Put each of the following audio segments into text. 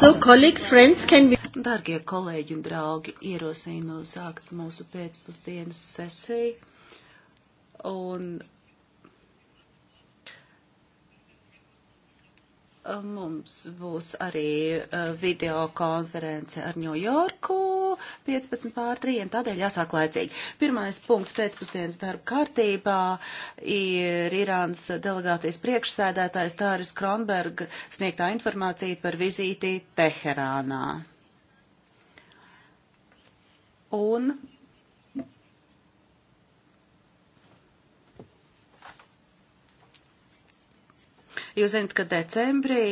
So, colleagues, friends, can we... Dargie kolēģi un draugi, ierosinu sākt mūsu pēcpusdienas sesiju. Un mums būs arī e, video konference ar Ņujorku 15 pār 3, tādēļ jāsāk laicīgi. Pirmais punkts pēcpusdienas darba kārtībā ir Irānas delegācijas priekšsēdētājs Tāris Kronberg sniegtā informācija par vizīti Teherānā. Un Jūs zināt, ka decembrī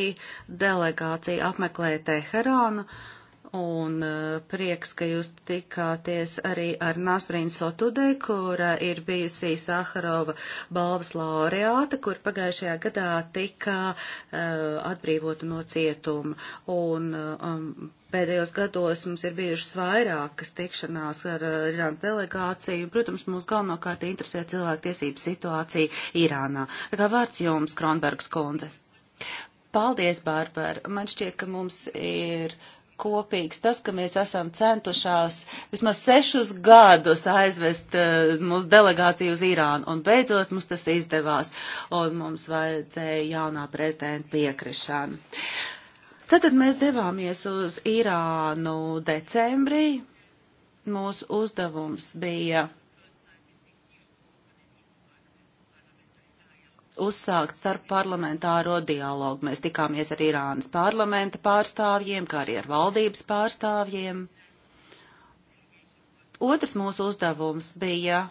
delegācija apmeklē Teherānu. Un uh, prieks, ka jūs tikāties arī ar Nasrīnu Sotudē, kura ir bijusi Sāharova balvas laureāta, kur pagājušajā gadā tika uh, atbrīvota no cietuma. Un, uh, um, Pēdējos gados mums ir bijušas vairākas tikšanās ar eh, Irānas delegāciju, un, protams, mūs galvenokārt interesē cilvēktiesību situācija Irānā. Tā kā vārds jums, Kronbergs kundze. Paldies, Bārbara. Man šķiet, ka mums ir kopīgs tas, ka mēs esam centušās vismaz sešus gadus aizvest uh, mūsu delegāciju uz Irānu, un beidzot mums tas izdevās, un mums vajadzēja jaunā prezidenta piekrišanu. Tad, tad mēs devāmies uz Irānu decembrī. Mūsu uzdevums bija uzsākt starp parlamentāro dialogu. Mēs tikāmies ar Irānas parlamenta pārstāvjiem, kā arī ar valdības pārstāvjiem. Otrs mūsu uzdevums bija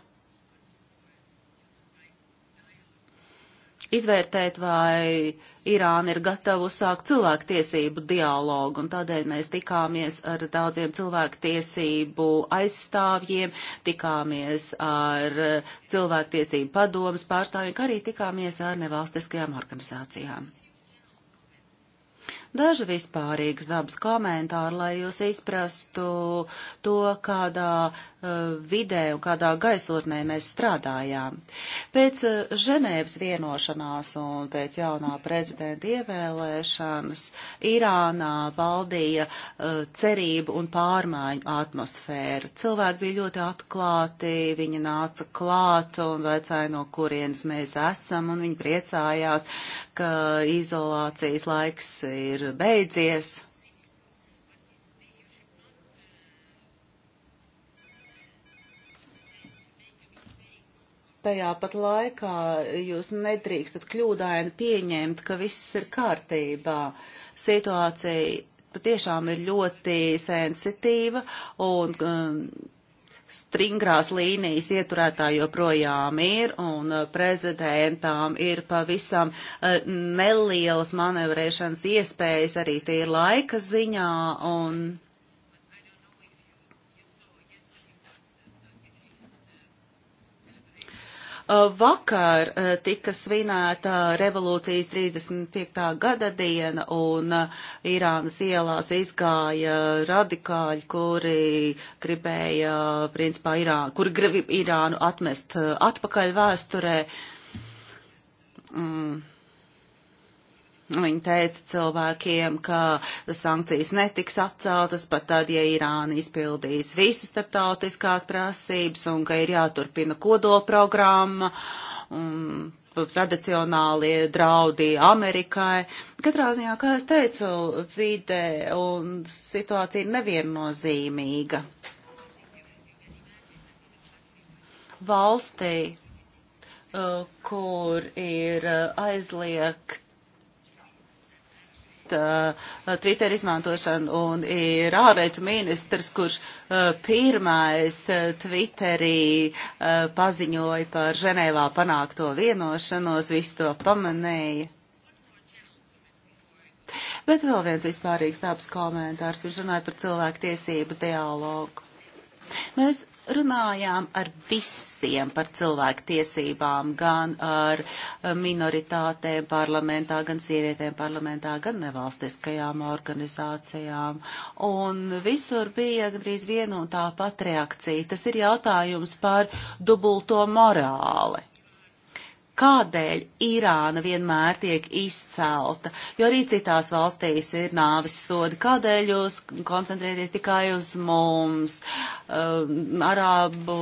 izvērtēt, vai Irāna ir gatava uzsākt cilvēktiesību dialogu, un tādēļ mēs tikāmies ar daudziem cilvēktiesību aizstāvjiem, tikāmies ar cilvēktiesību padomas pārstāvjiem, kā arī tikāmies ar nevalstiskajām organizācijām daži vispārīgas dabas komentāri, lai jūs izprastu to, kādā eh, vidē un kādā gaisotnē mēs strādājām. Pēc eh, Ženēvas vienošanās un pēc jaunā prezidenta ievēlēšanas Irānā valdīja eh, cerību un pārmaiņu atmosfēra. Cilvēki bija ļoti atklāti, viņi nāca klāt un vecāja, no kurienes mēs esam, un viņi priecājās, ka izolācijas laiks ir ir beidzies. tajā pat laikā jūs nedrīkstat kļūdaini pieņemt, ka viss ir kārtībā. Situācija patiešām ir ļoti sensitīva un um, stingrās līnijas ieturētā joprojām ir, un uh, prezidentām ir pavisam uh, nelielas manevrēšanas iespējas arī tie laika ziņā, un Uh, vakar uh, tika svinēta revolūcijas 35. gada diena un uh, Irānas ielās izgāja radikāļi, kuri gribēja, principā, Irānu, kuri grib Irānu atmest atpakaļ vēsturē. Mm Viņa teica cilvēkiem, ka sankcijas netiks atceltas pat tad, ja Irāna izpildīs visas starptautiskās prasības un ka ir jāturpina kodolprogramma. Un tradicionālie draudi Amerikai. Katrā ziņā, kā es teicu, vide un situācija ir neviennozīmīga. Valstī, uh, kur ir uh, aizliegt Eh, Twitter izmantošanu un ir ārlietu ministrs, kurš eh, pirmais eh, Twitterī paziņoja par Ženēvā panākto vienošanos, visu to pamanīja. Bet vēl viens vispārīgs tāds komentārs, kurš runāja par cilvēku tiesību dialogu. Mēs runājām ar visiem par cilvēku tiesībām, gan ar eh, minoritātēm parlamentā, gan sievietēm parlamentā, gan nevalstiskajām organizācijām. Un visur bija gandrīz viena un tā pat reakcija. Tas ir jautājums par dubulto morāli kādēļ Irāna vienmēr tiek izcelta, jo arī citās valstīs ir nāvis sodi, kādēļ jūs koncentrēties tikai uz mums, um, Arābu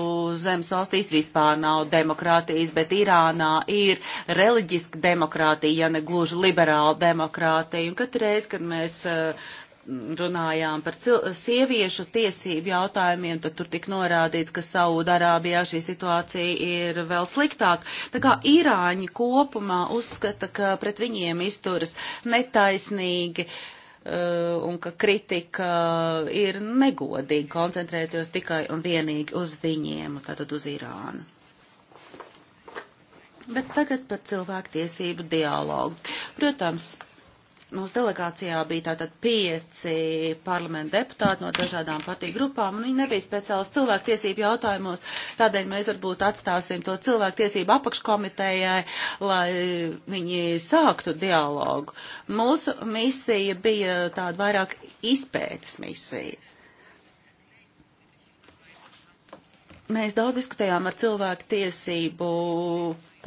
zemes valstīs vispār nav demokrātijas, bet Irānā ir reliģiska demokrātija, ja ne gluži liberāla demokrātija, un katreiz, kad mēs uh, runājām par sieviešu tiesību jautājumiem, tad tur tik norādīts, ka Saudarābijā šī situācija ir vēl sliktāk. Tā kā Irāņi kopumā uzskata, ka pret viņiem izturas netaisnīgi uh, un ka kritika ir negodīga, koncentrēties tikai un vienīgi uz viņiem, tātad uz Irānu. Bet tagad par cilvēktiesību dialogu. Protams, Mūsu delegācijā bija tātad pieci parlamenta deputāti no dažādām partiju grupām, un viņi nebija speciālisti cilvēktiesību jautājumos, tādēļ mēs varbūt atstāsim to cilvēktiesību apakškomitejai, lai viņi sāktu dialogu. Mūsu misija bija tāda vairāk izpētes misija. Mēs daudz diskutējām ar cilvēku tiesību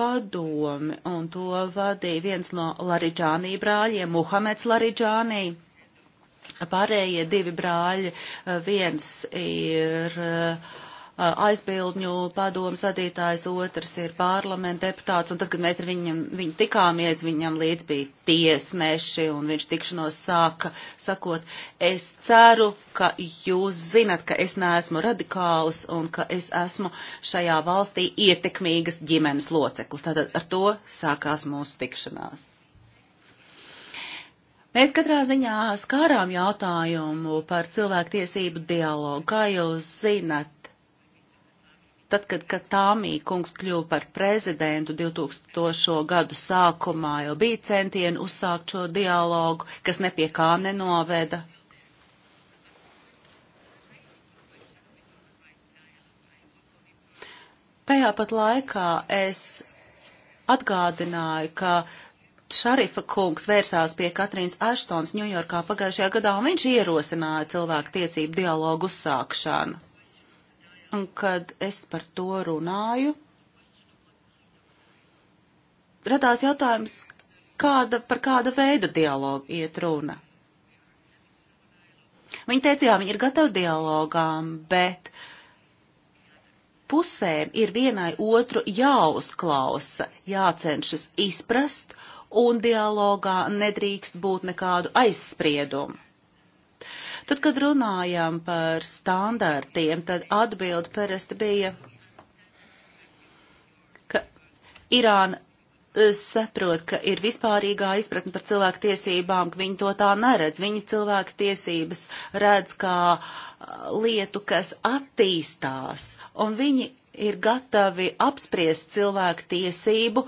padomi, un to vadīja viens no Laridžānī brāļiem, Muhameds Laridžānī. Pārējie divi brāļi, viens ir uh, Uh, aizbildņu padomas vadītājs, otrs ir parlamenta deputāts, un tad, kad mēs ar viņam, viņu tikāmies, viņam līdz bija tiesneši, un viņš tikšanos sāka sakot, es ceru, ka jūs zinat, ka es neesmu radikāls un ka es esmu šajā valstī ietekmīgas ģimenes loceklis. Tātad ar to sākās mūsu tikšanās. Mēs katrā ziņā skārām jautājumu par cilvēktiesību dialogu. Kā jūs zinat, Tad, kad Katāmī kungs kļuva par prezidentu 2000. gadu sākumā, jau bija centieni uzsākt šo dialogu, kas nepie kā nenoveda. Tajā pat laikā es atgādināju, ka Šarifa kungs vērsās pie Katrīnas Aštons Ņujorkā pagājušajā gadā, un viņš ierosināja cilvēku tiesību dialogu uzsākšanu un kad es par to runāju, radās jautājums, kāda, par kāda veida dialogu iet runa. Viņi teica, jā, viņi ir gatavi dialogām, bet pusēm ir vienai otru jāuzklausa, jācenšas izprast, un dialogā nedrīkst būt nekādu aizspriedumu. Tad, kad runājām par standartiem, tad atbildi parasti bija, ka Irāna e, saprot, ka ir vispārīgā izpratne par cilvēku tiesībām, ka viņi to tā neredz. Viņi cilvēku tiesības redz kā e, lietu, kas attīstās, un viņi ir gatavi apspriest cilvēku tiesību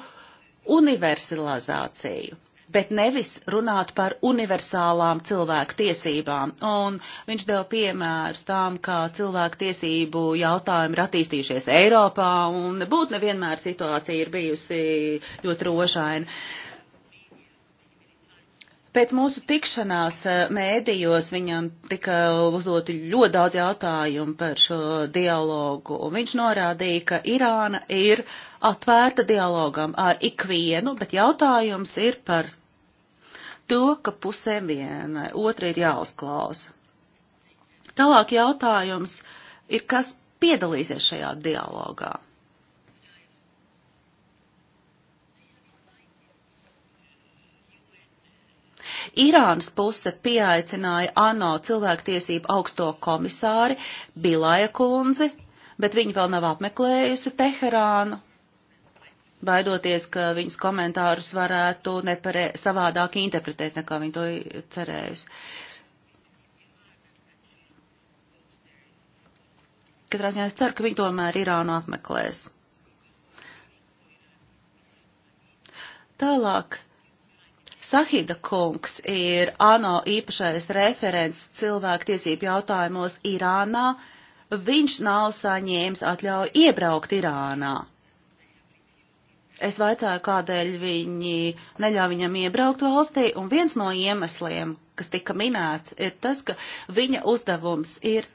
universalizāciju bet nevis runāt par universālām cilvēku tiesībām. Un viņš deva piemērus tām, kā cilvēku tiesību jautājumi ir attīstījušies Eiropā un nebūtu nevienmēr situācija ir bijusi ļoti rožaina. Pēc mūsu tikšanās eh, mēdījos viņam tika uzdoti ļoti daudz jautājumu par šo dialogu, un viņš norādīja, ka Irāna ir atvērta dialogam ar ikvienu, bet jautājums ir par to, ka pusē vienai otra ir jāuzklausa. Tālāk jautājums ir, kas piedalīsies šajā dialogā. Irānas puse pieaicināja ANO cilvēktiesību augsto komisāri Bilaja kundzi, bet viņa vēl nav apmeklējusi Teherānu. Baidoties, ka viņas komentārus varētu nepare savādāk interpretēt, nekā viņa to cerējusi. Katrā ziņā es ceru, ka viņi tomēr Irānu apmeklēs. Tālāk Sahida kungs ir ANO īpašais referents cilvēktiesību jautājumos Irānā. Viņš nav saņēmis atļauju iebraukt Irānā. Es vaicāju, kādēļ viņi neļauj viņam iebraukt valstī, un viens no iemesliem, kas tika minēts, ir tas, ka viņa uzdevums ir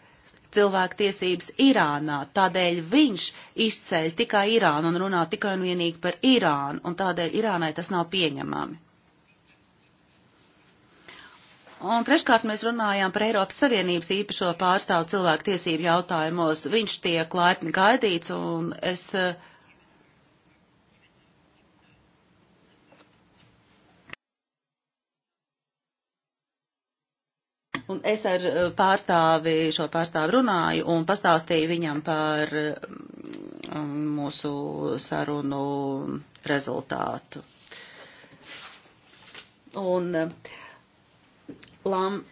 cilvēktiesības Irānā. Tādēļ viņš izceļ tikai Irānu un runā tikai un vienīgi par Irānu, un tādēļ Irānai tas nav pieņemami. Un treškārt mēs runājām par Eiropas Savienības īpašo pārstāvu cilvēku tiesību jautājumos. Viņš tiek laipni gaidīts un es. Un es ar pārstāvi, šo pārstāvi runāju un pastāstīju viņam par mm, mūsu sarunu rezultātu. Un uh, Lam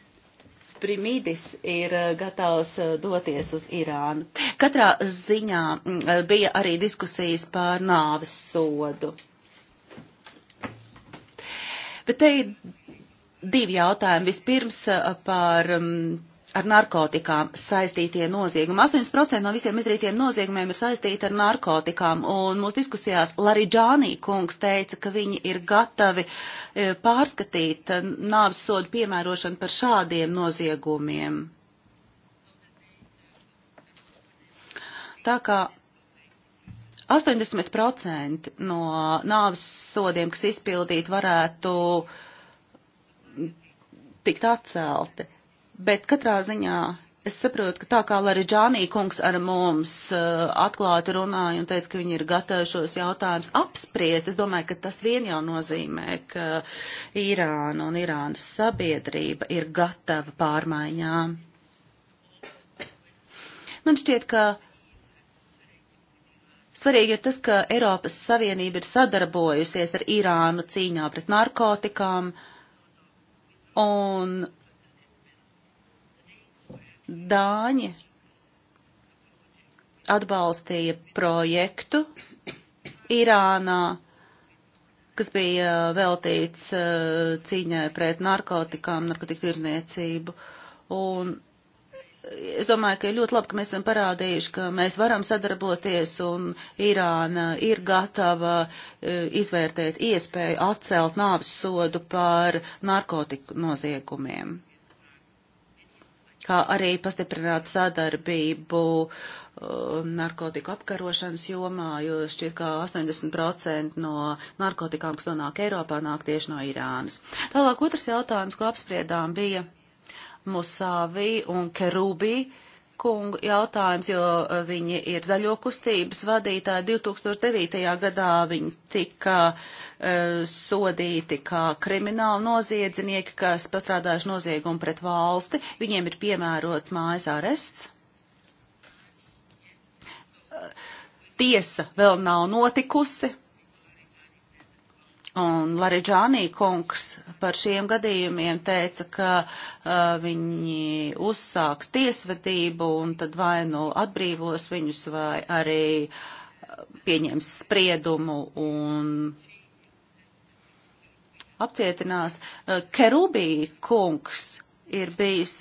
Primidis ir eh, gatavs eh, doties uz Irānu. Katrā ziņā mm, eh, bija arī diskusijas par nāves sodu. Bet te ir divi jautājumi. Vispirms par um, ar narkotikām saistītie noziegumi. 80% no visiem izdarītiem noziegumiem ir saistīti ar narkotikām, un mūsu diskusijās Laridžānī kungs teica, ka viņi ir gatavi e, pārskatīt nāves sodu piemērošanu par šādiem noziegumiem. Tā kā 80% no nāves sodiem, kas izpildīti, varētu tikt atcelti bet katrā ziņā es saprotu, ka tā kā Lariģānī kungs ar mums uh, atklāti runāja un teica, ka viņi ir gatavi šos jautājumus apspriest, es domāju, ka tas vien jau nozīmē, ka Irāna un Irānas sabiedrība ir gatava pārmaiņām. Man šķiet, ka svarīgi ir tas, ka Eiropas Savienība ir sadarbojusies ar Irānu cīņā pret narkotikām un Dāņi atbalstīja projektu Irānā, kas bija uh, veltīts uh, cīņai pret narkotikām, narkotiku tirzniecību. Un es domāju, ka ir ļoti labi, ka mēs esam parādījuši, ka mēs varam sadarboties un Irāna ir gatava uh, izvērtēt iespēju atcelt nāvis sodu par narkotiku noziegumiem kā arī pastiprināt sadarbību uh, narkotiku apkarošanas jomā, jo šķiet, ka 80% no narkotikām, kas nonāk Eiropā, nāk tieši no Irānas. Tālāk otrs jautājums, ko apspriedām, bija Musāvi un Kerubī kungu jautājums, jo e, viņi ir zaļo kustības vadītāji. 2009. gadā viņi tika uh, sodīti kā krimināli noziedznieki, kas pastrādājuši noziegumu pret valsti. Viņiem ir piemērots mājas arests. E, tiesa vēl nav notikusi, Un Laridžānī kungs par šiem gadījumiem teica, ka uh, viņi uzsāks tiesvedību un tad vai nu atbrīvos viņus vai arī uh, pieņems spriedumu un apcietinās. Uh, Kerubī kungs ir bijis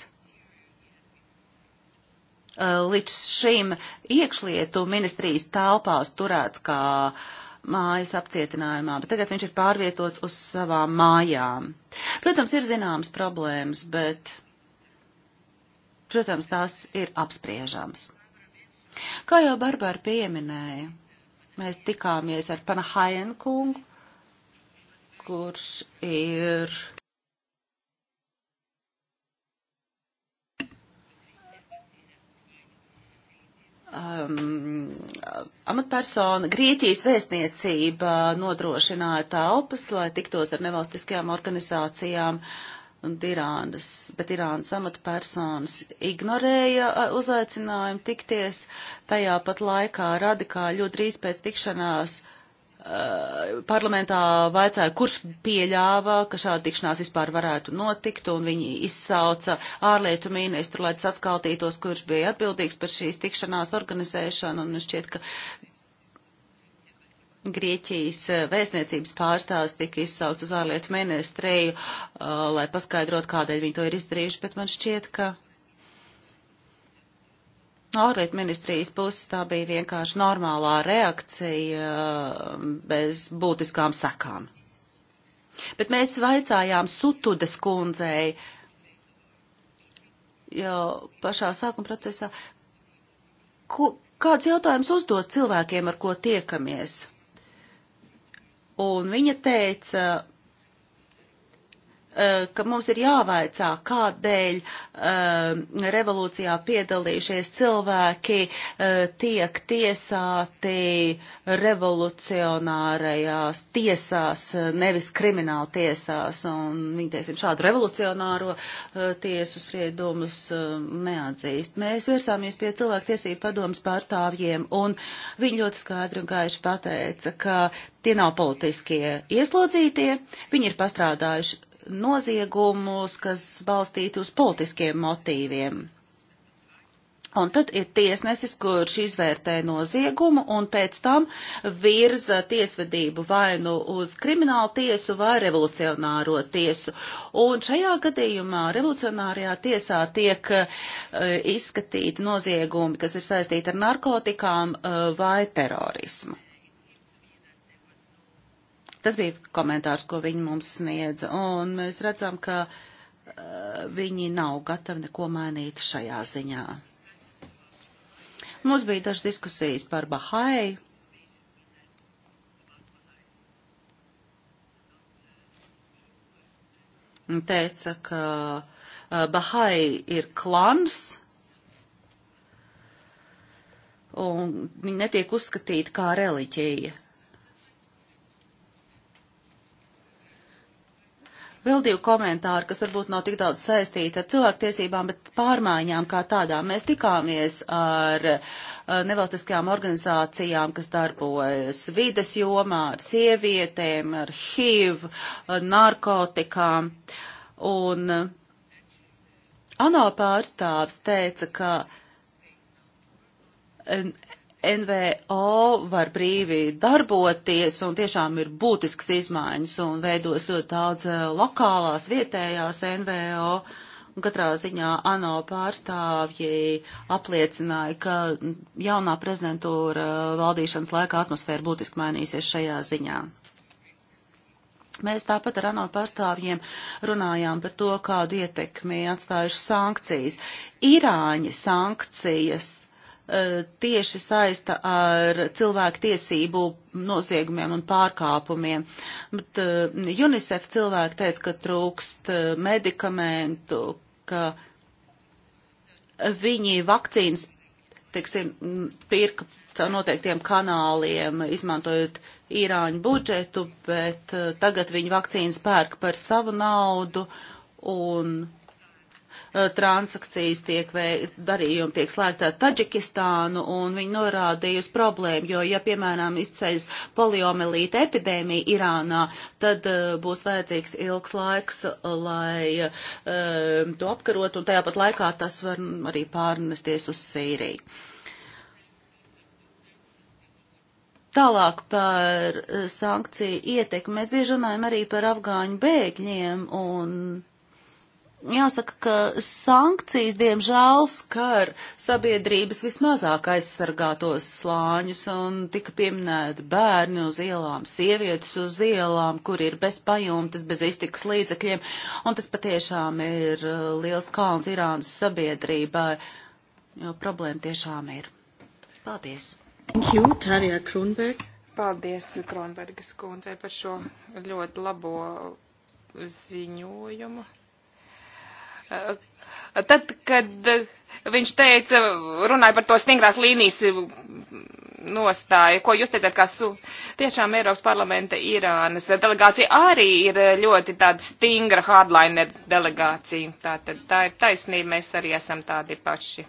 uh, līdz šim iekšlietu ministrijas telpās turēts kā uh, mājas apcietinājumā, bet tagad viņš ir pārvietots uz savām mājām. Protams, ir zināmas problēmas, bet, protams, tās ir apspriežamas. Kā jau Barbara pieminēja, mēs tikāmies ar Panahajen kungu, kurš ir um, amatpersona, Grieķijas vēstniecība nodrošināja telpas, lai tiktos ar nevalstiskajām organizācijām. Un Irānas, bet Irānas amatpersonas ignorēja uh, uzaicinājumu tikties. Tajā pat laikā radikāli ļoti drīz pēc tikšanās uh, Eh, parlamentā vaicāja, kurš pieļāva, ka šāda tikšanās vispār varētu notikt, un viņi izsauca ārlietu ministru, lai tas atskaltītos, kurš bija atbildīgs par šīs tikšanās organizēšanu, un šķiet, ka Grieķijas eh, vēstniecības pārstāvis tika izsauts uz ārlietu ministriju, eh, lai paskaidrot, kādēļ viņi to ir izdarījuši, bet man šķiet, ka ārlietu ministrijas puses tā bija vienkārši normālā reakcija um, bez būtiskām sekām. Bet mēs vaicājām Sutudes kundzei jau pašā sākuma procesā, ko, kāds jautājums uzdot cilvēkiem, ar ko tiekamies. Un viņa teica, Eh, ka mums ir jāvaicā, kādēļ uh, revolūcijā piedalījušies cilvēki uh, tiek tiesāti revolucionārajās tiesās, nevis krimināla tiesās, un viņi, teiksim, šādu revolucionāro uh, tiesu spriedumus neatzīst. Mēs virsāmies pie cilvēktiesību padomas pārstāvjiem, un viņi ļoti skaidri un gaiši pateica, ka tie nav politiskie ieslodzītie, viņi ir pastrādājuši noziegumus, kas balstīti uz politiskiem motīviem. Un tad ir tiesnesis, kurš izvērtē noziegumu un pēc tam virza tiesvedību vai nu uz kriminālu tiesu vai revolucionāro tiesu. Un šajā gadījumā revolucionārajā tiesā tiek uh, izskatīti noziegumi, kas ir saistīti ar narkotikām uh, vai terorismu. Tas bija komentārs, ko viņi mums sniedza, un mēs redzam, ka uh, viņi nav gatavi neko mainīt šajā ziņā. Mums bija dažas diskusijas par Bahai. Teica, ka uh, Bahai ir klans, un viņi netiek uzskatīti kā reliģija. Vēl divi komentāri, kas varbūt nav tik daudz saistīti ar cilvēktiesībām, bet pārmaiņām kā tādām. Mēs tikāmies ar nevalstiskajām organizācijām, kas darbojas vides jomā, ar sievietēm, ar HIV, ar narkotikām. Un uh, ANO pārstāvs teica, ka NVO var brīvi darboties un tiešām ir būtisks izmaiņas un veidos ļoti daudz eh, lokālās, vietējās NVO. Un katrā ziņā ANO pārstāvji apliecināja, ka jaunā prezidentūra eh, valdīšanas laikā atmosfēra būtiski mainīsies šajā ziņā. Mēs tāpat ar ANO pārstāvjiem runājām par to, kādu ietekmi atstājuši sankcijas. Irāņi sankcijas Eh, tieši saista ar cilvēku tiesību noziegumiem un pārkāpumiem. Bet eh, UNICEF cilvēki teica, ka trūkst eh, medikamentu, ka viņi vakcīnas, teiksim, pirka caur noteiktiem kanāliem, izmantojot īrāņu budžetu, bet tagad viņi vakcīnas pērk par savu naudu un Eh, transakcijas tiek veikta, darījumi tiek slēgta ar Taģikistānu, un viņi norādīja uz problēmu, jo, ja, piemēram, izceļas poliomelīta epidēmija Irānā, tad uh, būs vajadzīgs ilgs laiks, lai uh, to apkarot, un tajā pat laikā tas var arī pārnesties uz Sīriju. Tālāk par sankciju ietekmi. Mēs bieži runājam arī par afgāņu bēgļiem un Jāsaka, ka sankcijas, diemžēl, skar sabiedrības vismazāk aizsargātos slāņus, un tika pieminēti bērni uz ielām, sievietes uz ielām, kur ir bez pajumtes, bez iztikas līdzekļiem, un tas patiešām ir uh, liels kalns Irānas sabiedrībai, jo problēma tiešām ir. Paldies! Thank you, Tarja Kronberg. Paldies Kronbergas kundzei par šo ļoti labo ziņojumu. Tad, kad viņš teica, runāja par to stingrās līnijas nostāju, ko jūs teicāt, kā su, tiešām Eiropas parlamenta Irānas delegācija arī ir ļoti tāda stingra hardliner delegācija. Tā, tad, tā ir taisnība, mēs arī esam tādi paši.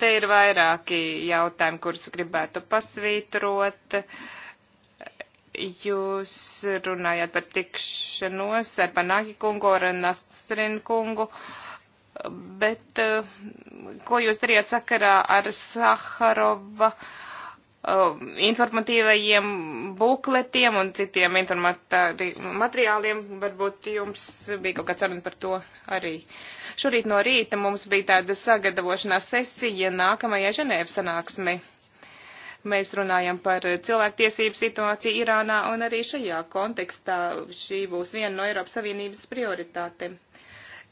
Te ir vairāki jautājumi, kurus gribētu pasvītrot. Uh, Jūs runājāt par tikšanos ar Banāki kungu, ar Nastrin kungu, bet eh, ko jūs darījāt sakarā ar Saharova eh, informatīvajiem bukletiem un citiem materiāliem? Varbūt jums bija kaut kāds saruna par to arī. Šorīt no rīta mums bija tāda sagatavošanās sesija nākamajai Ženēvas sanāksmei Mēs runājam par cilvēktiesību situāciju Irānā, un arī šajā kontekstā šī būs viena no Eiropas Savienības prioritātēm.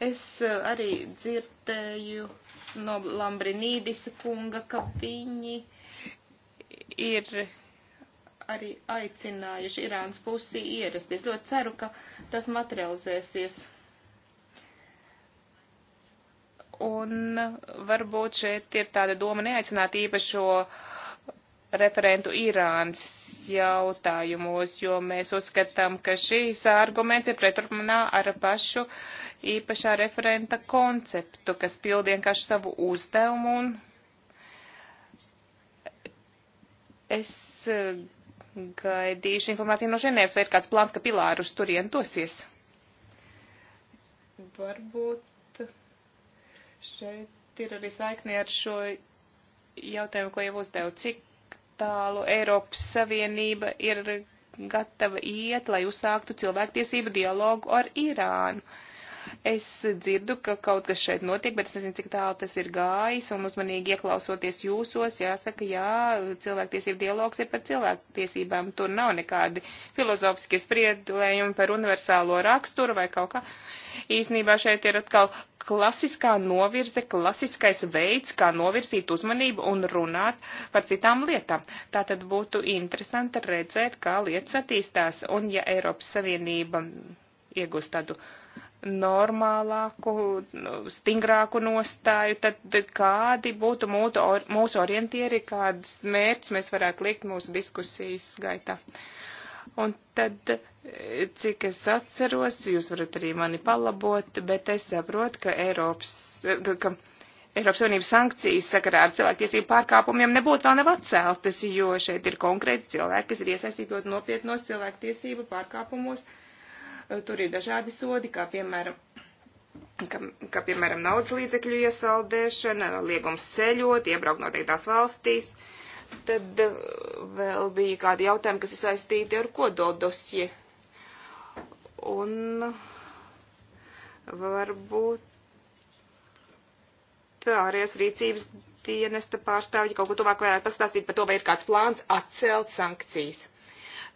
Es eh, arī dzirdēju no Lambrinīdis kunga, ka viņi ir arī aicinājuši Irānas pusi ierasties. Ļoti ceru, ka tas materializēsies. Un varbūt šeit ir tāda doma neaicināt īpašo uh, referentu Irānas jautājumos, jo mēs uzskatām, ka šīs arguments ir pretrunā ar pašu īpašā referenta konceptu, kas pild vienkārši savu uzdevumu. Un es eh, gaidīšu informāciju no Ženēvas, vai ir kāds plāns, ka Pilāra uz turien dosies. Varbūt šeit ir arī saikni ar šo jautājumu, ko jau uzdevu. Cik tālu Eiropas Savienība ir gatava iet, lai uzsāktu cilvēktiesību dialogu ar Irānu. Es dzirdu, ka kaut kas šeit notiek, bet es nezinu, cik tālu tas ir gājis, un uzmanīgi ieklausoties jūsos, jāsaka, jā, cilvēktiesību dialogs ir par cilvēktiesībām. Tur nav nekādi filozofiskie spriedlējumi par universālo raksturu vai kaut kā. Uh, Īsnībā šeit ir atkal klasiskā novirze, klasiskais veids, kā novirzīt uzmanību un runāt par citām lietām. Tā tad būtu interesanti redzēt, kā lietas attīstās, un ja Eiropas Savienība iegūst tādu normālāku, nu, stingrāku nostāju, tad kādi būtu mūtu, mūsu orientieri, kādas mērķis mēs varētu likt mūsu diskusijas gaitā. Un tad Cik es atceros, jūs varat arī mani palabot, bet es saprotu, ka Eiropas, ka Eiropas Savienības sankcijas sakarā ar cilvēktiesību pārkāpumiem nebūtu vēl nav atceltas, jo šeit ir konkrēti cilvēki, kas ir iesaistītot nopietnos cilvēktiesību pārkāpumos. Tur ir dažādi sodi, kā piemēram, kā, kā piemēram naudas līdzekļu iesaldēšana, liegums ceļot, iebraukt noteiktās valstīs. Tad eh, vēl bija kādi jautājumi, kas ir saistīti ar kododosiju un varbūt ārējās rīcības dienesta pārstāvji kaut ko tuvāk varētu pastāstīt par to, vai ir kāds plāns atcelt sankcijas.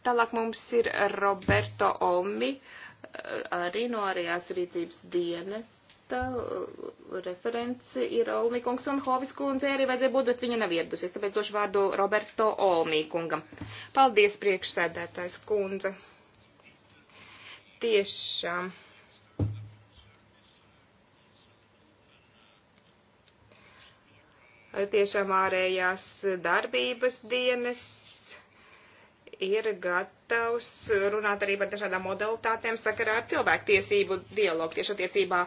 Tālāk mums ir Roberto Olmi, eh, arī no ārējās rīcības dienesta eh, referents ir Olmīkungs un Hovis kundze arī vajadzēja būt, bet viņa nav ieradusies, tāpēc došu vārdu Roberto Olmīkungam. Paldies, priekšsēdētājs kundze tiešām. Tiešām ārējās darbības dienas ir gatavs runāt arī par dažādām modalitātēm sakarā ar cilvēktiesību dialogu tieši attiecībā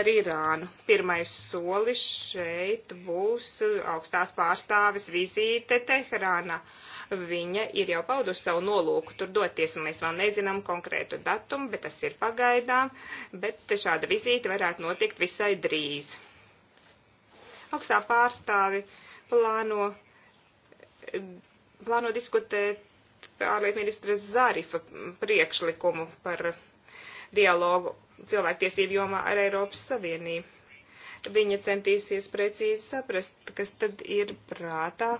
ar Irānu. Pirmais solis šeit būs augstās pārstāves vizīte Teherānā. Uh, viņa ir jau paudusi savu nolūku tur doties, un mēs vēl nezinām konkrētu datumu, bet tas ir pagaidām, bet šāda vizīte varētu notikt visai drīz. Augstā pārstāvi plāno, plāno diskutēt ārlietu ministra Zarifa priekšlikumu par dialogu cilvēktiesību jomā ar Eiropas Savienību. Viņa centīsies precīzi saprast, kas tad ir prātā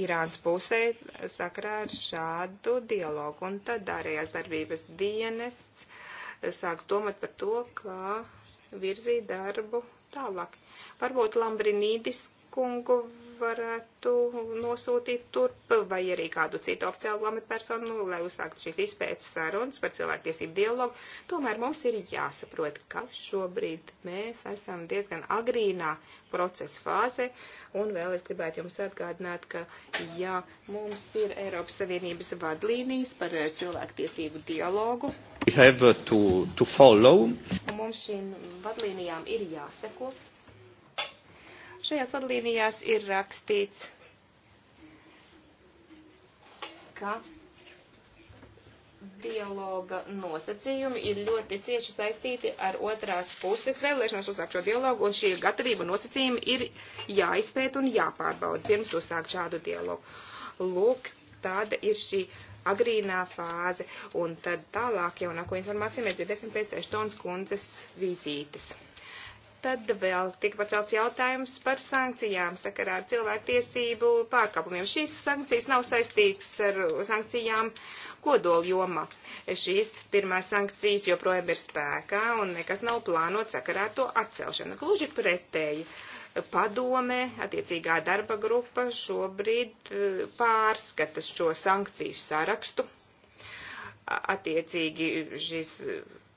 Irānas pusē sakarā ar šādu dialogu. Un tad ārējās darbības dienests sāks domāt par to, kā virzīt darbu tālāk. Varbūt Lambrinīdis kungu varētu nosūtīt turp vai arī kādu citu oficiālu amatpersonu, lai uzsāktu šīs izpētes sarunas par cilvēktiesību dialogu. Tomēr mums ir jāsaprot, ka šobrīd mēs esam diezgan agrīnā procesa fāze, un vēl es gribētu jums atgādināt, ka jā, mums ir Eiropas Savienības vadlīnijas par eh, cilvēktiesību dialogu. Eh, to, to follow. Mums šīm vadlīnijām ir jāseko, Šajās vadlīnijās ir rakstīts, ka dialoga nosacījumi ir ļoti cieši saistīti ar otrās puses vēlēšanos uzsākt šo dialogu, un šī gatavība nosacījumi ir jāizpēt un jāpārbauda pirms uzsākt šādu dialogu. Lūk, tāda ir šī agrīnā fāze, un tad tālāk jaunāko informāciju mēs dzirdēsim pēc Eštonas kundzes vizītes. Tad vēl tika pacelts jautājums par sankcijām sakarā ar cilvēktiesību pārkāpumiem. Šīs sankcijas nav saistītas ar sankcijām kodolu jomā. Šīs pirmās sankcijas joprojām ir spēkā un nekas nav plānots sakarā ar to atcelšanu. Gluži pretēji padome, attiecīgā darba grupa šobrīd e, pārskata šo sankciju sarakstu. Attiecīgi šis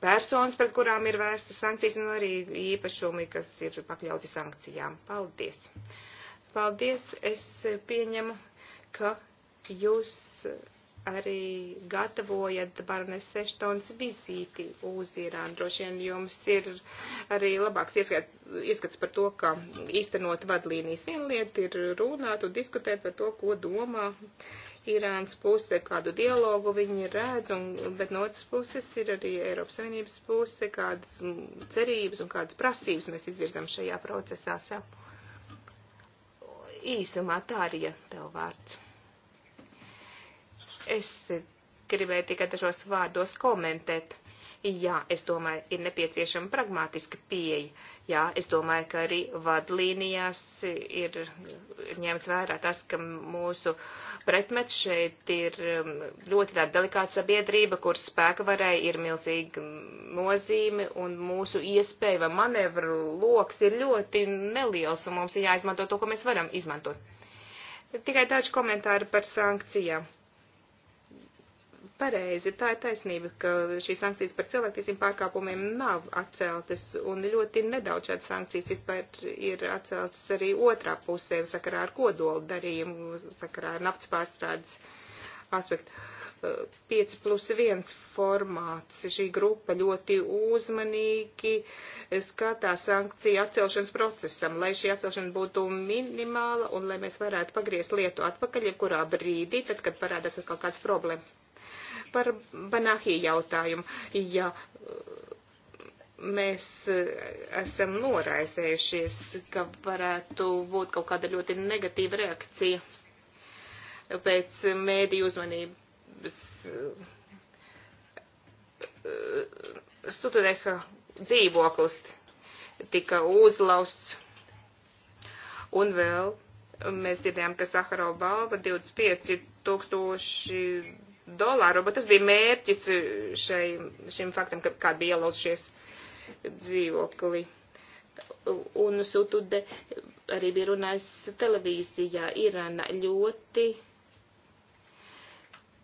personas, pret kurām ir vērstas sankcijas, un arī īpašumi, kas ir pakļauti sankcijām. Paldies! Paldies! Es pieņemu, ka jūs arī gatavojat Barnes Seštons vizīti uz Irānu. Droši vien jums ir arī labāks ieskats, ieskats par to, kā īstenot vadlīnijas. Viena lieta ir runāt un diskutēt par to, ko domā uh, Irānas puse, kādu dialogu viņi redz, un, bet no otras puses ir arī Eiropas Savienības puse, kādas cerības un kādas prasības mēs izvirzam šajā procesā sev. Īsumā tā arī ja tev vārds. Es gribēju tikai dažos vārdos komentēt Jā, es domāju, ir nepieciešama pragmātiska pieeja. Jā, es domāju, ka arī vadlīnijās ir ņemts vērā tas, ka mūsu pretmets šeit ir um, ļoti tāda delikāta sabiedrība, kur spēka varai ir milzīga nozīme un mūsu iespēja vai manevru loks ir ļoti neliels un mums ir jāizmanto to, ko mēs varam izmantot. Tikai daži komentāri par sankcijām pareizi, tā ir taisnība, ka šīs sankcijas par cilvēktiesību pārkāpumiem nav atceltas, un ļoti nedaudz šādas sankcijas vispār ir atceltas arī otrā pusē, sakarā ar kodolu darījumu, sakarā ar naftas pārstrādes aspektu. 5 plus 1 formāts. Šī grupa ļoti uzmanīgi skatās sankciju atcelšanas procesam, lai šī atcelšana būtu minimāla un lai mēs varētu pagriezt lietu atpakaļ jebkurā brīdī, tad, kad parādās atkal kāds problēmas par Banāhī jautājumu. Ja uh, mēs uh, esam noraizējušies, ka varētu būt kaut kāda ļoti negatīva reakcija pēc mēdīju uzmanības uh, Studereha dzīvoklis tika uzlausts. Un vēl mēs dzirdējām, ka Saharova balva 25 tūkstoši dolāru, bet tas bija mērķis e, šai, šim faktam, ka kādi bija ielaušies dzīvokli. Un Sutude arī bija runājis televīzijā. Irana ļoti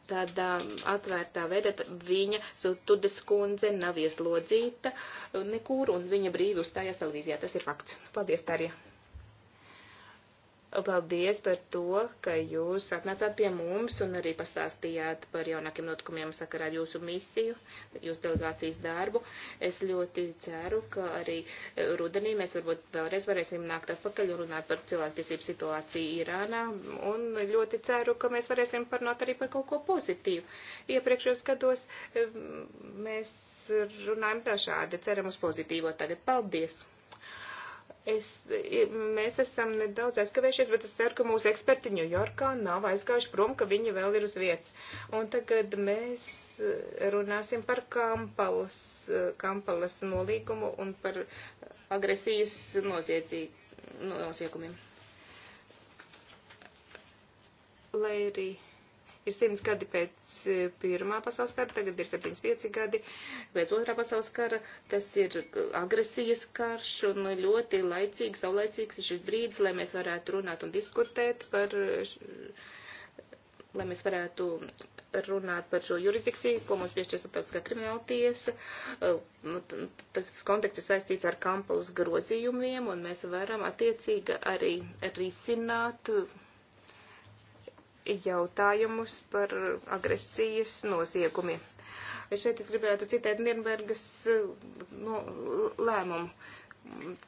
tādā atvērtā veidā viņa Sutudes kundze nav ieslodzīta nekur un viņa brīvi uzstājās televīzijā. Tas ir fakts. Paldies, Tarija! Paldies par to, ka jūs atnācāt pie mums un arī pastāstījāt par jaunākiem notikumiem sakarā jūsu misiju, jūsu delegācijas darbu. Es ļoti ceru, ka arī eh, rudenī mēs varbūt vēlreiz varēsim nākt atpakaļ un runāt par cilvēktiesību situāciju Irānā. Un ļoti ceru, ka mēs varēsim parunāt arī par kaut ko pozitīvu. Iepriekšējos gados eh, mēs runājam dažādi, ceram uz pozitīvo tagad. Paldies! Es, mēs esam nedaudz aizkavējušies, bet es ceru, ka mūsu eksperti Ņujorkā nav aizgājuši prom, ka viņi vēl ir uz vietas. Un tagad mēs e, runāsim par Kampalas, e, Kampalas nolīgumu un par agresijas noziedzī, noziegumiem. Lai arī. No, ir 100 gadi pēc eh, Pirmā pasaules kara, tagad ir 75 gadi pēc Otrā pasaules kara, tas ir agresijas karš un ļoti laicīgs, saulaicīgs ir šis brīdis, lai mēs varētu runāt un diskutēt par, lai mēs varētu runāt par šo jurisdikciju, ko mums piešķir starptautiskā krimināla tiesa. Eh, nu, tas konteksts ir saistīts ar Kampalas grozījumiem, un mēs varam attiecīgi arī risināt. Ar jautājumus par agresijas noziegumiem. Šeit es gribētu citēt Nirnbergas eh, no, lēmumu,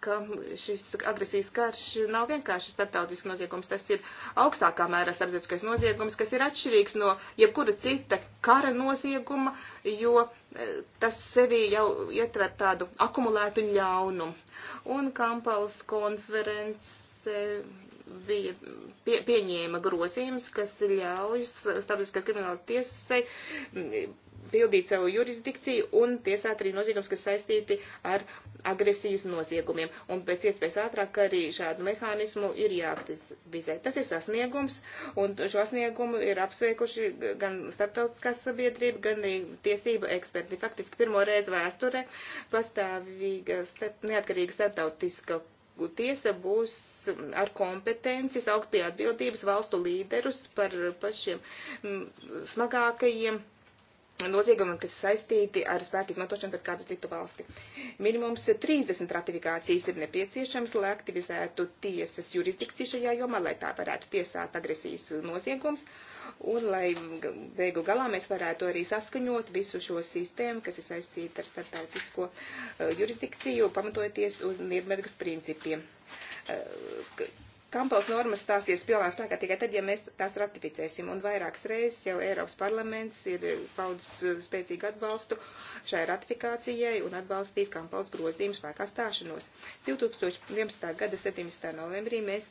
ka šis agresijas karš nav vienkārši starptautisks noziegums, tas ir augstākā mērā starptautiskais noziegums, kas ir atšķirīgs no jebkura cita kara nozieguma, jo eh, tas sevi jau ietver tādu akumulētu ļaunumu. Un Kampals konference bija pie, pieņēma grozījums, kas ļauj starptautiskās krimināla tiesai pildīt savu jurisdikciju un tiesāt arī noziegums, kas saistīti ar agresijas noziegumiem. Un pēc iespējas ātrāk arī šādu mehānismu ir jāaktivizē. Tas ir sasniegums, un šo sasniegumu ir apsveikuši gan starptautiskās sabiedrība, gan arī tiesība eksperti. Faktiski pirmo reizi vēsturē pastāvīga neatkarīga starptautiska tiesa būs ar kompetenci saukt pie atbildības valstu līderus par pašiem mm, smagākajiem noziegumiem, kas saistīti ar spēku izmantošanu pret kādu citu valsti. Minimums 30 ratifikācijas ir nepieciešams, lai aktivizētu tiesas jurisdikciju šajā jomā, lai tā varētu tiesāt agresijas noziegums. Uh, un lai beigu galā mēs varētu arī saskaņot visu šo sistēmu, kas ir saistīta ar starptautisko eh, jurisdikciju, pamatojoties uz Nirnbergas principiem. Eh, Kampels normas stāsies pilnā spēkā tikai tad, ja mēs tās ratificēsim, un vairākas reizes jau Eiropas parlaments ir paudzis eh, spēcīgu atbalstu šai ratifikācijai un atbalstīs Kampels grozījumu spēkā stāšanos. 2011. gada 17. novembrī mēs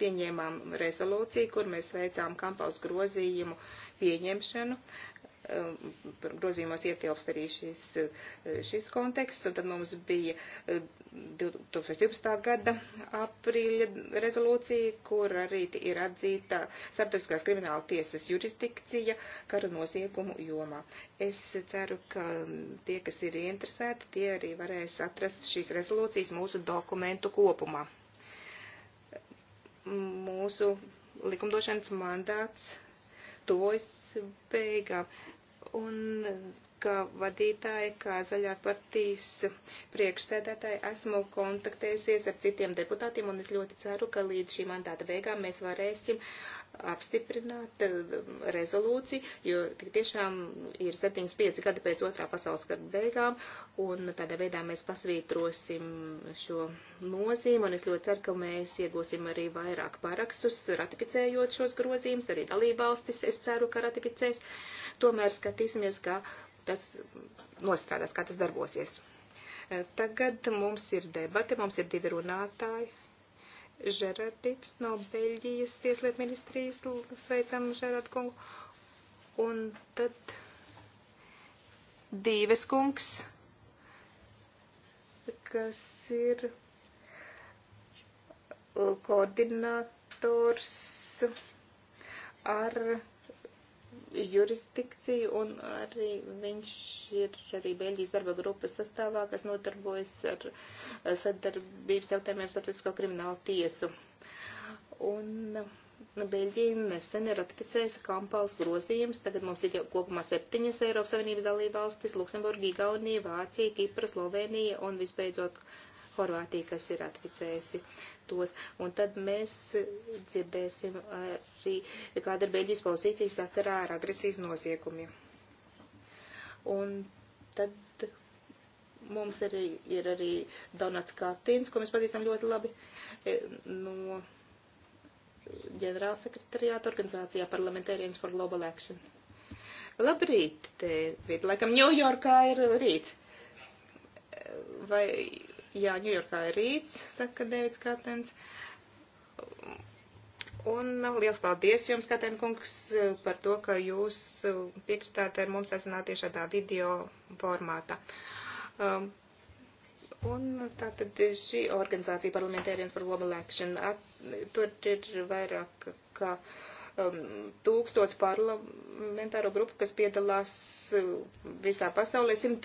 pieņēmām rezolūciju, kur mēs veicām kampaus grozījumu pieņemšanu. Ehm, grozījumos ietilpst arī šis, eh, šis konteksts, un tad mums bija 2012. Eh, gada aprīļa rezolūcija, kur arī ir atzīta starptautiskās krimināla tiesas jurisdikcija kara noziegumu jomā. Es ceru, ka tie, kas ir interesēti, tie arī varēs atrast šīs rezolūcijas mūsu dokumentu kopumā mūsu likumdošanas mandāts tuvojas beigām. Un kā vadītāja, kā zaļās partijas priekšsēdētāja, esmu kontaktējusies ar citiem deputātiem, un es ļoti ceru, ka līdz šī mandāta beigām mēs varēsim uh, apstiprināt eh, rezolūciju, jo tik tiešām ir 75 gadi pēc otrā pasaules gada beigām, un tādā veidā mēs pasvītrosim šo nozīmi, un es ļoti ceru, ka mēs iegūsim arī vairāk parakstus, ratificējot šos grozījumus, arī dalībvalstis, es ceru, ka ratificēs, tomēr skatīsimies, kā tas nostrādās, kā tas darbosies. Eh, tagad mums ir debate, mums ir divi runātāji. Žerardips no Beļģijas tieslietu ministrijas. Sveicam Žerardu kungu. Un tad Dīves kungs, kas ir koordinators ar jurisdikciju, un arī viņš ir arī Beļģijas darba grupas sastāvā, kas notarbojas ar sadarbības jautājumiem starptautisko kriminālu tiesu. Un nu, Beļģija nesen ir ratificējusi Kampalas grozījumus, tagad mums ir jau kopumā septiņas Eiropas Savienības dalībvalstis - Luksemburga, Igaunija, Vācija, Kipra, Slovenija un visbeidzot Horvātija, kas ir ratificējusi tos. Un tad mēs dzirdēsim arī, kāda ir Beļģijas pozīcija sakarā ar agresijas noziegumiem. Un tad mums arī ir arī Donats Kātins, ko mēs pazīstam ļoti labi e, no ģenerālsekretariāta organizācijā Parlamentarians for Global Action. Labrīt, David. Laikam Ņujorkā ir rīts. E, vai Jā, Ņujorkā ir rīts, saka Dēvids Kātens. Un liels paldies jums, Katēna kungs, par to, ka jūs piekritāt ar mums sazināties šādā video formātā. Um, un tātad šī organizācija parlamentārienes par global action, at, tur ir vairāk kā. Uh, Um, tūkstots parlamentāro grupu, kas piedalās um, visā pasaulē, 130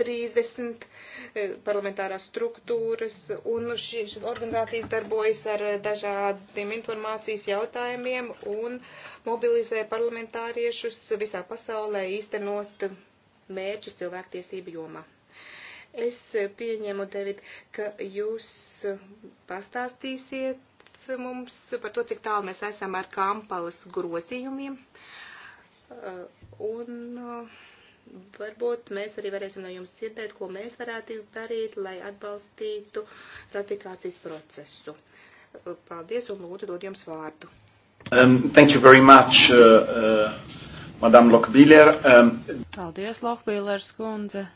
eh, parlamentārās struktūras, un šīs organizācijas darbojas ar dažādiem informācijas jautājumiem un mobilizē parlamentāriešus visā pasaulē īstenot mērķus cilvēktiesību jomā. Es pieņemu, David, ka jūs pastāstīsiet mums par to, cik tālu mēs esam ar Kampalas grozījumiem. Un varbūt mēs arī varēsim no jums dzirdēt, ko mēs varētu darīt, lai atbalstītu ratifikācijas procesu. Paldies un lūdzu dod jums vārdu. Um, thank you very much, uh, uh, Madame Lokbīler. Um, Paldies, Lokbīlers kundze.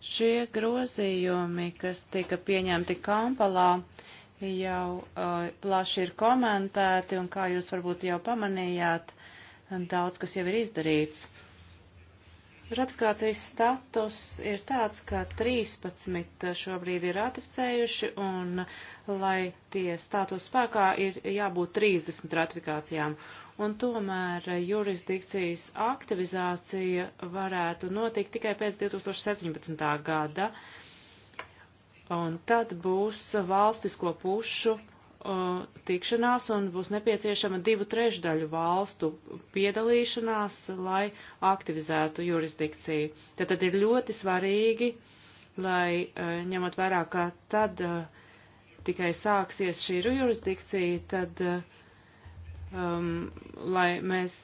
Šie grozījumi, kas tika pieņemti Kampalā, jau uh, plaši ir komentēti, un kā jūs varbūt jau pamanījāt, daudz kas jau ir izdarīts. Ratifikācijas status ir tāds, ka 13 šobrīd ir ratificējuši, un lai tie status spēkā ir jābūt 30 ratifikācijām. Un tomēr jurisdikcijas aktivizācija varētu notikt tikai pēc 2017. gada. Uh, Un tad būs valstisko pušu uh, tikšanās un būs nepieciešama divu trešdaļu valstu piedalīšanās, lai aktivizētu jurisdikciju. Tad, tad ir ļoti svarīgi, lai uh, ņemot vērā, ka tad uh, tikai sāksies šī jurisdikcija, tad, uh, um, lai mēs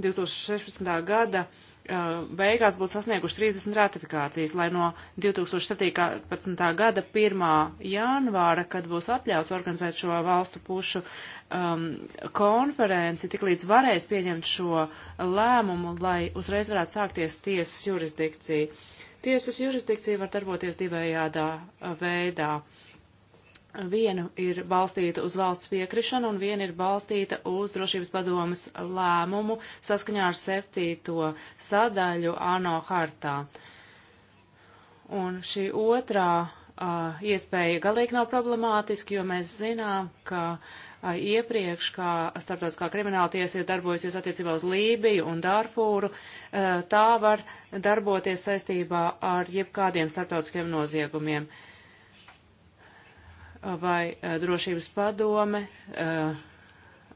2016. Uh, gada beigās būtu sasnieguši 30 ratifikācijas, lai no 2017. gada 1. janvāra, kad būs atļauts organizēt šo valstu pušu um, konferenci, tik līdz varēs pieņemt šo lēmumu, lai uzreiz varētu sākties tiesas jurisdikcija. Tiesas jurisdikcija var darboties divējādā veidā. Uh, viena ir balstīta uz valsts piekrišanu un viena ir balstīta uz drošības padomas lēmumu saskaņā ar septīto sadaļu ANO hartā. Un šī otrā uh, iespēja galīgi nav problemātiska, jo mēs zinām, ka uh, iepriekš, kā starptautiskā krimināla tiesa ir darbojusies attiecībā uz Lībiju un Dārfūru, uh, tā var darboties saistībā ar jebkādiem starptautiskiem noziegumiem. Uh, vai eh, drošības padome eh,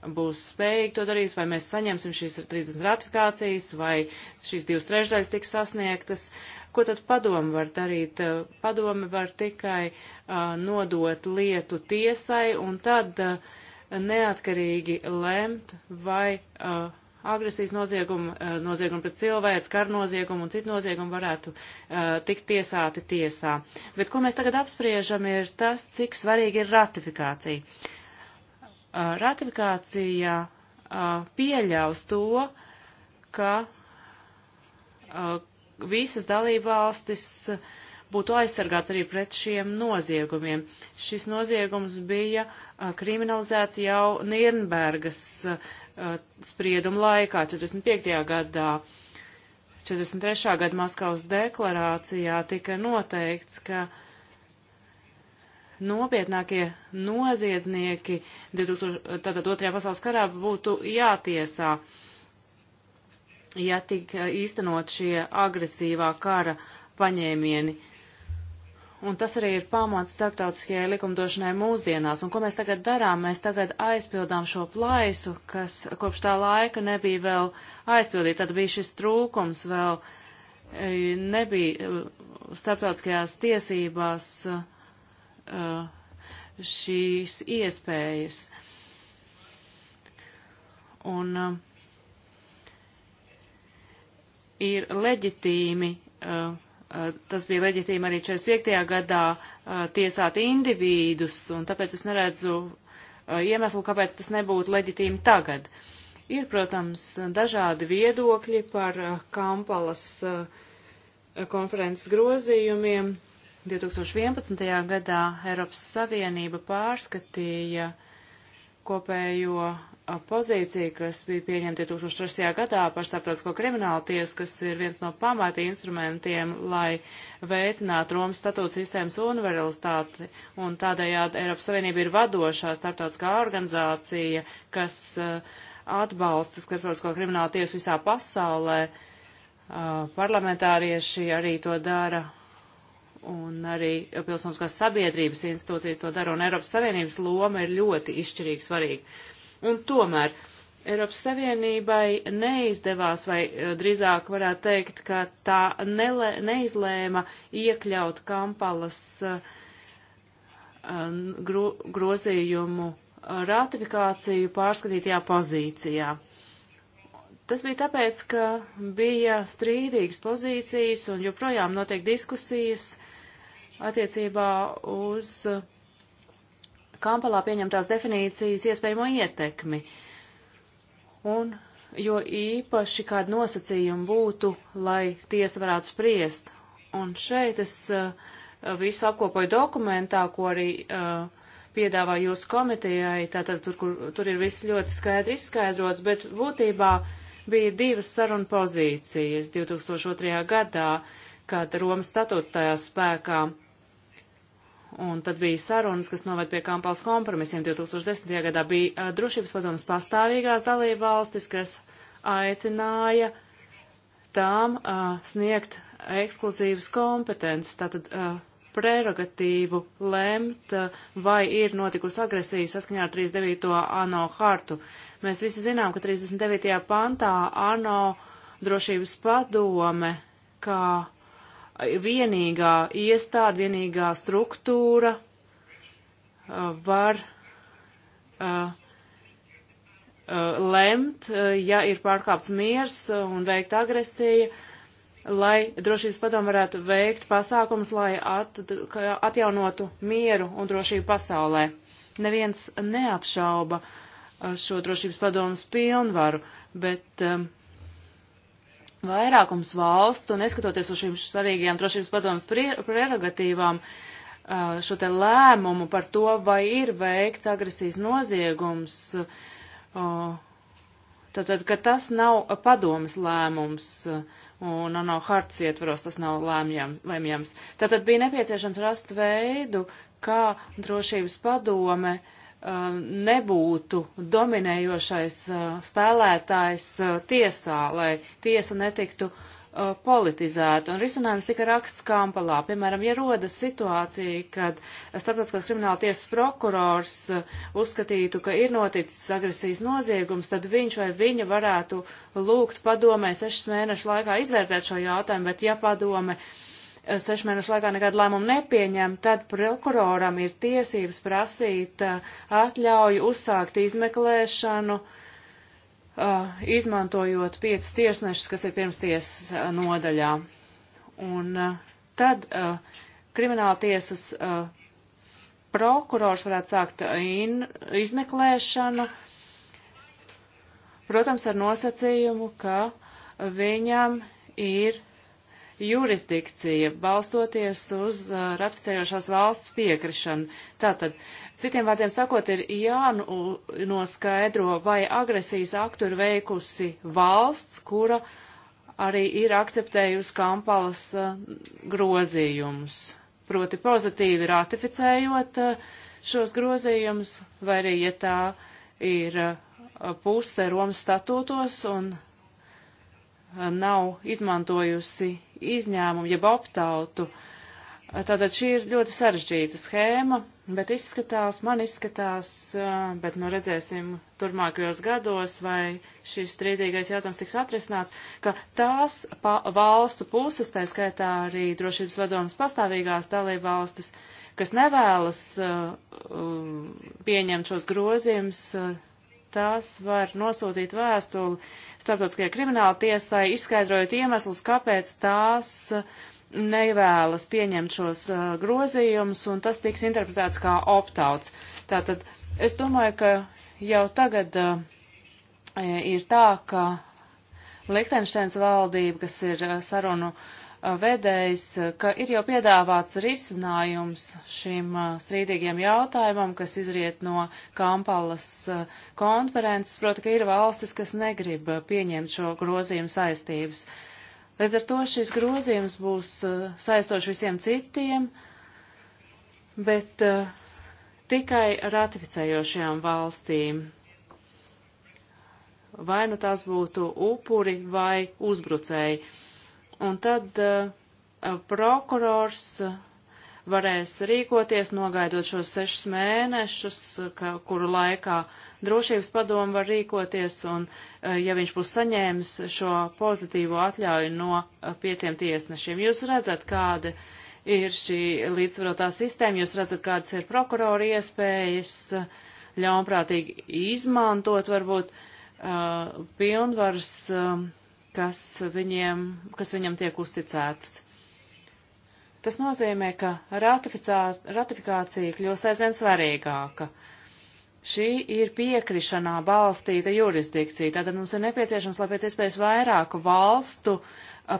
būs spējīgi to darīt, vai mēs saņemsim šīs 30 ratifikācijas, vai šīs divas trešdaļas tiks sasniegtas. Ko tad padome var darīt? Eh, padome var tikai nodot lietu tiesai un tad neatkarīgi lemt, vai uh, agresijas noziegumu, eh, noziegumu pret cilvēku, karu noziegumu un citu noziegumu varētu uh, tikt tiesāti tiesā. Bet ko mēs tagad apspriežam, ir tas, cik svarīgi ir ratifikācija. Uh, ratifikācija uh, pieļaus to, ka visas dalībvalstis valstis būtu aizsargāts arī pret šiem noziegumiem. Šis noziegums bija kriminalizēts jau Nirnbergas sprieduma laikā, 45. gadā. 43. gada Maskavas deklarācijā tika noteikts, ka nopietnākie noziedznieki 2000, tātad otrajā pasaules karā būtu jātiesā, ja tik īstenot šie agresīvā kara paņēmieni un tas arī ir pamats starptautiskajai likumdošanai mūsdienās. Un ko mēs tagad darām? Mēs tagad aizpildām šo plaisu, kas kopš tā laika nebija vēl aizpildīta. Tad bija šis trūkums vēl e, nebija e, starptautiskajās tiesībās e, šīs iespējas. Un ir leģitīmi uh, Eh, tas bija leģitīmi arī 45. gadā eh, tiesāt individus, un tāpēc es neredzu eh, iemeslu, kāpēc tas nebūtu leģitīmi tagad. Ir, protams, dažādi viedokļi par Kampalas konferences grozījumiem. 2011. gadā Eiropas Savienība pārskatīja uh, kopējo pozīciju, kas bija pieņemta 2003. gadā par starptautisko kriminālu tiesu, kas ir viens no pamata instrumentiem, lai veicinātu Romas statūtu sistēmas universalitāti, un tādējādi Eiropas Savienība ir vadošā starptautiskā organizācija, kas atbalsta starptautisko kriminālu tiesu visā pasaulē. Parlamentārieši arī to dara un arī pilsoniskās sabiedrības institūcijas to dara, un Eiropas Savienības loma ir ļoti izšķirīga svarīga. Un tomēr Eiropas Savienībai neizdevās, vai eh, drīzāk varētu teikt, ka tā nele, neizlēma iekļaut Kampalas uh, gro, grozījumu ratifikāciju pārskatītajā pozīcijā. Tas bija tāpēc, ka bija strīdīgas pozīcijas un joprojām notiek diskusijas attiecībā uz Kampalā pieņemtās definīcijas iespējamo ietekmi. Un jo īpaši kādu nosacījumu būtu, lai tiesa varētu spriest. Un šeit es uh, visu apkopoju dokumentā, ko arī uh, piedāvā jūsu komitejai, tātad tur, kur, tur ir viss ļoti skaidri izskaidrots, bet būtībā bija divas saruna pozīcijas 2002. gadā, kad Romas statūts tajā spēkā un tad bija sarunas, kas noved pie Kampalas kompromisiem. 2010. gadā bija uh, drošības padomas pastāvīgās dalība valstis, kas aicināja tām uh, sniegt ekskluzīvas kompetences, tātad uh, prerogatīvu lemt, vai ir notikusi agresija saskaņā ar 39. ANO hartu. Mēs visi zinām, ka 39. pantā ANO drošības padome, kā vienīgā iestāde, vienīgā struktūra uh, var uh, uh, lemt, ja ir pārkāpts miers un veikt agresija, lai drošības padomu varētu veikt pasākums, lai at, atjaunotu mieru un drošību pasaulē. Neviens neapšauba šo drošības padomus pilnvaru, bet um, Vairākums valstu, neskatoties uz šīm svarīgajām drošības padomas prerogatīvām, šo te lēmumu par to, vai ir veikts agresijas noziegums, tātad, ka tas nav padomas lēmums un ANO hartas ietvaros tas nav lēmjam, lēmjams. Tātad bija nepieciešams rast veidu, kā drošības padome uh, Um, nebūtu dominējošais uh, spēlētājs uh, tiesā, lai tiesa netiktu uh, politizēta. Un risinājums tika raksts Kampalā. Piemēram, ja rodas situācija, kad starptautiskās krimināla tiesas prokurors uzskatītu, ka ir noticis agresijas noziegums, tad viņš vai viņa varētu lūgt padomē sešas mēnešu laikā izvērtēt šo jautājumu, bet ja padome uh, sešu mēnešu laikā nekādu lēmumu nepieņem, tad prokuroram ir tiesības prasīt uh, atļauju uzsākt izmeklēšanu, uh, izmantojot piecus tiesnešus, kas ir pirmstiesas uh, nodaļā. Un tad krimināla tiesas prokurors varētu sākt in, izmeklēšanu, protams, ar nosacījumu, ka viņam ir jurisdikcija, balstoties uz uh, ratificējošās valsts piekrišanu. Tātad, citiem vārdiem sakot, ir jānoskaidro, vai agresijas aktu ir veikusi valsts, kura arī ir akceptējusi Kampalas uh, grozījumus. Proti pozitīvi ratificējot uh, šos grozījumus, vai arī, ja tā ir uh, puse Romas statūtos un uh, nav izmantojusi izņēmumu, jeb optautu. Tātad šī ir ļoti sarežģīta schēma, bet izskatās, man izskatās, bet nu redzēsim turmākajos gados, vai šis strīdīgais jautājums tiks atrisināts, ka tās valstu puses, tā skaitā arī drošības vadomas pastāvīgās dalībvalstis, kas nevēlas uh, pieņemt šos grozījumus, uh, tās var nosūtīt vēstuli starptautiskajai krimināla tiesai, izskaidrojot iemeslus, kāpēc tās nevēlas pieņemt šos uh, grozījumus, un tas tiks interpretēts kā optauts. Tātad es domāju, ka jau tagad uh, ir tā, ka Liechtensteins valdība, kas ir uh, sarunu uh, vedējs, ka ir jau piedāvāts risinājums šim strīdīgiem jautājumam, kas izriet no Kampalas konferences, proti, ka ir valstis, kas negrib pieņemt šo grozījumu saistības. Līdz ar to šis grozījums būs saistošs visiem citiem, bet tikai ratificējošajām valstīm. Vai nu tās būtu upuri vai uzbrucēji un tad uh, prokurors eh, varēs rīkoties, nogaidot šos sešus mēnešus, eh, ka, kuru laikā drošības padomu var rīkoties, un ja viņš būs saņēmis šo pozitīvo atļauju no pieciem tiesnešiem. Jūs redzat, kāda ir šī līdzsvarotā sistēma, jūs redzat, kādas ir prokurori iespējas ļaunprātīgi izmantot varbūt uh, pilnvaras. Uh, kas viņiem, kas viņam tiek uzticētas. Tas nozīmē, ka ratifikācija kļūst aizvien svarīgāka. Šī ir piekrišanā balstīta jurisdikcija, tātad mums ir nepieciešams, lai pēc iespējas vairāku valstu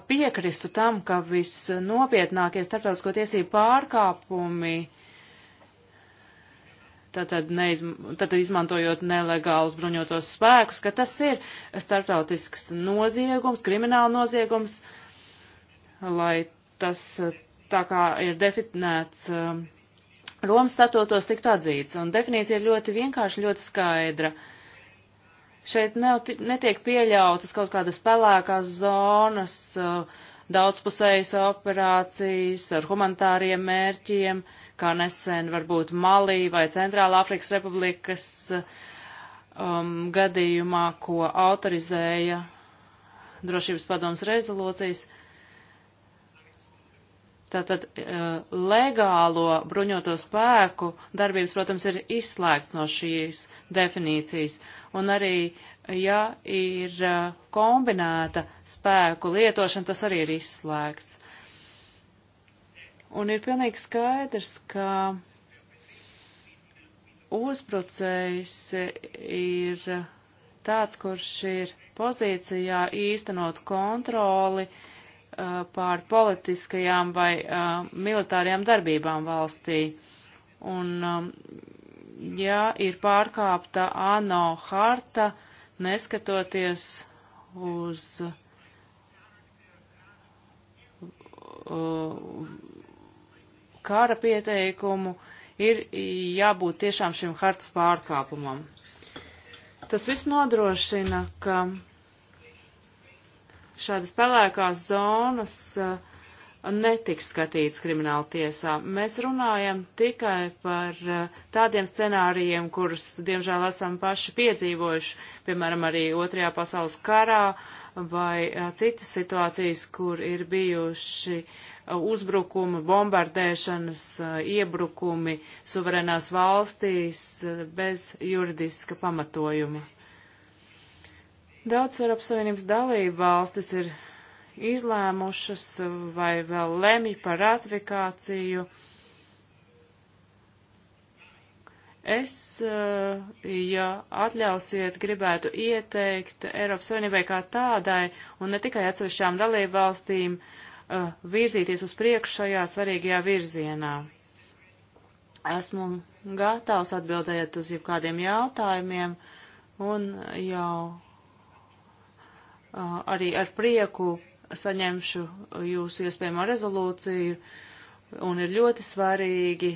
piekristu tam, ka visnopietnākie starptautisko tiesību pārkāpumi uh, tātad, neizm, tātad izmantojot nelegālus bruņotos spēkus, ka tas ir starptautisks noziegums, krimināla noziegums, lai tas eh, tā kā ir definēts eh, Romas statūtos tiktu atzīts. Un definīcija ir ļoti vienkārši, ļoti skaidra. Šeit ne, netiek pieļautas kaut kādas pelēkās zonas, eh, daudzpusējas operācijas ar humanitāriem mērķiem, kā nesen varbūt Malī vai Centrāla Afrikas Republikas um, gadījumā, ko autorizēja drošības padomas rezolūcijas. Tātad uh, legālo bruņoto spēku darbības, protams, ir izslēgts no šīs definīcijas. Un arī, ja ir uh, kombinēta spēku lietošana, tas arī ir izslēgts. Uh, Un ir pilnīgi skaidrs, ka uzbrucējs ir tāds, kurš ir pozīcijā īstenot kontroli uh, pār politiskajām vai uh, militārajām darbībām valstī. Un, um, ja ir pārkāpta ANO harta, neskatoties uz uh, kara pieteikumu, ir jābūt tiešām šim hartas pārkāpumam. Tas viss nodrošina, ka šādas pelēkās zonas uh, netiks skatīts krimināla tiesā. Mēs runājam tikai par uh, tādiem scenārijiem, kurus, diemžēl, esam paši piedzīvojuši, piemēram, arī otrajā pasaules karā vai uh, citas situācijas, kur ir bijuši uh, uzbrukumi, bombardēšanas, iebrukumi suverenās valstīs bez juridiska pamatojuma. Daudz Eiropas Savienības dalību valstis ir izlēmušas vai vēl lemj par ratifikāciju. Es, ja atļausiet, gribētu ieteikt Eiropas Savienībai kā tādai un ne tikai atsevišķām dalību valstīm uh, uh, virzīties uz priekšu šajā svarīgajā virzienā. Esmu gatavs atbildēt uz jebkādiem jautājumiem un jau uh, arī ar prieku saņemšu jūsu iespējamo rezolūciju un ir ļoti svarīgi,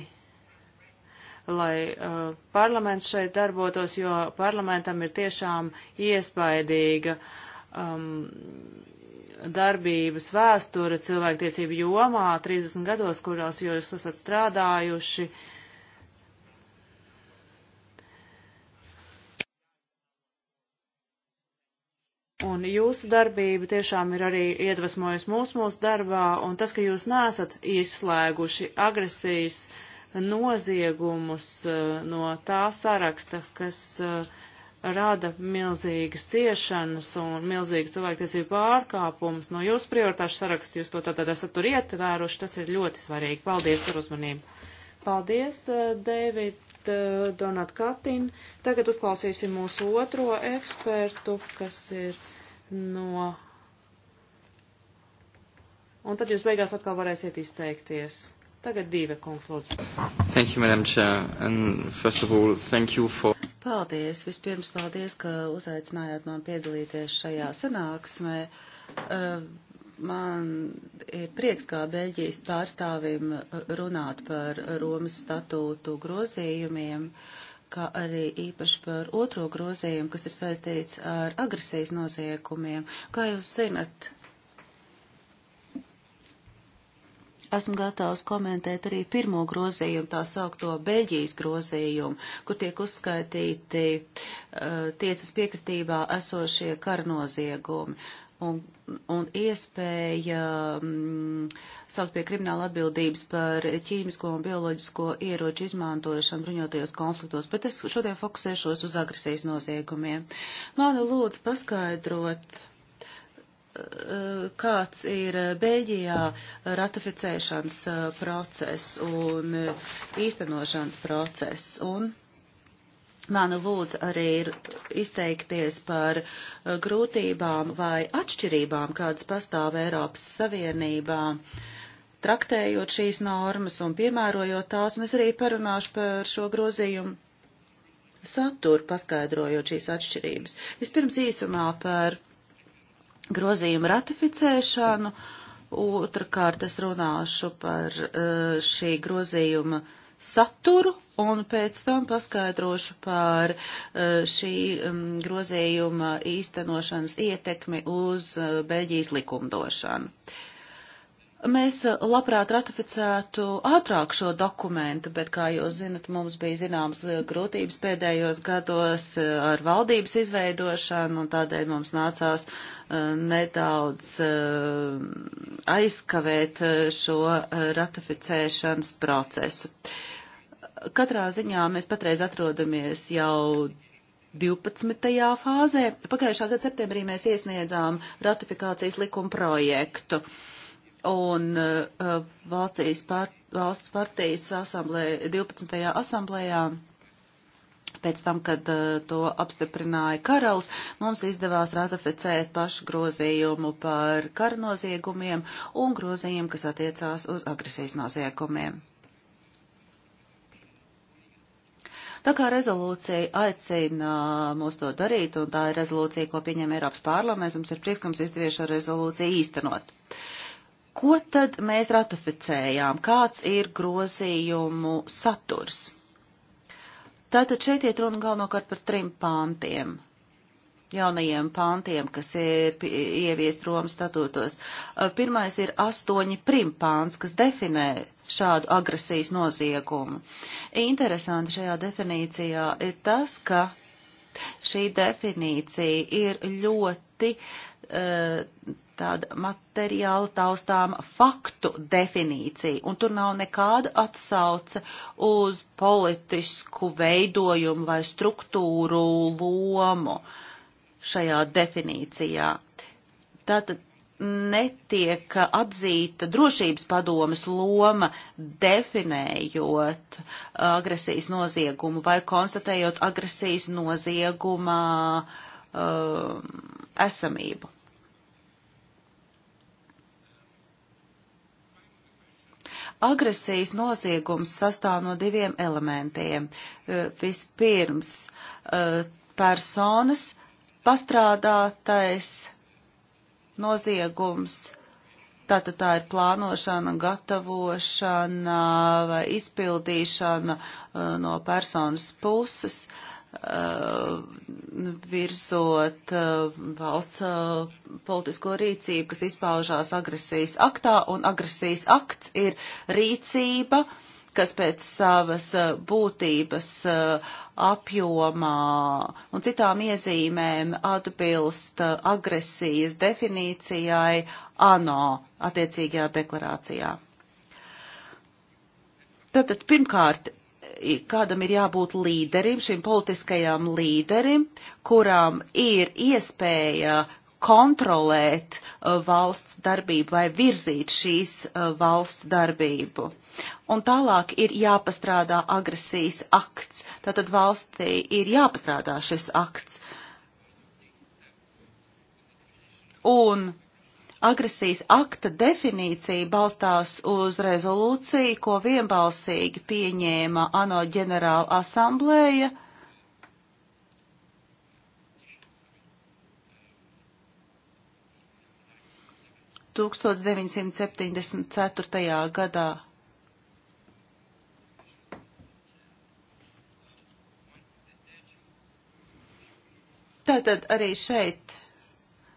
lai uh, parlaments šeit darbotos, jo parlamentam ir tiešām iespaidīga um, darbības vēsture cilvēktiesību jomā 30 gados, kurās jūs esat strādājuši. Un jūsu darbība tiešām ir arī iedvesmojusi mūsu mūsu darbā, un tas, ka jūs nesat izslēguši agresijas noziegumus eh, no tā saraksta, kas uh, rada milzīgas ciešanas un milzīgas cilvēktiesību pārkāpumus. No jūsu prioritāšu sarakstu jūs to tātad esat tur ietvēruši, tas ir ļoti svarīgi. Paldies par uzmanību. Paldies, eh, David eh, Donat Katin. Tagad uzklausīsim mūsu otro ekspertu, kas ir no. Un tad jūs beigās atkal varēsiet izteikties. Tagad Dīve kungs, lūdzu. Thank you, Madam Chair, and first of all, thank you for. Paldies! Vispirms paldies, ka uzaicinājāt man piedalīties šajā sanāksmē. Eh, man ir prieks kā Beļģijas pārstāvim eh, runāt par Romas statūtu grozījumiem, kā arī īpaši par otro grozījumu, kas ir saistīts ar agresijas noziegumiem. Kā jūs zinat, Esmu gatavs komentēt arī pirmo grozījumu, tā saukto Beļģijas grozījumu, kur tiek uzskaitīti uh, tiesas piekritībā esošie kara noziegumi un, un iespēja um, saukt pie krimināla atbildības par ķīmisko un bioloģisko ieroču izmantošanu bruņotajos konfliktos, bet es šodien fokusēšos uz agresijas noziegumiem. Mani lūdzu paskaidrot kāds ir Beļģijā ratificēšanas uh, process un uh, īstenošanas process. Un mani lūdz arī izteikties par uh, grūtībām vai atšķirībām, kādas pastāv Eiropas Savienībā, traktējot šīs normas un piemērojot tās, un es arī parunāšu par šo grozījumu saturu, paskaidrojot šīs atšķirības. Vispirms īsumā par grozījumu ratificēšanu, otrkārt es runāšu par eh, šī grozījuma saturu un pēc tam paskaidrošu par eh, šī mm, grozījuma īstenošanas ietekmi uz eh, Beļģijas likumdošanu. Mēs eh, labprāt ratificētu ātrāk šo dokumentu, bet, kā jūs zinat, mums bija zināmas eh, grūtības pēdējos gados eh, ar valdības izveidošanu, un tādēļ mums nācās nedaudz aizkavēt šo ratificēšanas procesu. Katrā ziņā mēs patreiz atrodamies jau 12. fāzē. Pagājušā gada septembrī mēs iesniedzām ratifikācijas likuma projektu. Uh, un uh, uh, valstīs par, valsts partijas asamblē, 12. asamblējā, pēc tam, kad uh, to apstiprināja karalis, mums izdevās ratificēt pašu grozījumu par kara noziegumiem un grozījumu, kas attiecās uz agresijas noziegumiem. Tā kā rezolūcija aicina mūs to darīt, un tā ir rezolūcija, ko pieņem Eiropas parlaments, mums ir prieks, ka mums izdevies šo rezolūciju īstenot. Uh, Ko tad mēs ratificējām? Kāds ir grozījumu saturs? Tātad šeit iet runa galvenokārt par trim pāntiem jaunajiem pāntiem, kas ir ieviest Romas statūtos. Pirmais ir astoņi prim pāns, kas definē šādu agresijas noziegumu. Interesanti šajā definīcijā ir tas, ka šī definīcija ir ļoti uh, tāda materiāla taustām faktu definīcija, un tur nav nekāda atsauce uz politisku veidojumu vai struktūru lomu šajā definīcijā. Tātad netiek atzīta drošības padomas loma definējot agresijas noziegumu vai konstatējot agresijas nozieguma um, esamību. Agresijas noziegums sastāv no diviem elementiem. Eh, vispirms eh, personas pastrādātais noziegums, tātad tā ir plānošana, gatavošana vai izpildīšana eh, no personas puses. Uh, Uh, virzot uh, valsts uh, politisko rīcību, kas izpaužās agresijas aktā, un agresijas akts ir rīcība, kas pēc savas būtības apjomā un citām iezīmēm atbilst agresijas definīcijai ANO attiecīgajā deklarācijā. Tātad pirmkārt kādam ir jābūt līderim, šim politiskajam līderim, kuram ir iespēja kontrolēt uh, valsts darbību vai virzīt šīs uh, valsts darbību. Un tālāk ir jāpastrādā agresijas akts. Tātad valstī ir jāpastrādā šis akts. Un agresijas akta definīcija balstās uz rezolūciju, ko vienbalsīgi pieņēma ANO ģenerāla asamblēja. Tūkstoš deviņsimt septiņdesmit ceturtajā gadā. Tātad arī šeit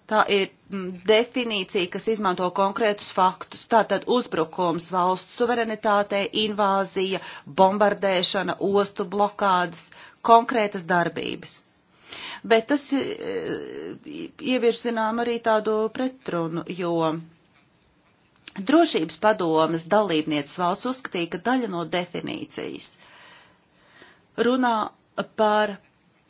Tā ir mm, definīcija, kas izmanto konkrētus faktus. Tātad uzbrukums valsts suverenitātei, invāzija, bombardēšana, ostu blokādes, konkrētas darbības. Bet tas e, ievieš zinām arī tādu pretrunu, jo drošības padomas dalībnieces valsts uzskatīja, ka daļa no definīcijas runā par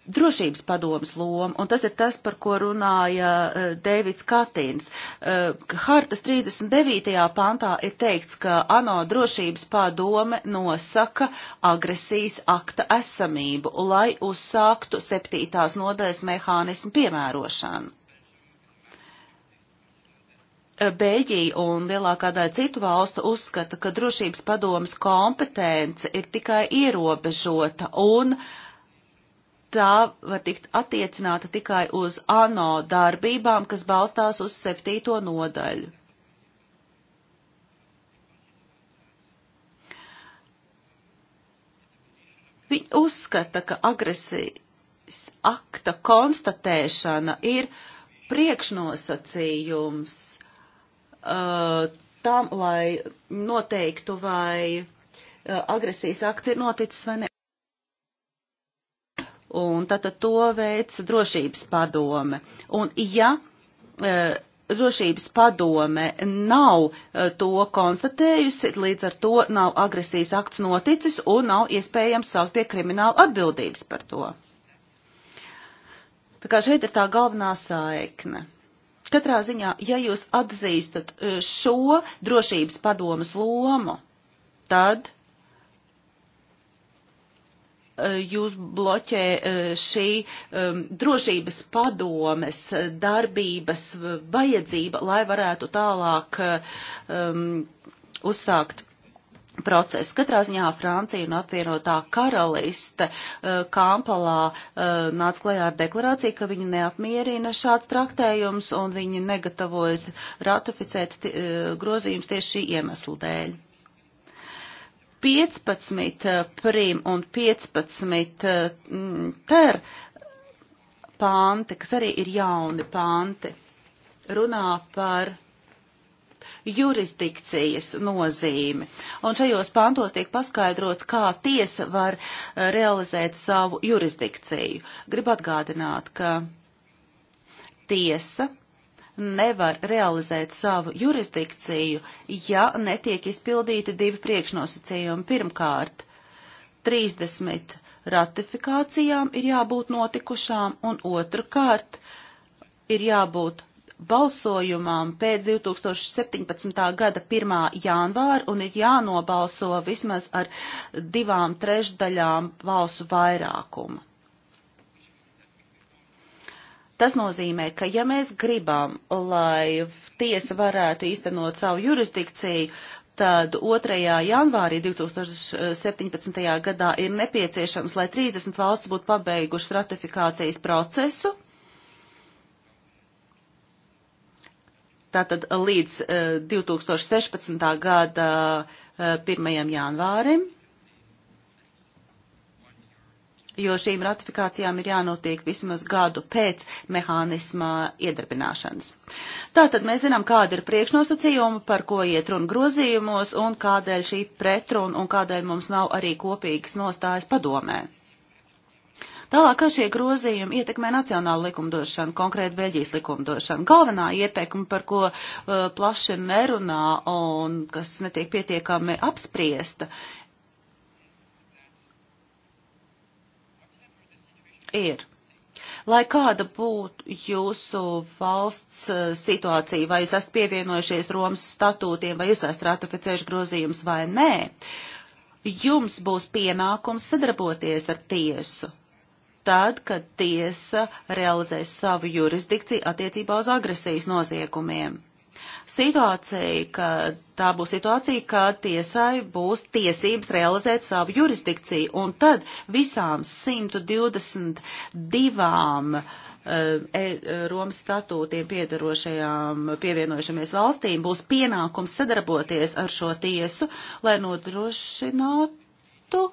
drošības padomas loma, un tas ir tas, par ko runāja uh, eh, Dēvids Katins. Uh, hartas 39. pantā ir teikts, ka ANO drošības padome nosaka agresijas akta esamību, lai uzsāktu septītās nodaļas mehānismu piemērošanu. Eh, Beļģija un lielākā daļa citu valstu uzskata, ka drošības padomas kompetence ir tikai ierobežota un uh, tā var tikt attiecināta tikai uz ANO darbībām, kas balstās uz septīto nodaļu. Viņi uzskata, ka agresijas akta konstatēšana ir priekšnosacījums uh, tam, lai noteiktu, vai uh, agresijas akts ir noticis vai ne un tātad to veic drošības padome. Un ja e, drošības padome nav e, to konstatējusi, līdz ar to nav agresijas akts noticis un nav iespējams saukt pie krimināla atbildības par to. Tā kā šeit ir tā galvenā saikne. Katrā ziņā, ja jūs atzīstat e, šo drošības padomas lomu, tad jūs bloķē e, šī e, drošības padomes e, darbības vajadzība, lai varētu tālāk um, uzsākt procesu. Katrā ziņā Francija un apvienotā karaliste uh, Kampalā uh, nāca klajā ar deklarāciju, ka viņu neapmierina šāds traktējums un viņi negatavojas ratificēt uh, grozījums tieši šī iemesla dēļ. 15 eh, prim un 15 eh, mm, ter panti, kas arī ir jauni panti, runā par jurisdikcijas nozīmi. Un šajos pantos tiek paskaidrots, kā tiesa var eh, realizēt savu jurisdikciju. Gribu atgādināt, ka tiesa nevar realizēt savu jurisdikciju, ja netiek izpildīti divi priekšnosacījumi. Pirmkārt, 30 ratifikācijām ir jābūt notikušām, un otrkārt, ir jābūt balsojumam pēc 2017. gada 1. janvāra un ir jānobalso vismaz ar divām trešdaļām balsu vairākumu. Tas nozīmē, ka ja mēs gribam, lai tiesa varētu īstenot savu jurisdikciju, tad 2. janvārī 2017. gadā ir nepieciešams, lai 30 valsts būtu pabeigušas ratifikācijas procesu. Tātad līdz 2016. Eh, gada 1. Eh, janvārim jo šīm ratifikācijām ir jānotiek vismaz gadu pēc mehānisma iedarbināšanas. Tātad mēs zinām, kāda ir priekšnosacījuma, par ko iet runa grozījumos un kādēļ šī pretruna un kādēļ mums nav arī kopīgas nostājas padomē. Tālāk, kā šie grozījumi ietekmē nacionālu likumdošanu, konkrēti Beļģijas likumdošanu. Galvenā ietekme, par ko uh, plaši nerunā un kas netiek pietiekami apspriesta, ir. Lai kāda būtu jūsu valsts eh, situācija, vai jūs esat pievienojušies Romas statūtiem, vai jūs esat ratificējuši grozījumus vai nē, jums būs pienākums sadarboties ar tiesu tad, kad tiesa realizēs savu jurisdikciju attiecībā uz agresijas noziegumiem situācija, ka tā būs situācija, ka tiesai būs tiesības realizēt savu jurisdikciju, un tad visām 122 eh, e, Romas statūtiem piedarošajām pievienojušamies valstīm būs pienākums sadarboties ar šo tiesu, lai nodrošinātu uh,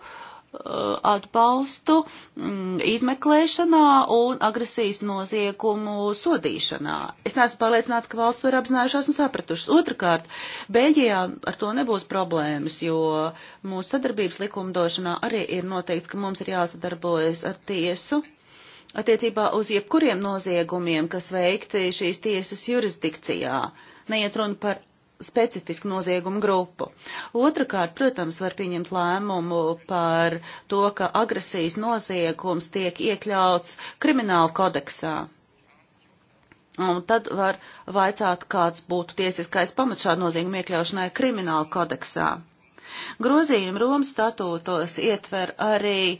atbalstu mm, izmeklēšanā un agresijas noziegumu sodīšanā. Es neesmu pārliecināts, ka valsts var apzinājušās un sapratušas. Otrakārt, Beļģijā ar to nebūs problēmas, jo mūsu sadarbības likumdošanā arī ir noteikts, ka mums ir jāsadarbojas ar tiesu attiecībā uz jebkuriem noziegumiem, kas veikti šīs tiesas jurisdikcijā. Neiet runa par specifisku noziegumu grupu. Otrakārt, protams, var pieņemt lēmumu par to, ka agresijas noziegums tiek iekļauts krimināla kodeksā. Un tad var vaicāt, kāds būtu tiesiskais pamats šādu noziegumu iekļaušanai krimināla kodeksā. Grozījumi Romas statūtos ietver arī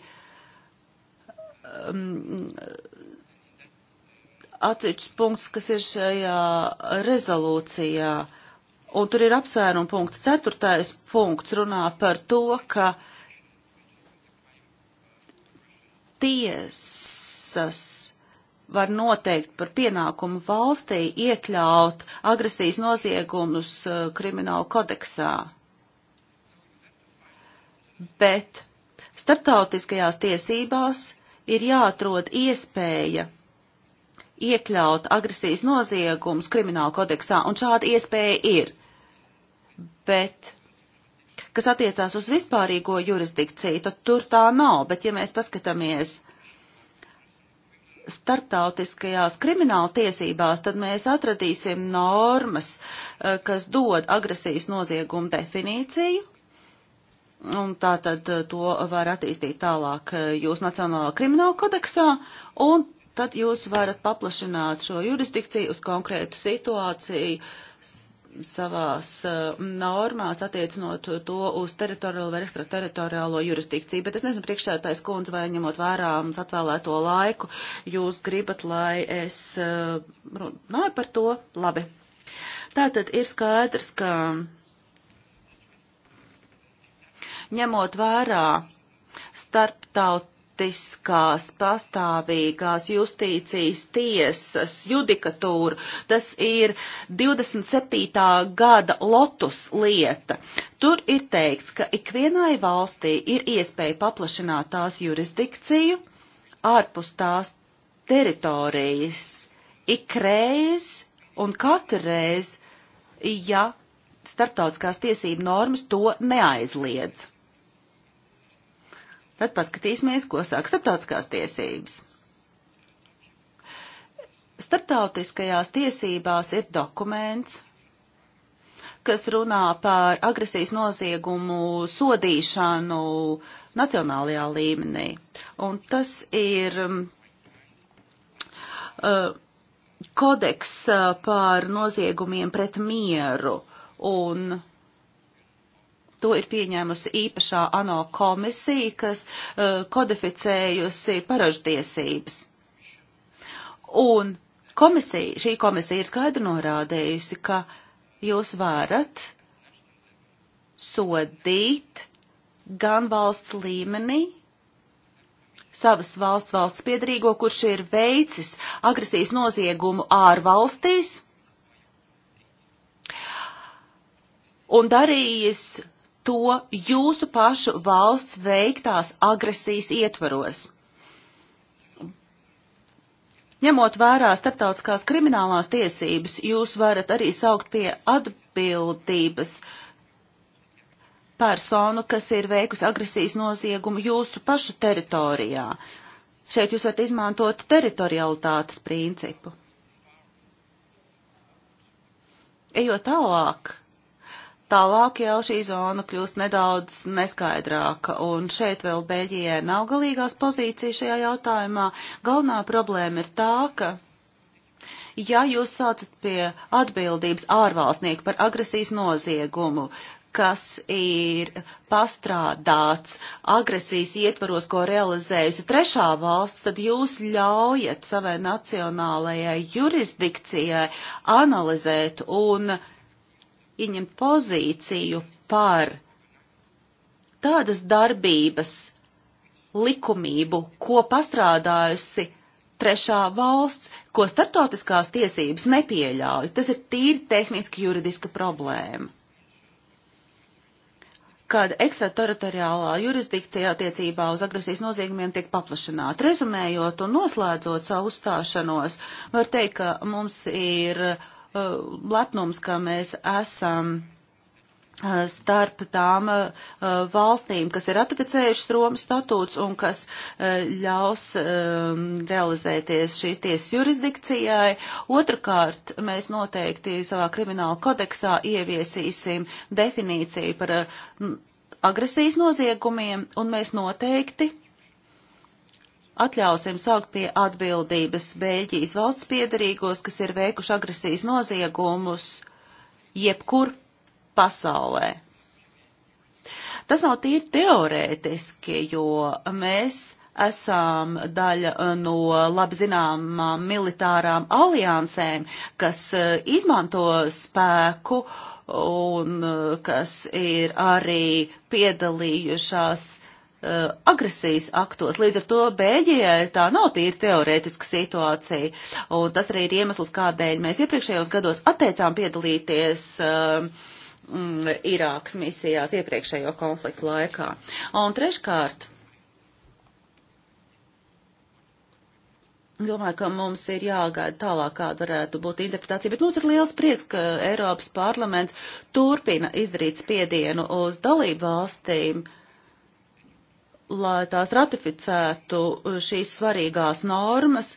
um, atsevišķus punktus, kas ir šajā rezolūcijā. Uh, un tur ir apsvēruma punkts. Ceturtais punkts runā par to, ka tiesas var noteikt par pienākumu valstī iekļaut agresijas noziegumus uh, krimināla kodeksā. Bet starptautiskajās tiesībās ir jāatrod iespēja iekļaut agresijas noziegumus krimināla kodeksā, un šāda iespēja ir bet kas attiecās uz vispārīgo jurisdikciju, tad tur tā nav, bet ja mēs paskatāmies starptautiskajās krimināla tiesībās, tad mēs atradīsim normas, eh, kas dod agresijas noziegumu definīciju. Un tā tad eh, to var attīstīt tālāk eh, jūs Nacionālā krimināla kodeksā, un tad jūs varat paplašināt šo jurisdikciju uz konkrētu situāciju savās eh, normās attiecinot to uz teritoriālo vai ekstrateritoriālo jurisdikciju, bet es nezinu priekšsētājs kundze vai ņemot vērā mums atvēlēto laiku, jūs gribat, lai es eh, runāju par to? Labi. Tātad ir skaidrs, ka ņemot vērā starptaut starptautiskās pastāvīgās justīcijas tiesas judikatūru. Tas ir 27. gada lotus lieta. Tur ir teikts, ka ikvienai valstī ir iespēja paplašināt tās jurisdikciju ārpus tās teritorijas ikreiz un katru reizi, ja starptautiskās tiesību normas to neaizliedz. Tad paskatīsimies, ko saka starptautiskās tiesības. Starptautiskajās tiesībās ir dokuments, kas runā par agresijas noziegumu sodīšanu nacionālajā līmenī. Un tas ir um, uh, kodeks uh, par noziegumiem pret mieru. Un uh, To ir pieņēmusi īpašā ANO komisija, kas uh, kodificējusi paražtiesības. Un komisija, šī komisija ir skaidri norādījusi, ka jūs varat sodīt gan valsts līmenī, savas valsts valsts piedrīgo, kurš ir veicis agresijas noziegumu ārvalstīs un darījis to jūsu pašu valsts veiktās agresijas ietvaros. Ņemot vērā starptautiskās kriminālās tiesības, jūs varat arī saukt pie atbildības personu, kas ir veikusi agresijas noziegumu jūsu pašu teritorijā. Šeit jūs varat izmantot teritorialitātes principu. Ejot tālāk, Tālāk jau šī zona kļūst nedaudz neskaidrāka, un šeit vēl Beļģijai nav galīgās pozīcijas šajā jautājumā. Galvenā problēma ir tā, ka, ja jūs sācat pie atbildības ārvalstnieku par agresijas noziegumu, kas ir pastrādāts agresijas ietvaros, ko realizējusi trešā valsts, tad jūs ļaujat savai nacionālajai jurisdikcijai analizēt un uh, ieņemt pozīciju par tādas darbības likumību, ko pastrādājusi trešā valsts, ko starptautiskās tiesības nepieļauj. Tas ir tīri tehniski juridiska problēma. Kad ekstrateritoriālā jurisdikcija attiecībā uz agresijas noziegumiem tiek paplašināta, rezumējot un noslēdzot savu uzstāšanos, var teikt, ka mums ir uh, Uh, lepnums, ka mēs esam uh, starp tām uh, valstīm, kas ir ratificējušas Romas statūts un kas ļaus um, realizēties šīs tiesas jurisdikcijai. Otrakārt, mēs noteikti savā krimināla kodeksā ieviesīsim definīciju par agresijas noziegumiem, un mēs noteikti atļausim saukt pie atbildības Bēļģijas valsts piedarīgos, kas ir veikuši agresijas noziegumus jebkur pasaulē. Tas nav tīri teorētiski, jo mēs esam daļa no labi zināmām militārām aliansēm, kas eh, izmanto spēku un eh, kas ir arī piedalījušās Uh, agresijas aktos. Līdz ar to Bēļģijai tā nav tīri teorētiska situācija. Un tas arī ir iemesls, kādēļ mēs iepriekšējos gados atteicām piedalīties uh, mm, Irākas misijās iepriekšējo konfliktu laikā. Un treškārt, domāju, ka mums ir jāgaida tālāk, kāda varētu būt interpretācija, bet mums ir liels prieks, ka Eiropas parlaments turpina izdarīt spiedienu uz dalību valstīm uh, lai tās ratificētu šīs svarīgās normas,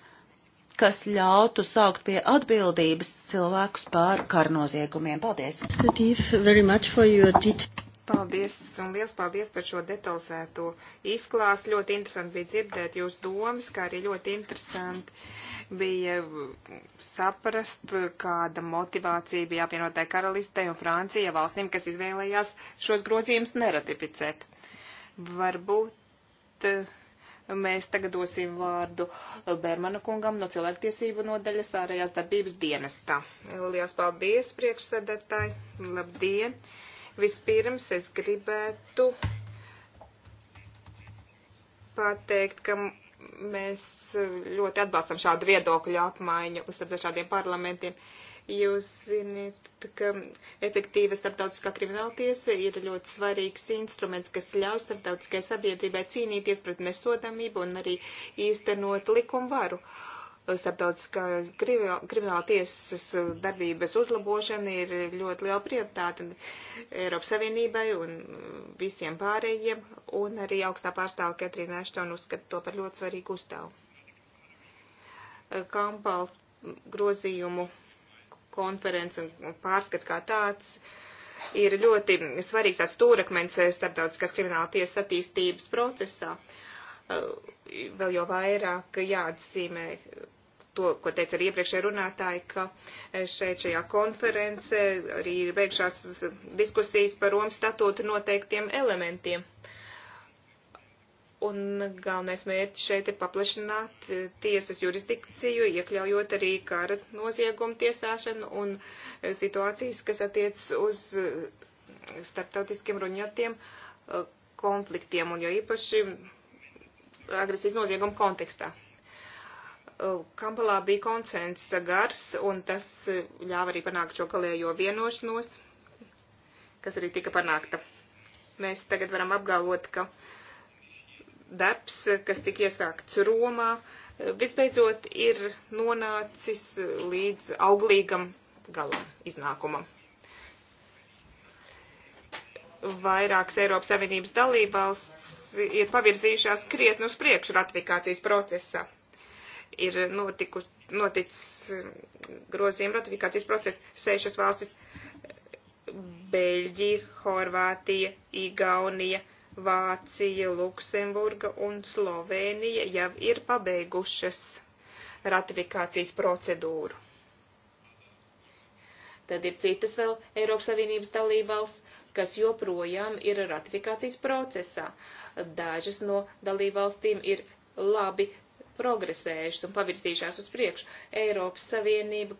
kas ļautu saukt pie atbildības cilvēkus pār karnoziegumiem. Paldies! Paldies un liels paldies par šo detalizēto izklāstu. Ļoti interesanti bija dzirdēt jūsu domas, kā arī ļoti interesanti bija saprast, kāda motivācija bija apvienotai karalistei un Francijai valstīm, kas izvēlējās šos grozījumus neratificēt. Varbūt eh, mēs tagad dosim vārdu eh, Bermana kungam no cilvēktiesību nodaļas ārējās darbības dienestā. Lielas paldies, priekšsēdētāji. Labdien! Vispirms es gribētu pateikt, ka mēs eh, ļoti atbalstam šādu viedokļu apmaiņu starp dažādiem parlamentiem. Uh, Jūs zināt, ka efektīva starptautiskā krimināla tiesa ir ļoti svarīgs instruments, kas ļauj starptautiskai sabiedrībai cīnīties pret nesodamību un arī īstenot likumvaru. Starptautiskā krimināla tiesas darbības uzlabošana ir ļoti liela prioritāte Eiropas Savienībai un visiem pārējiem, un arī augstā pārstāva Ketrīna Eštona uzskata to par ļoti svarīgu uzstāvu. Kampals grozījumu konferences un pārskats kā tāds ir ļoti svarīgs tāds stūrakmens eh, starptautiskās krimināla tiesas attīstības procesā. Eh, vēl jau vairāk jāatzīmē to, ko teica arī iepriekšēji runātāji, ka eh, šeit šajā konferencē arī ir beigšās diskusijas par Romas statūtu noteiktiem elementiem. Uh, Un galvenais mērķis šeit ir paplašināt eh, tiesas jurisdikciju, iekļaujot arī kara noziegumu tiesāšanu un eh, situācijas, kas attiec uz eh, starptautiskiem bruņotiem konfliktiem un jo īpaši agresijas noziegumu kontekstā. Kampalā bija konsens gars un tas ļāva arī panākt šo kalējo vienošanos, kas arī tika panākta. Mēs tagad varam apgalvot, ka uh, darbs, kas tika iesākts Romā, visbeidzot ir nonācis līdz auglīgam galam, iznākumam. Vairākas Eiropas Savienības dalībvalsts ir pavirzījušās krietni uz priekšu ratifikācijas procesā. Ir notiku, noticis grozījuma ratifikācijas process sešas valstis - Beļģija, Horvātija, Igaunija, Vācija, Luksemburga un Slovēnija jau ir pabeigušas ratifikācijas procedūru. Tad ir citas vēl Eiropas Savienības dalībvalsts, kas joprojām ir ratifikācijas procesā. Dažas no dalībvalstīm ir labi progresējušas un pavirzījušās uz priekšu. Eiropas Savienība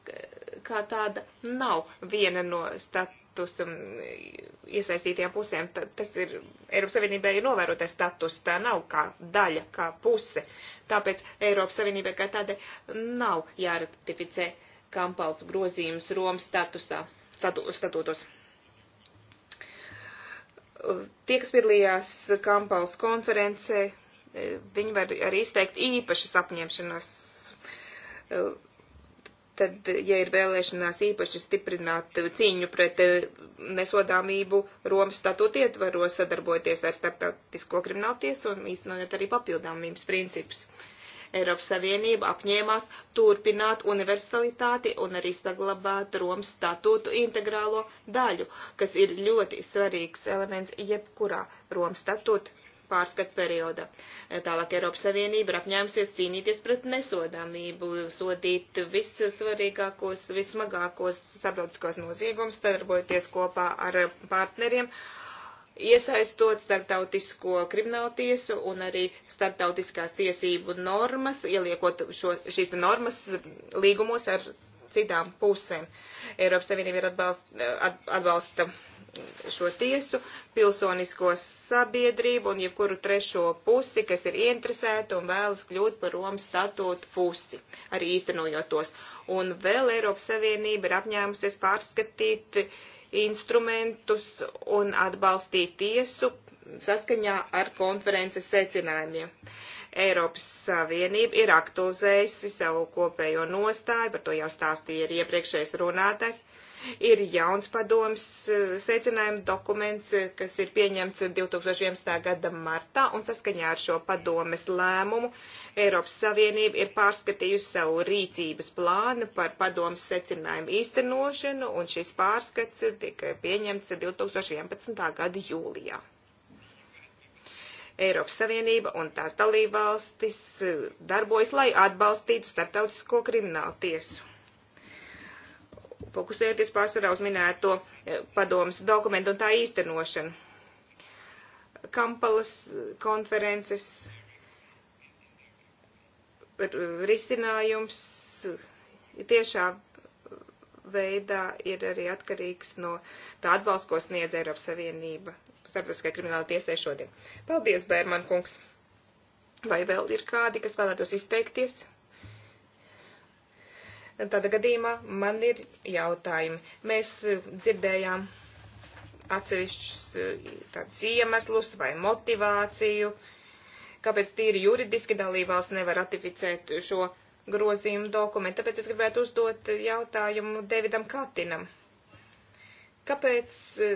kā tāda nav viena no stat status um, iesaistītajām pusēm. Tas ir Eiropas Savienībai ir novērotais status, tā nav kā daļa, kā puse. Tāpēc Eiropas Savienībai kā tādai nav jāratificē Kampals grozījums Romas statusā, statūtos. Tie, kas piedalījās Kampals konferencē, eh, viņi var arī izteikt īpašas apņemšanos eh, tad, ja ir vēlēšanās īpaši stiprināt cīņu pret eh, nesodāmību Romas statūti ietvaros, sadarbojoties ar starptautisko krimināltiesu un īstenojot arī papildāmības principus. Eiropas Savienība apņēmās turpināt universalitāti un arī saglabāt Romas statūtu integrālo daļu, kas ir ļoti svarīgs elements jebkurā Romas statūta pārskatu perioda. Tālāk Eiropas Savienība ir apņēmusies cīnīties pret nesodāmību, sodīt vissvarīgākos, vissmagākos sabiedriskos noziegumus, sadarbojoties kopā ar partneriem, iesaistot starptautisko kriminālu tiesu un arī starptautiskās tiesību normas, ieliekot šo, šīs normas līgumos ar citām pusēm. Eiropas Savienība ir atbalsta, atbalsta šo tiesu, pilsonisko sabiedrību un jebkuru trešo pusi, kas ir interesēta un vēlas kļūt par Romas statūtu pusi, arī īstenojot tos. Un vēl Eiropas Savienība ir apņēmusies pārskatīt instrumentus un atbalstīt tiesu saskaņā ar konferences secinājumiem. Eiropas Savienība ir aktualizējusi savu kopējo nostāju, par to jau stāstīja arī iepriekšējais runātais Ir jauns padoms eh, secinājuma dokuments, eh, kas ir pieņemts 2011. gada martā, un saskaņā ar šo padomes lēmumu Eiropas Savienība ir pārskatījusi savu rīcības plānu par padomes secinājumu īstenošanu, un šis pārskats tika pieņemts 2011. gada jūlijā. Eiropas Savienība un tās dalībvalstis eh, darbojas, lai atbalstītu starptautisko kriminālu tiesu fokusēties pārsvarā uz minēto eh, padomas dokumentu un tā īstenošanu. Kampalas eh, konferences risinājums eh, tiešā veidā ir arī atkarīgs no tā atbalsta, ko sniedz Eiropas Savienība starptautiskajai krimināla tiesai šodien. Paldies, Bērman kungs! Vai vēl ir kādi, kas vēlētos izteikties? Tādā gadījumā man ir jautājumi. Mēs e, dzirdējām atsevišķus e, tādus iemeslus vai motivāciju, kāpēc tīri juridiski dalībvalsts nevar ratificēt šo grozījumu dokumentu. Tāpēc es gribētu uzdot jautājumu Davidam Katinam. Kāpēc e,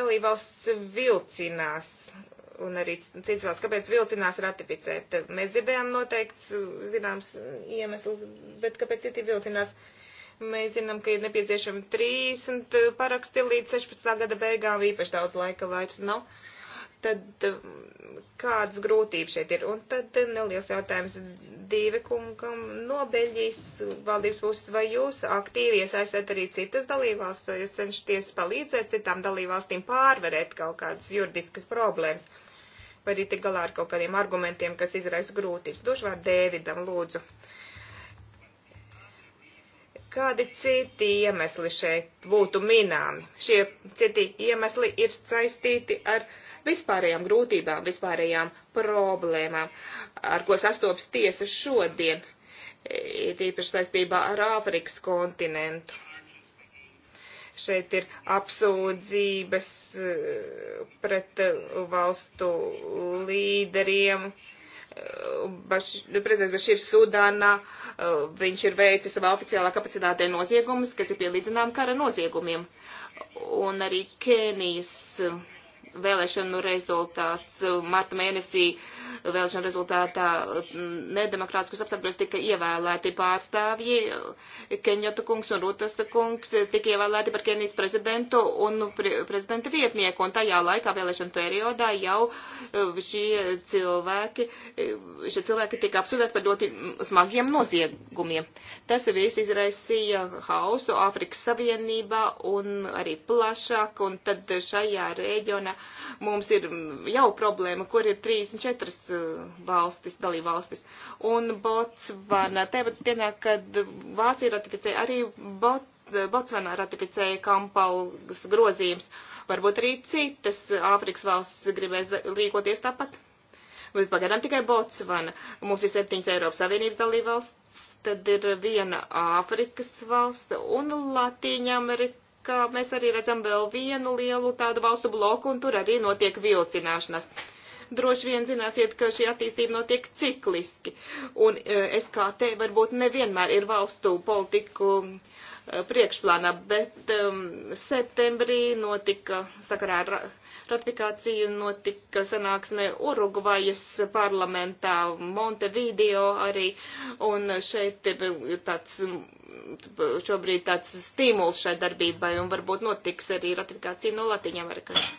dalībvalsts vilcinās un arī citas valsts, kāpēc vilcinās ratificēt. Mēs dzirdējām noteikts, zināms, iemesls, bet kāpēc citi vilcinās? Mēs zinām, ka ir nepieciešami 30 paraksti līdz 16. gada beigām, īpaši daudz laika vairs nav. Tad kādas grūtības šeit ir? Un tad neliels jautājums divi kungam no Beļģijas valdības puses, vai jūs aktīvi iesaistāt arī citas dalībvalstis, vai jūs cenšaties palīdzēt citām dalībvalstīm pārvarēt kaut kādas juridiskas problēmas? vai arī tik galā ar kaut kādiem argumentiem, kas izraisa grūtības. Došu vārdu Dēvidam, lūdzu. Kādi citi iemesli šeit būtu minami? Šie citi iemesli ir saistīti ar vispārējām grūtībām, vispārējām problēmām, ar ko sastopas tiesa šodien, e, tīpaši saistībā ar Āfrikas kontinentu Šeit ir apsūdzības eh, pret eh, valstu līderiem. Eh, Baš, nu, prezidents Bašīrs Sudānā, viņš ir veicis savā oficiālā kapacitātē noziegumus, kas ir pielīdzinām kara noziegumiem. Un arī Kenijas vēlēšanu rezultāts uh, marta mēnesī vēlēšanu rezultātā mm, nedemokrātiskus apstākļos tika ievēlēti pārstāvji uh, Kenjota kungs un Rutas kungs uh, tika ievēlēti par Kenijas prezidentu un pre prezidenta vietnieku un tajā laikā vēlēšanu periodā jau šie cilvēki, šie cilvēki tika apsūdzēti par ļoti smagiem noziegumiem. Tas viss izraisīja hausu Āfrikas Savienībā un arī plašāk un tad šajā reģionā Mums ir jau problēma, kur ir 34 eh, valstis, dalībvalstis. Un Botsvana, te pat dienā, kad Vācija ratificēja, arī Bot, Botsvana ratificēja Kampalas grozījums. Varbūt arī citas Āfrikas valsts gribēs rīkoties tāpat. Bet pagaidām tikai Botsvana. Mums ir septiņas Eiropas Savienības dalībvalsts, tad ir viena Āfrikas valsts un Latīņa Amerika ka mēs arī redzam vēl vienu lielu tādu valstu bloku, un tur arī notiek vilcināšanas. Droši vien zināsiet, ka šī attīstība notiek cikliski, un e, SKT varbūt nevienmēr ir valstu politiku e, priekšplānā, bet um, septembrī notika sakarā ar Ratifikācija notika sanāksmē Urugvajas parlamentā, Montevideo arī, un šeit ir tāds šobrīd tāds stimuls šai darbībai, un varbūt notiks arī ratifikācija no Latviņamerikas.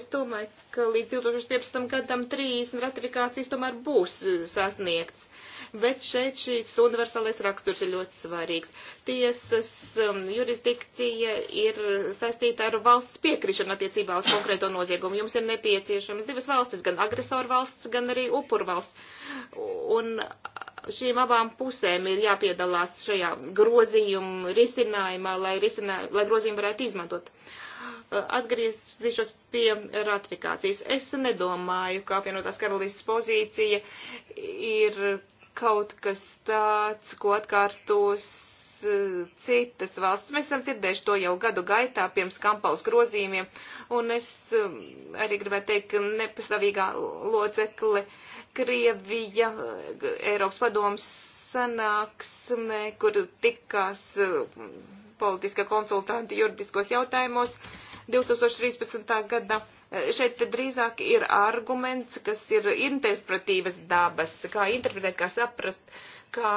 Es domāju, ka līdz 2015. gadam 30 ratifikācijas tomēr būs sasniegts bet šeit šis universālais raksturs ir ļoti svarīgs. Tiesas um, jurisdikcija ir saistīta ar valsts piekrišanu attiecībā uz konkrēto noziegumu. Jums ir nepieciešams divas valstis, gan agresoru valsts, gan arī upuru valsts. Un šīm abām pusēm ir jāpiedalās šajā grozījuma risinājumā, lai, risinā, lai grozījumu varētu izmantot. Uh, atgriezīšos pie ratifikācijas. Es nedomāju, ka apvienotās karalīstas pozīcija ir kaut kas tāds, ko atkārtos eh, citas valsts. Mēs esam dzirdējuši to jau gadu gaitā pirms kampaus grozījumiem, un es eh, arī gribētu teikt, ka nepastāvīgā locekle Krievija eh, Eiropas padomas sanāksmē, kur tikās politiska konsultanti juridiskos jautājumos 2013. gada Šeit drīzāk ir arguments, kas ir interpretīvas dabas, kā interpretēt, kā saprast, kā,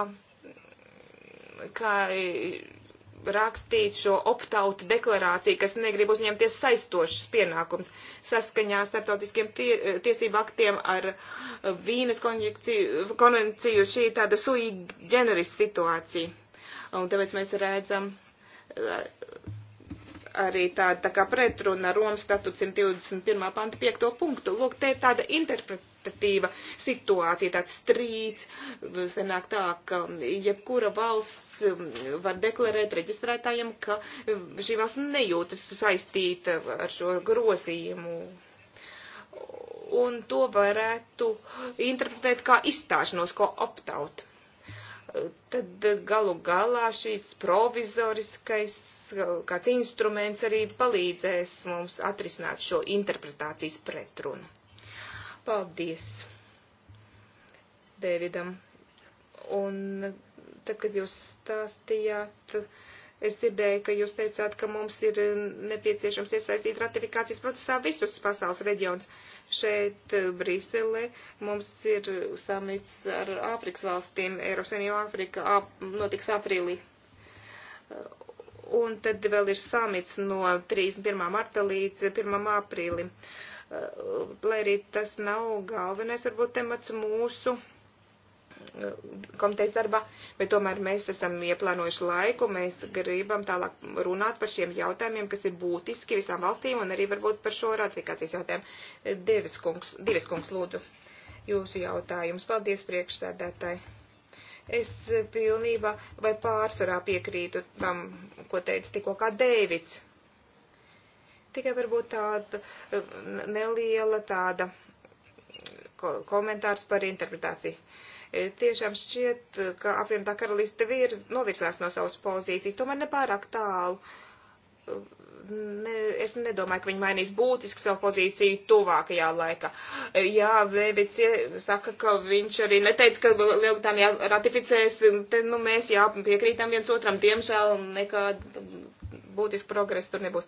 kā rakstīt šo optautu deklarāciju, kas negrib uzņemties saistošas pienākums saskaņā starptautiskiem tie, tiesību aktiem ar Vīnes konvenciju. Šī tāda sui generis situācija. Un tāpēc mēs redzam arī tāda tā kā pretruna Romas statūta 121. panta 5. punktu. Lūk, te ir tāda interpretatīva situācija, tāds strīds. Senāk tā, ka jebkura valsts um, var deklarēt reģistrētājiem, ka šī um, valsts nejūtas saistīta ar šo grozījumu. Un to varētu interpretēt kā izstāšanos, ko optaut tad galu galā šīs provizoriskais kāds instruments arī palīdzēs mums atrisināt šo interpretācijas pretrunu. Paldies Dēvidam. Un tad, kad jūs stāstījāt, es dzirdēju, ka jūs teicāt, ka mums ir nepieciešams iesaistīt ratifikācijas procesā visus pasaules reģionus. Šeit eh, Brisele mums ir samits ar Āfrikas valstīm, Eiropas Savienība Āfrika, ap, notiks aprīlī un tad vēl ir samits no 31. marta līdz 1. aprīlim. Eh, lai arī tas nav galvenais, varbūt, temats mūsu eh, komitejas darbā, bet tomēr mēs esam ieplānojuši laiku, mēs gribam tālāk runāt par šiem jautājumiem, kas ir būtiski visām valstīm un arī varbūt par šo ratifikācijas jautājumu. Eh, Devis kungs, Devis kungs lūdzu, jūsu jautājums. Paldies priekšsēdētāji. Es pilnībā vai pārsvarā piekrītu tam, ko teica tikko kā Dēvids. Tikai varbūt tāda eh, neliela tāda komentārs par interpretāciju. E, tiešām šķiet, ka apvienotā karaliste virz, novirzās no savas pozīcijas, tomēr nepārāk tālu ne, es nedomāju, ka viņi mainīs būtiski savu pozīciju tuvākajā laikā. Jā, Vēvic saka, ka viņš arī neteica, ka Lielbritānija ratificēs, te, nu, mēs jā, piekrītam viens otram, diemžēl nekāda būtiski progresi tur nebūs.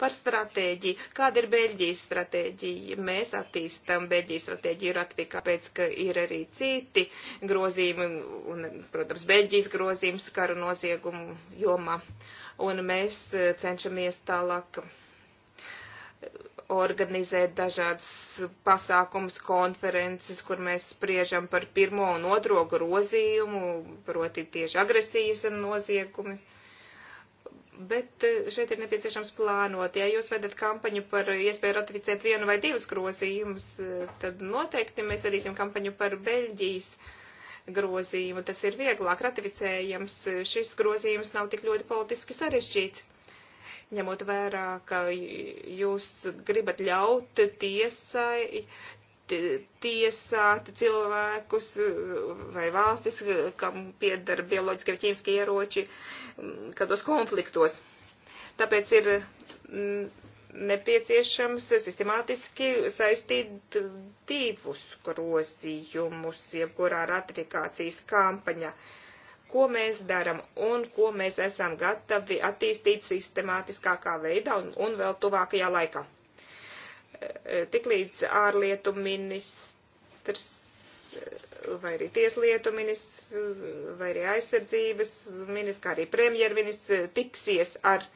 Par stratēģiju. Kāda ir Beļģijas stratēģija? Mēs attīstam Beļģijas stratēģiju ratifikā, pēc ka ir arī citi grozījumi, un, protams, Beļģijas grozījums karu noziegumu jomā. Un mēs eh, cenšamies tālāk organizēt dažādas pasākums, konferences, kur mēs spriežam par pirmo un otro grozījumu, proti tieši agresijas un noziegumi. Uh, Bet eh, šeit ir nepieciešams plānot. Ja jūs vedat kampaņu par iespēju ratificēt vienu vai divus grozījumus, eh, tad noteikti mēs darīsim kampaņu par Beļģijas grozījumu. Tas ir vieglāk ratificējams. Šis grozījums nav tik ļoti politiski sarežģīts. Ņemot vērā, ka jūs gribat ļaut tiesai tiesāt cilvēkus eh, vai valstis, kam piedara bioloģiskie vai ķīmiskie ieroči mm, kādos konfliktos. Tāpēc ir mm, nepieciešams sistemātiski saistīt divus grozījumus, jebkurā ratifikācijas kampaņa, ko mēs daram un ko mēs esam gatavi attīstīt sistemātiskākā veidā un, un vēl tuvākajā laikā. Eh, tiklīdz ārlietu ministrs eh, vai arī tieslietu ministrs eh, vai arī aizsardzības ministrs, kā arī premjerministrs tiksies ar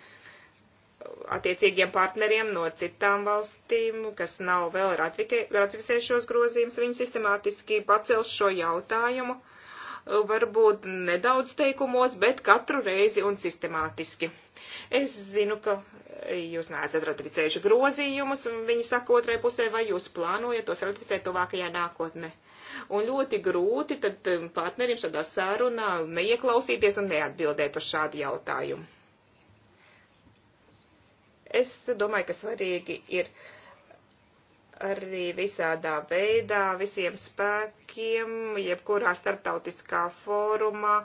attiecīgiem partneriem no citām valstīm, kas nav vēl ratificējušos grozījumus, viņi sistemātiski pacels šo jautājumu varbūt nedaudz teikumos, bet katru reizi un sistemātiski. Es zinu, ka jūs neesat ratificējuši grozījumus, viņi saka otrai pusē, vai jūs plānojat tos ratificēt tuvākajā nākotnē. Un ļoti grūti tad um, partnerim šādā sārunā neieklausīties un neatbildēt uz šādu jautājumu. Es domāju, ka svarīgi ir uh, arī visādā veidā, visiem spēkiem, jebkurā starptautiskā fórumā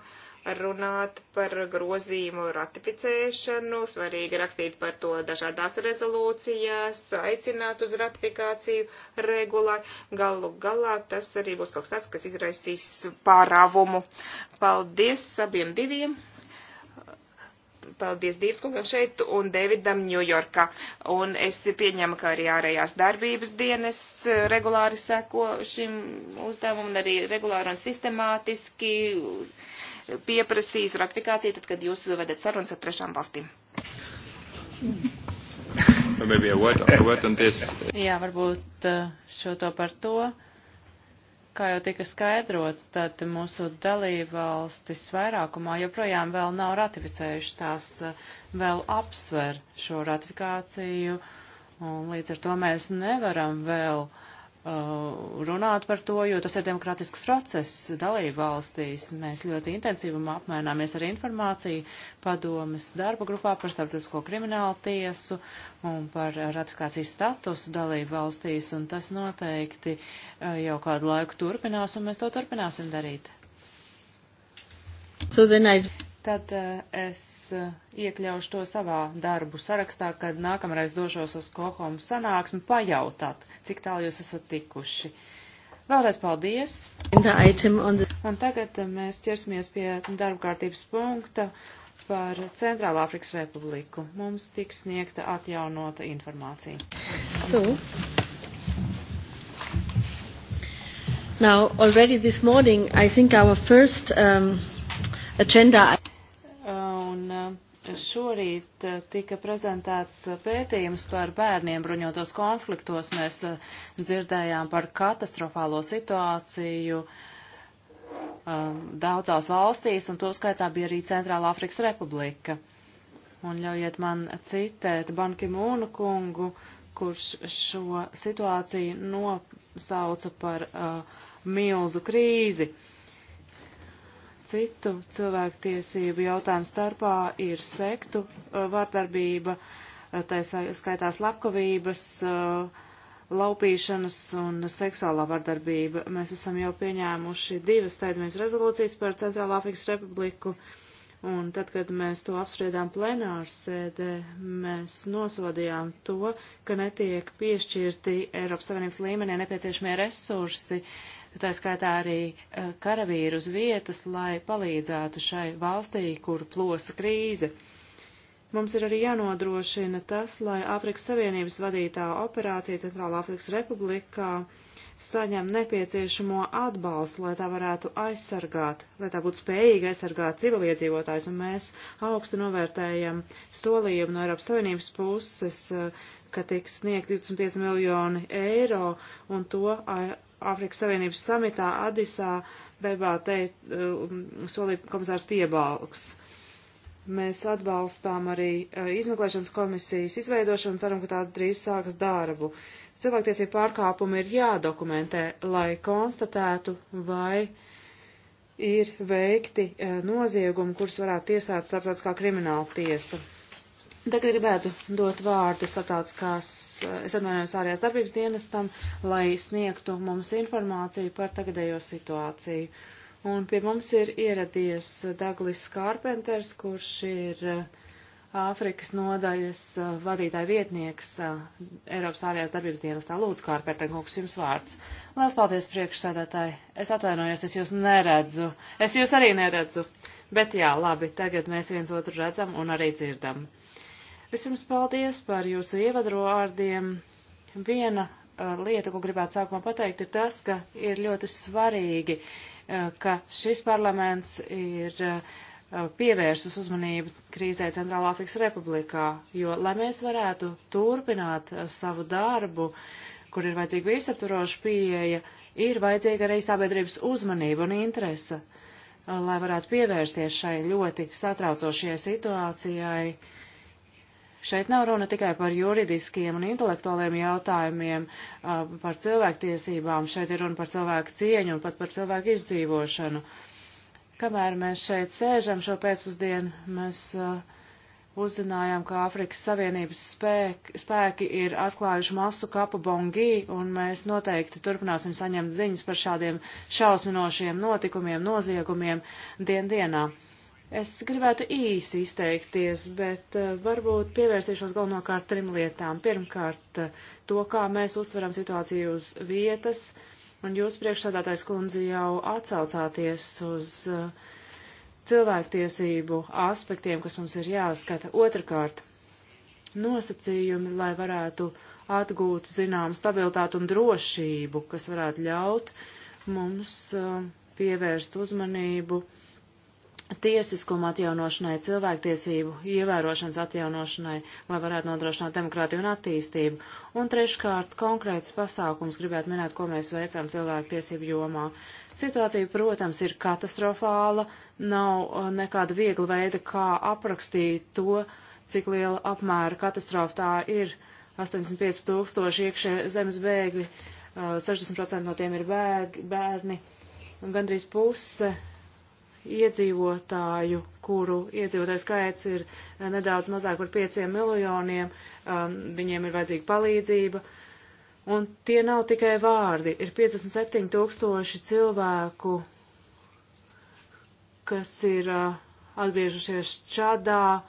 runāt par grozījumu ratificēšanu, svarīgi rakstīt par to dažādās rezolūcijās, aicināt uz ratifikāciju regulāri. Galu galā tas arī būs kaut kas tāds, kas izraisīs pārāvumu. Paldies abiem diviem! Paldies Dīvas kungam šeit un Davidam Ņujorkā. Un es pieņemu, ka arī ārējās darbības dienas eh, regulāri seko šim uzdevumam un arī regulāri un sistemātiski pieprasīs ratifikāciju, tad, kad jūs vedat sarunas ar trešām valstīm. Jā, varbūt eh, šo to par to. Kā jau tika skaidrots, tad mūsu dalībvalstis vairākumā joprojām vēl nav ratificējuši tās, vēl apsver šo ratifikāciju, un līdz ar to mēs nevaram vēl uh, Uh, runāt par to, jo tas ir demokratisks process dalību valstīs. Mēs ļoti intensīvam apmaināmies ar informāciju padomas darba grupā par starptautisko kriminālu tiesu un par ratifikācijas statusu dalību valstīs, un tas noteikti uh, jau kādu laiku turpinās, un mēs to turpināsim darīt. So I tad eh, es eh, iekļaušu to savā darbu sarakstā, kad nākamreiz došos uz Kohomu sanāksmi pajautāt, cik tālu jūs esat tikuši. Vēlreiz paldies! Un tagad eh, mēs ķersimies pie darba kārtības punkta par Centrālā Afrikas Republiku. Mums tiks sniegta atjaunota informācija. So. Now, already this morning, I think our first um, agenda. Šorīt eh, tika prezentēts eh, pētījums par bērniem bruņotos konfliktos. Mēs eh, dzirdējām par katastrofālo situāciju daudzās valstīs, un to skaitā bija arī Centrāla Afrikas Republika. Un ļaujiet man citēt Banki Mūnu kungu, kurš šo situāciju nosauca par uh, milzu krīzi. Uh, citu cilvēktiesību jautājumu starpā ir sektu uh, vardarbība, uh, tā skaitās lapkavības, uh, laupīšanas un seksuālā vardarbība. Mēs esam jau pieņēmuši divas steidzamības rezolūcijas par Centrālā Afrikas Republiku, un tad, kad mēs to apspriedām plenāru sēdē, mēs nosodījām to, ka netiek piešķirti Eiropas Savienības līmenī nepieciešamie resursi uh, tā skaitā arī e, karavīru uz vietas, lai palīdzētu šai valstī, kur plosa krīze. Mums ir arī jānodrošina tas, lai Āfrikas Savienības vadītā operācija Centrāla Āfrikas Republikā saņem nepieciešamo atbalstu, lai tā varētu aizsargāt, lai tā būtu spējīga aizsargāt civiliedzīvotājs, un mēs augstu novērtējam solījumu no Eiropas Savienības puses, e, ka tiks sniegt 25 miljoni eiro, un to Āfrikas Savienības samitā Adisā Bebā teikt, um, solīja komisārs Piebalgs. Mēs atbalstām arī uh, izmeklēšanas komisijas izveidošanu, ceram, ka tā drīz sāks darbu. Cilvēktiesību pārkāpumi ir jādokumentē, lai konstatētu, vai ir veikti uh, noziegumi, kurus varētu tiesāt starptautiskā krimināla tiesa. Tagad gribētu dot vārdu starptautiskās, eh, es atvainojos ārējās darbības dienestam, lai sniegtu mums informāciju par tagadējo situāciju. Un pie mums ir ieradies Daglis Kārpenters, kurš ir eh, Āfrikas nodaļas eh, vadītāja vietnieks Eiropas ārējās darbības dienestā. Lūdzu, Kārpenter, kungs, jums vārds. Lielas paldies priekšsēdētāji. Es atvainojos, es jūs neredzu. Es jūs arī neredzu. Bet jā, labi, tagad mēs viens otru redzam un arī dzirdam. Vispirms paldies par jūsu ievadroārdiem. Viena uh, lieta, ko gribētu sākumā pateikt, ir tas, ka ir ļoti svarīgi, uh, ka šis parlaments ir uh, pievērsus uzmanību krīzē Centrālā Afrikas Republikā, jo, lai mēs varētu turpināt uh, savu darbu, kur ir vajadzīga visaptvaroša pieeja, ir vajadzīga arī sabiedrības uzmanība un interese, uh, lai varētu pievērsties šai ļoti satraucošajai situācijai, uh, Šeit nav runa tikai par juridiskiem un intelektuāliem jautājumiem, par cilvēktiesībām, šeit ir runa par cilvēku cieņu un pat par cilvēku izdzīvošanu. Kamēr mēs šeit sēžam šo pēcpusdienu, mēs uzzinājām, ka Āfrikas Savienības spēki, spēki ir atklājuši masu kapu Bongī, un mēs noteikti turpināsim saņemt ziņas par šādiem šausminošiem notikumiem, noziegumiem dien dienā. Es gribētu īsi izteikties, bet eh, varbūt pievērsīšos galvenokārt trim lietām. Pirmkārt, eh, to, kā mēs uztveram situāciju uz vietas, un jūs priekšsādātais kundze jau atsaucāties uz eh, cilvēktiesību aspektiem, kas mums ir jāskata. Otrakārt, nosacījumi, lai varētu atgūt zinām stabilitātu un drošību, kas varētu ļaut mums pievērst uzmanību uh, tiesiskuma atjaunošanai, cilvēktiesību ievērošanas atjaunošanai, lai varētu nodrošināt demokrātiju un attīstību. Un treškārt, konkrēts pasākums gribētu minēt, ko mēs veicām cilvēktiesību jomā. Situācija, protams, ir katastrofāla, nav uh, nekāda viegla veida, kā aprakstīt to, cik liela apmēra katastrofa tā ir. 85 tūkstoši iekšē zemes bēgļi, 60% uh, no tiem ir bērni, un gandrīz puse iedzīvotāju, kuru iedzīvotāju skaits ir eh, nedaudz mazāk par 5 miljoniem, um, viņiem ir vajadzīga palīdzība. Un tie nav tikai vārdi, ir 57 tūkstoši cilvēku, kas ir uh, atgriežušies Čadā,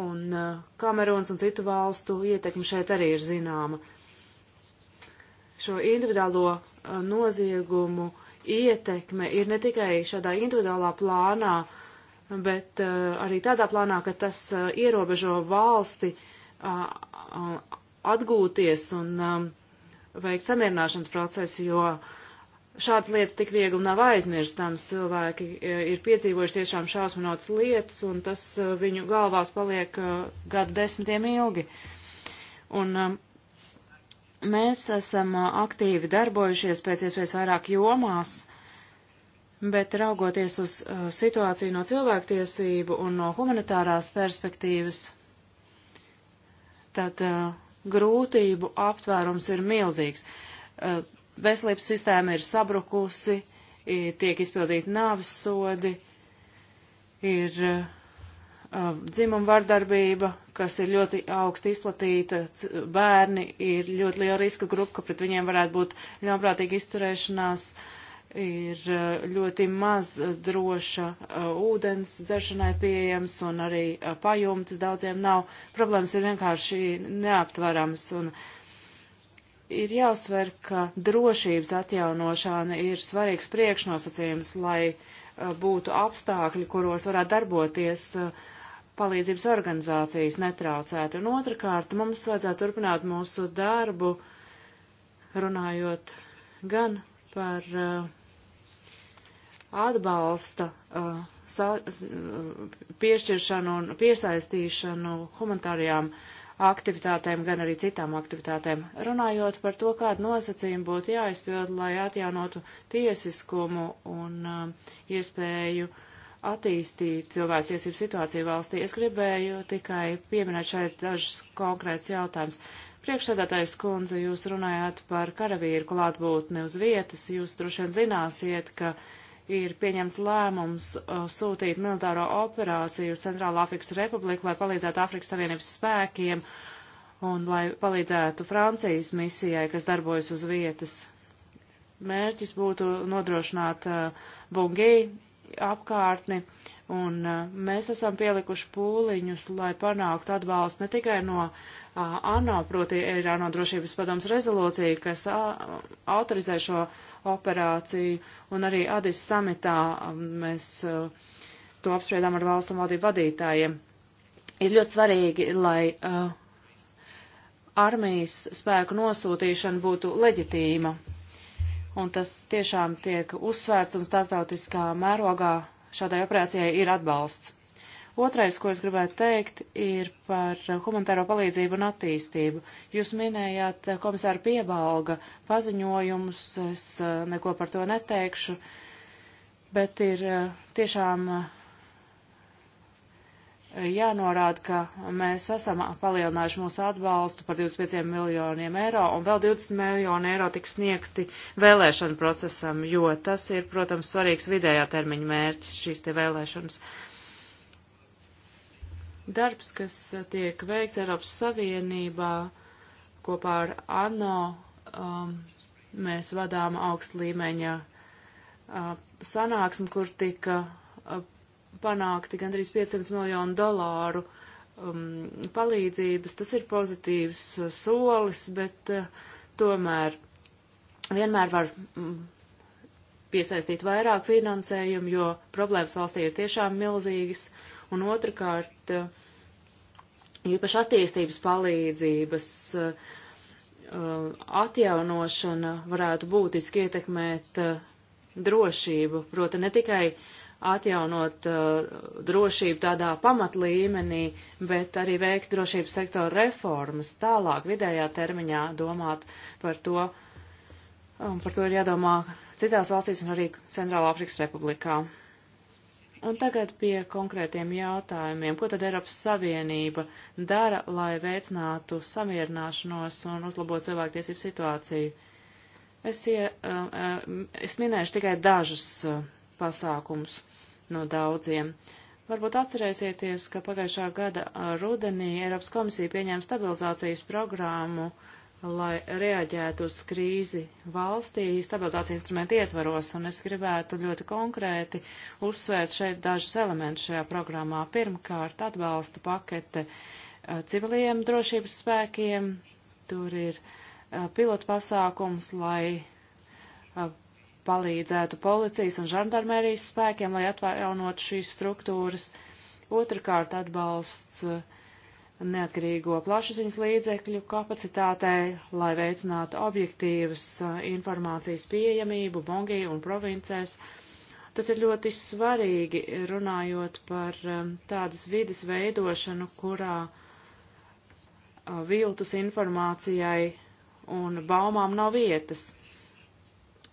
un uh, Kamerons un citu valstu ietekme šeit arī ir zināma. Šo individuālo uh, noziegumu uh, ietekme ir ne tikai šādā individuālā plānā, bet uh, arī tādā plānā, ka tas uh, ierobežo valsti uh, atgūties un um, veikt samierināšanas procesu, jo šāda lietas tik viegli nav aizmirstams. Cilvēki e, ir piedzīvojuši tiešām šausminotas lietas, un tas e, viņu galvās paliek e, gadu desmitiem ilgi. Un, um, Mēs esam aktīvi darbojušies pēc iespējas vairāk jomās, bet raugoties uz situāciju no cilvēktiesību un no humanitārās perspektīvas, tad grūtību aptvērums ir milzīgs. Veselības sistēma ir sabrukusi, tiek izpildīti nāves sodi, ir uh, Uh, dzimuma vardarbība, kas ir ļoti augsti izplatīta, bērni ir ļoti liela riska grupa, ka pret viņiem varētu būt ļaunprātīga izturēšanās, ir uh, ļoti maz uh, droša ūdens dzeršanai pieejams un arī pajumtes daudziem nav. Problēmas ir vienkārši neaptvaramas un ir jāuzsver, ka drošības atjaunošana ir svarīgs priekšnosacījums, lai būtu apstākļi, kuros varētu darboties uh, palīdzības organizācijas netraucētu. Un otrkārt, mums vajadzētu turpināt mūsu darbu, runājot gan par uh, atbalsta uh, sa, uh, piešķiršanu un piesaistīšanu humanitārajām aktivitātēm, gan arī citām aktivitātēm. Runājot par to, kādu nosacījumu būtu jāizpild, lai atjaunotu tiesiskumu un uh, iespēju uh, attīstīt cilvēktiesību situāciju valstī. Es gribēju tikai pieminēt šeit dažus konkrētus jautājumus. Priekšsēdētājs kundze, jūs runājāt par karavīru klātbūtni uz vietas. Jūs droši vien zināsiet, ka ir pieņemts lēmums uh, sūtīt militāro operāciju uz Centrālā Afrikas Republiku, lai palīdzētu Afrikas Savienības spēkiem un lai palīdzētu Francijas misijai, kas darbojas uz vietas. Mērķis būtu nodrošināt uh, Bungī apkārtni, un uh, mēs esam pielikuši pūliņus, lai panāktu atbalstu ne tikai no uh, ANO, proti ir ANO drošības padoms rezolūcija, kas uh, autorizē šo operāciju, un arī Adis samitā um, mēs to apspriedām ar valstu un valdību vadītājiem. Ir ļoti svarīgi, lai uh, armijas spēku nosūtīšana būtu leģitīma un tas tiešām tiek uzsvērts un starptautiskā mērogā šādai operācijai ir atbalsts. Otrais, ko es gribētu teikt, ir par humanitāro palīdzību un attīstību. Jūs minējāt komisāra piebalga paziņojumus, es eh, neko par to neteikšu, bet ir eh, tiešām jānorāda, ka mēs esam palielinājuši mūsu atbalstu par 25 miljoniem eiro, un vēl 20 miljoni eiro tiks sniegti vēlēšanu procesam, jo tas ir, protams, svarīgs vidējā termiņa mērķis šīs te vēlēšanas. Darbs, kas tiek veikts Eiropas Savienībā kopā ar ANO, um, mēs vadām augst līmeņa uh, sanāksmi, kur tika uh, panākti gandrīz 500 miljonu dolāru um, palīdzības. Tas ir pozitīvs uh, solis, bet uh, tomēr vienmēr var mm, piesaistīt vairāk finansējumu, jo problēmas valstī ir tiešām milzīgas. Un otrkārt, uh, īpaši attīstības palīdzības uh, uh atjaunošana varētu būtiski ietekmēt uh, drošību, proti ne tikai uh, atjaunot uh, drošību tādā pamatlīmenī, bet arī veikt drošības sektora reformas, tālāk vidējā termiņā domāt par to, un um, par to ir jādomā citās valstīs un arī Centrālā Afrikas Republikā. Un tagad pie konkrētiem jautājumiem. Ko tad Eiropas Savienība dara, lai veicinātu samierināšanos un uzlabotu cilvēktiesību situāciju? Es, ie, um, um, es minēšu tikai dažus uh, pasākumus no daudziem. Varbūt atcerēsieties, ka pagājušā gada rudenī Eiropas komisija pieņēma stabilizācijas programmu, lai reaģētu uz krīzi valstī stabilitātes instrumentu ietvaros, un es gribētu ļoti konkrēti uzsvērt šeit dažus elementus šajā programmā. Pirmkārt, atbalsta pakete eh, civiliem drošības spēkiem, tur ir eh, pilotu pasākums, lai eh, palīdzētu policijas un žandarmērijas spēkiem, lai atvainotu šīs struktūras. Otrakārt atbalsts uh, neatkarīgo plašsaziņas līdzekļu kapacitātei, lai veicinātu objektīvas uh, informācijas pieejamību Bongī un provincēs. Tas ir ļoti svarīgi runājot par um, tādas vides veidošanu, kurā uh, viltus informācijai un baumām nav vietas.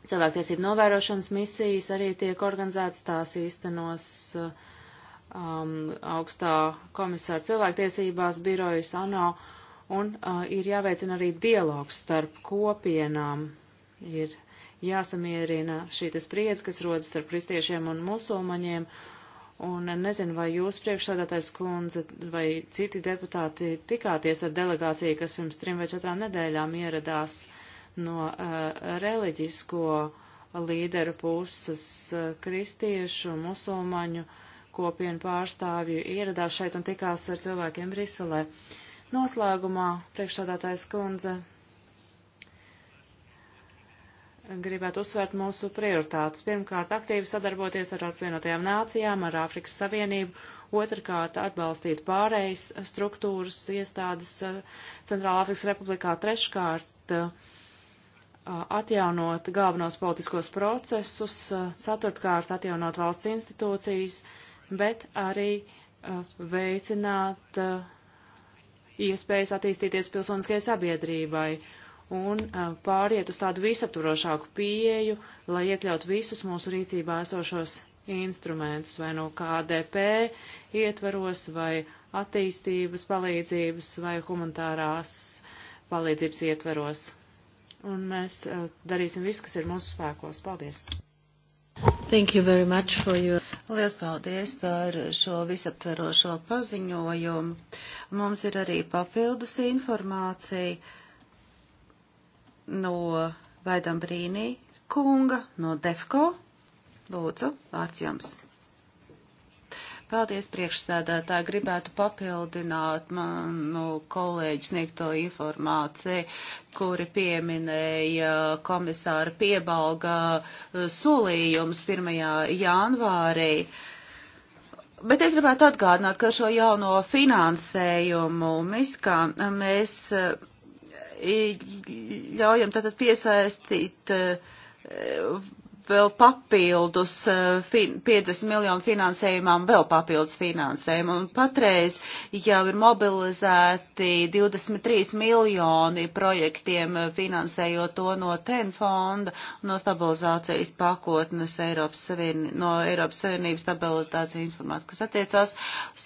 Cilvēktiesību novērošanas misijas arī tiek organizētas, tās īstenos uh, um, augstā komisāra cilvēktiesībās birojas ANO, un uh, ir jāveicina arī dialogs starp kopienām. Ir jāsamierina šī spriedze, kas rodas starp kristiešiem un musulmaņiem, Un nezinu, vai jūs priekšsādātais kundze vai citi deputāti tikāties ar delegāciju, kas pirms trim vai četrām nedēļām ieradās no eh, reliģisko līderu puses eh, kristiešu, musulmaņu kopienu pārstāvju ieradās šeit un tikās ar cilvēkiem Briselē. Noslēgumā priekšsādātājs kundze gribētu uzsvērt mūsu prioritātes. Pirmkārt, aktīvi sadarboties ar apvienotajām nācijām, ar Āfrikas Savienību, otrkārt, atbalstīt pārējas struktūras iestādes eh, Centrālā Afrikas Republikā, treškārt, uh, atjaunot galvenos politiskos procesus, ceturtkārt atjaunot valsts institūcijas, bet arī veicināt iespējas attīstīties pilsoniskajai sabiedrībai un pāriet uz tādu visaptvarošāku pieeju, lai iekļaut visus mūsu rīcībā esošos instrumentus, vai no nu KDP ietveros, vai attīstības palīdzības, vai humanitārās palīdzības ietveros un mēs uh, darīsim visu, kas ir mūsu spēkos. Paldies! Thank you very much for your... Lielas paldies par šo visaptverošo paziņojumu. Mums ir arī papildus informācija no Vaidam Brīnī kunga no DEFCO. Lūdzu, vārds jums. Paldies, priekšsēdētāji. Gribētu papildināt manu kolēģi sniegto informāciju, kuri pieminēja komisāra piebalga solījums 1. janvārī. Bet es gribētu atgādināt, ka šo jauno finansējumu miskā mēs eh, ļaujam tātad piesaistīt eh, vēl papildus 50 eh, miljonu finansējumam, vēl papildus finansējumu. Un patreiz jau ir mobilizēti 23 miljoni projektiem eh, finansējot to no TEN fonda, no stabilizācijas pakotnes Eiropas Savien, no Eiropas Savienības stabilizācijas informācijas, kas attiecās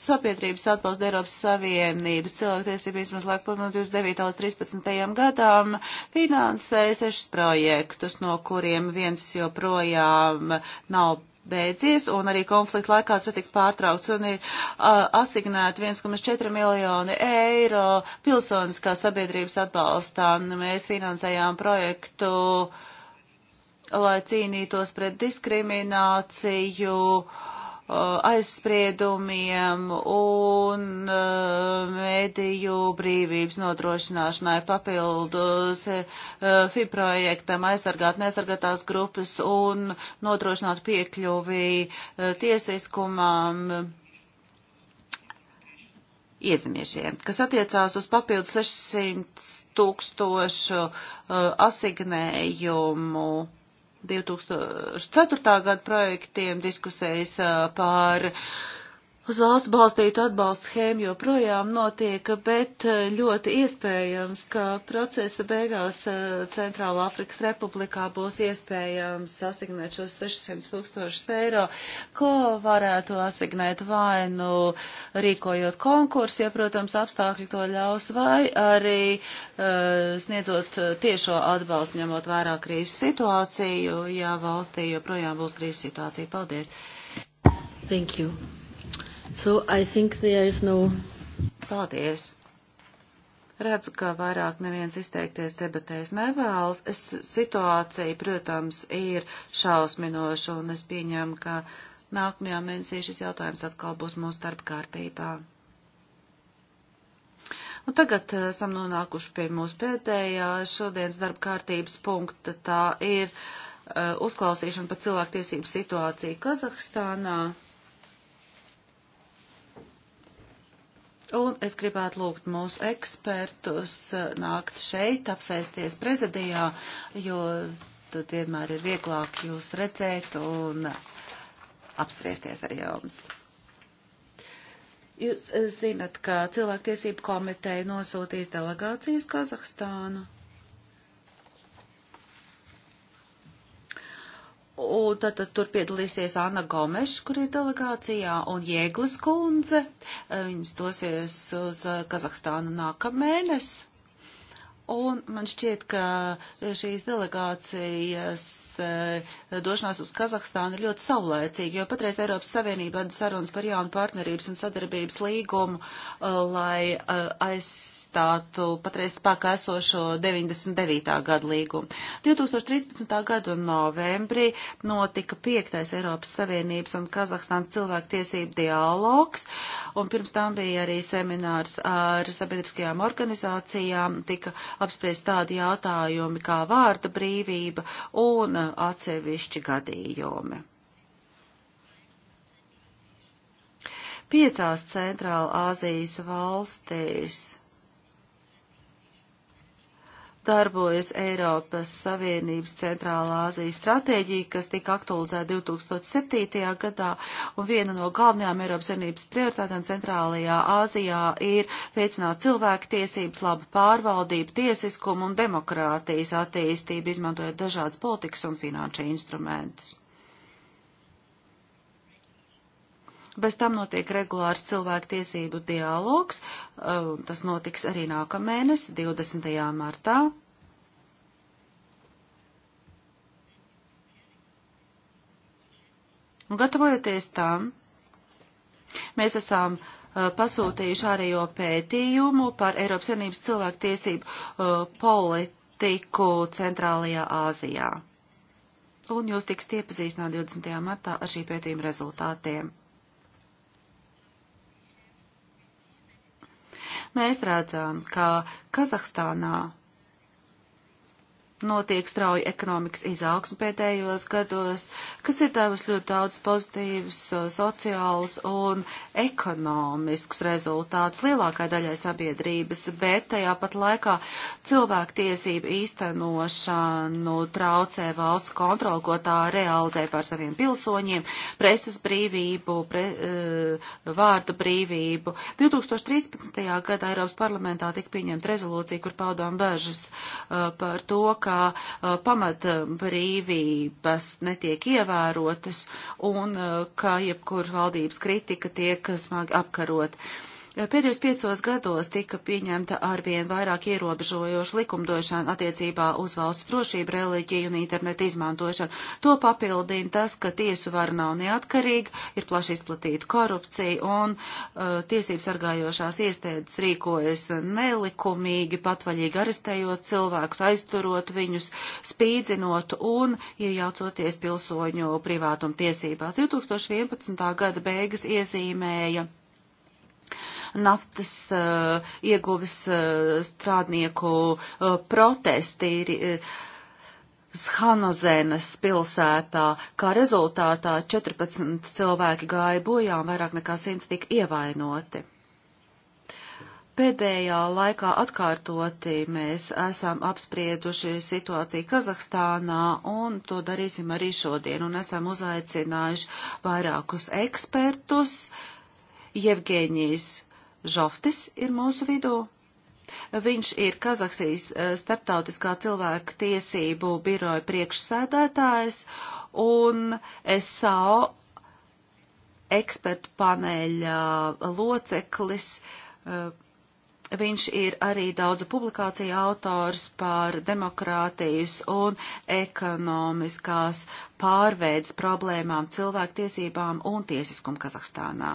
sabiedrības atbalstu Eiropas Savienības cilvēktiesību izmaz laiku pamatu 29. līdz 13. gadām finansēja sešas projektus, no kuriem viens joprojām joprojām nav beidzies, un arī konflikta laikā tas tika pārtraukts, un ir uh, asignēti 1,4 miljoni eiro pilsoniskā sabiedrības atbalstām. Mēs finansējām projektu, lai cīnītos pret diskrimināciju. Uh, Uh, aizspriedumiem un uh, mediju brīvības nodrošināšanai papildus uh, FI projektam aizsargāt nesargātās grupas un nodrošināt piekļuvi tiesiskumam iezemiešiem, kas attiecās uz papildus 600 tūkstošu asignējumu 2004. gada projektiem diskusējas pār uz valsts balstītu atbalstu schēmu joprojām notiek, bet eh, ļoti iespējams, ka procesa beigās eh, Centrāla Afrikas Republikā būs iespējams asignēt šos 600 tūkstošus eiro, ko varētu asignēt vai nu rīkojot konkursu, ja, protams, apstākļi to ļaus, vai arī uh, sniedzot tiešo atbalstu, ņemot vērā krīzes situāciju, ja valstī joprojām būs krīzes situācija. Paldies! Thank you. So I think there is no. Paldies. Redzu, ka vairāk neviens izteikties debatēs nevēlas. Es, situācija, protams, ir šausminoša, un es pieņemu, ka nākamajā mēnesī šis jautājums atkal būs mūsu starp kārtībā. Un nu, tagad eh, esam nonākuši pie mūsu pēdējā šodienas darba kārtības punkta. Tā ir uh, uzklausīšana par cilvēktiesību situāciju Kazahstānā. Un es gribētu lūgt mūsu ekspertus eh, nākt šeit, apsēsties prezidijā, jo tad vienmēr ir vieglāk jūs redzēt un apspriesties ar jums. Jūs eh, zinat, ka cilvēktiesību komiteja nosūtīs delegācijas Kazahstānu. Un tad, tad tur piedalīsies Anna Gomeša, kur ir delegācijā, un Jēglas kundze. Viņas dosies uz Kazahstānu nākamēnes. Un man šķiet, ka šīs delegācijas eh, došanās uz Kazahstānu ir ļoti saulēcīgi, jo patreiz Eiropas Savienība vada sarunas par jaunu partnerības un sadarbības līgumu, eh, lai eh, aizstātu patreiz spēkā esošo 99. gadu līgumu. 2013. gada novembrī notika piektais Eiropas Savienības un Kazahstānas cilvēktiesību dialogs, un pirms tam bija arī seminārs ar sabiedriskajām organizācijām, tika apspriest tādi jautājumi kā vārda brīvība un uh, atsevišķi gadījumi. Piecās centrāla Āzijas valstīs darbojas Eiropas Savienības centrālā Āzijas stratēģija, kas tika aktualizēta 2007. gadā, un viena no galvenajām Eiropas Savienības prioritātēm centrālajā Āzijā ir veicināt cilvēku tiesības, labu pārvaldību, tiesiskumu un demokrātijas attīstību, izmantojot dažādas politikas un finanšu instrumentus. Bez tam notiek regulārs cilvēktiesību dialogs. Um, tas notiks arī nākamēnes, 20. martā. Un gatavojoties tam, mēs esam uh, pasūtījuši ārējo pētījumu par Eiropas Savienības cilvēktiesību uh, politiku Centrālajā Āzijā. Un jūs tiksiet iepazīstināti 20. martā ar šī pētījuma rezultātiem. Mēs redzam, ka Kazahstānā notiek strauja ekonomikas izaugsme pēdējos gados, kas ir devis ļoti daudz pozitīvus sociālus un ekonomiskus rezultātus lielākai daļai sabiedrības, bet tajā pat laikā cilvēktiesību īstenošanu traucē valsts kontroli, ko tā realizē pār saviem pilsoņiem, preses brīvību, pre, e, vārdu brīvību. 2013. gadā Eiropas parlamentā tika pieņemta rezolūcija, kur paudām bažas e, par to, ka kā uh, pamatbrīvības netiek ievērotas un uh, ka jebkur valdības kritika tiek smagi apkarot. Uh, Pēdējos piecos gados tika pieņemta arvien vairāk ierobežojoša likumdošana attiecībā uz valsts drošību, reliģiju un internetu izmantošanu. To papildina tas, ka tiesu vara nav neatkarīga, ir plaši izplatīta korupcija un uh, tiesības sargājošās iestēdes rīkojas nelikumīgi, patvaļīgi arestējot cilvēkus, aizturot viņus, spīdzinot un iejaucoties pilsoņu privātumtiesībās. 2011. gada beigas iezīmēja naftas uh, ieguves uh, strādnieku uh, protesti. Ir, Shanozenes pilsētā, kā rezultātā 14 cilvēki gāja bojā un vairāk nekā 100 tika ievainoti. Pēdējā laikā atkārtoti mēs esam apsprieduši situāciju Kazahstānā un to darīsim arī šodien un esam uzaicinājuši vairākus ekspertus. Jevgeņijas Žoftis ir mūsu vidū. Viņš ir Kazahsijas eh, starptautiskā cilvēka tiesību biroja priekšsēdētājs un SAO ekspertu paneļa eh, loceklis. Eh, viņš ir arī daudzu publikāciju autors par demokrātijas un ekonomiskās pārveidas problēmām, cilvēktiesībām un tiesiskumu Kazahstānā.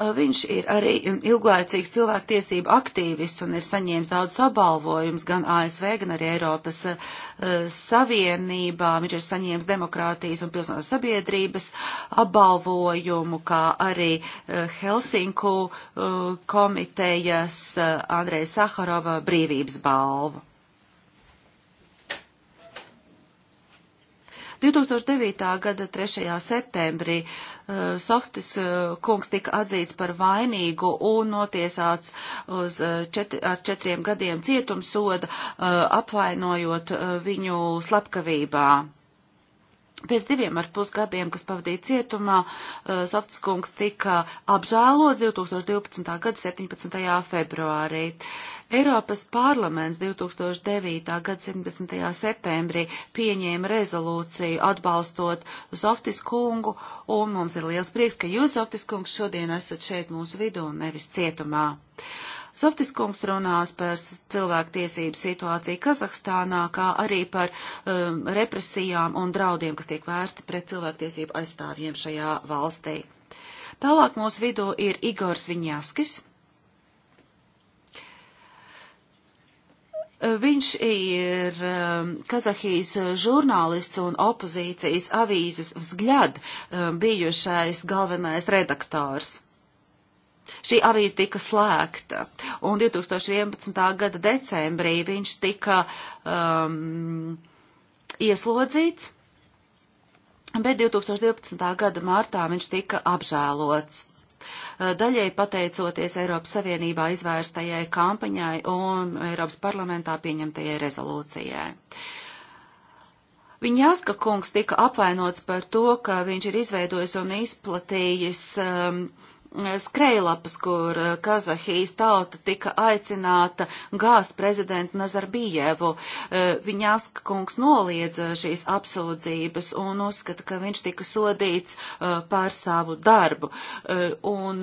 Uh, viņš ir arī um, ilglaicīgs cilvēktiesību aktīvists un ir saņēmis daudz apbalvojums gan ASV, gan arī Eiropas uh, Savienībā. Viņš ir saņēmis demokrātijas un pilsonās sabiedrības apbalvojumu, kā arī uh, Helsinku uh, komitejas uh, Andreja Saharova brīvības balvu. 2009. gada 3. septembrī eh, Softis eh, kungs tika atzīts par vainīgu un notiesāts uz eh, četri, ar četriem gadiem cietumsoda, apvainojot viņu slepkavībā. Pēc diviem ar pusgadiem, kas pavadīja cietumā, eh, Softskungs tika apžēlots 2012. gada 17. februārī. Eiropas parlaments 2009. gada 17. septembrī pieņēma rezolūciju atbalstot Zoftis kungu, un mums ir liels prieks, ka jūs, Zoftis kungs, šodien esat šeit mūsu vidū un nevis cietumā. Uh, Softiskungs runās par cilvēktiesību situāciju Kazahstānā, kā arī par um, represijām un draudiem, kas tiek vērsti pret cilvēktiesību aizstāvjiem šajā valstī. Tālāk mūsu vidū ir Igors Viņaskis. Viņš ir um, Kazahijas žurnālists un opozīcijas avīzes Vzgļad um, bijušais galvenais redaktors. Šī avīze tika slēgta, un 2011. gada decembrī viņš tika um, ieslodzīts, bet 2012. gada martā viņš tika apžēlots uh, daļai pateicoties Eiropas Savienībā izvērstajai kampaņai un Eiropas parlamentā pieņemtajai rezolūcijai. Viņaska kungs tika apvainots par to, ka viņš ir izveidojis un izplatījis um, skrejlapas, kur eh, Kazahijas tauta tika aicināta gāzt prezidentu Nazarbievu. Eh, Viņās kungs noliedza šīs apsūdzības un uzskata, ka viņš tika sodīts eh, par savu darbu. Un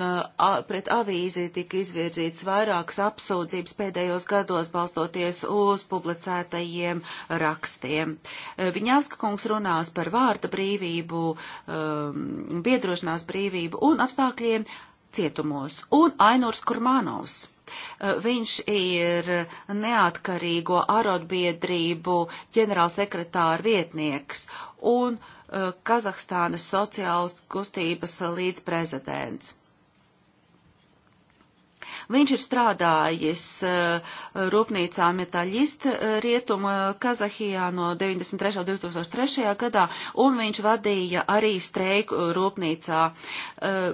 pret avīzi tika izvirzīts vairākas apsūdzības pēdējos gados, balstoties uz publicētajiem rakstiem. Viņās kungs runās par vārda brīvību, biedrošanās brīvību un apstākļiem, cietumos, un Ainors Kurmanovs. Eh, viņš ir neatkarīgo arotbiedrību ģenerālsekretāra vietnieks un eh, Kazahstānas sociālas kustības līdzprezidents. Viņš ir strādājis eh, rūpnīcā metaļist rietuma Kazahijā no 93. un 2003. gadā, un viņš vadīja arī streiku rūpnīcā. Uh,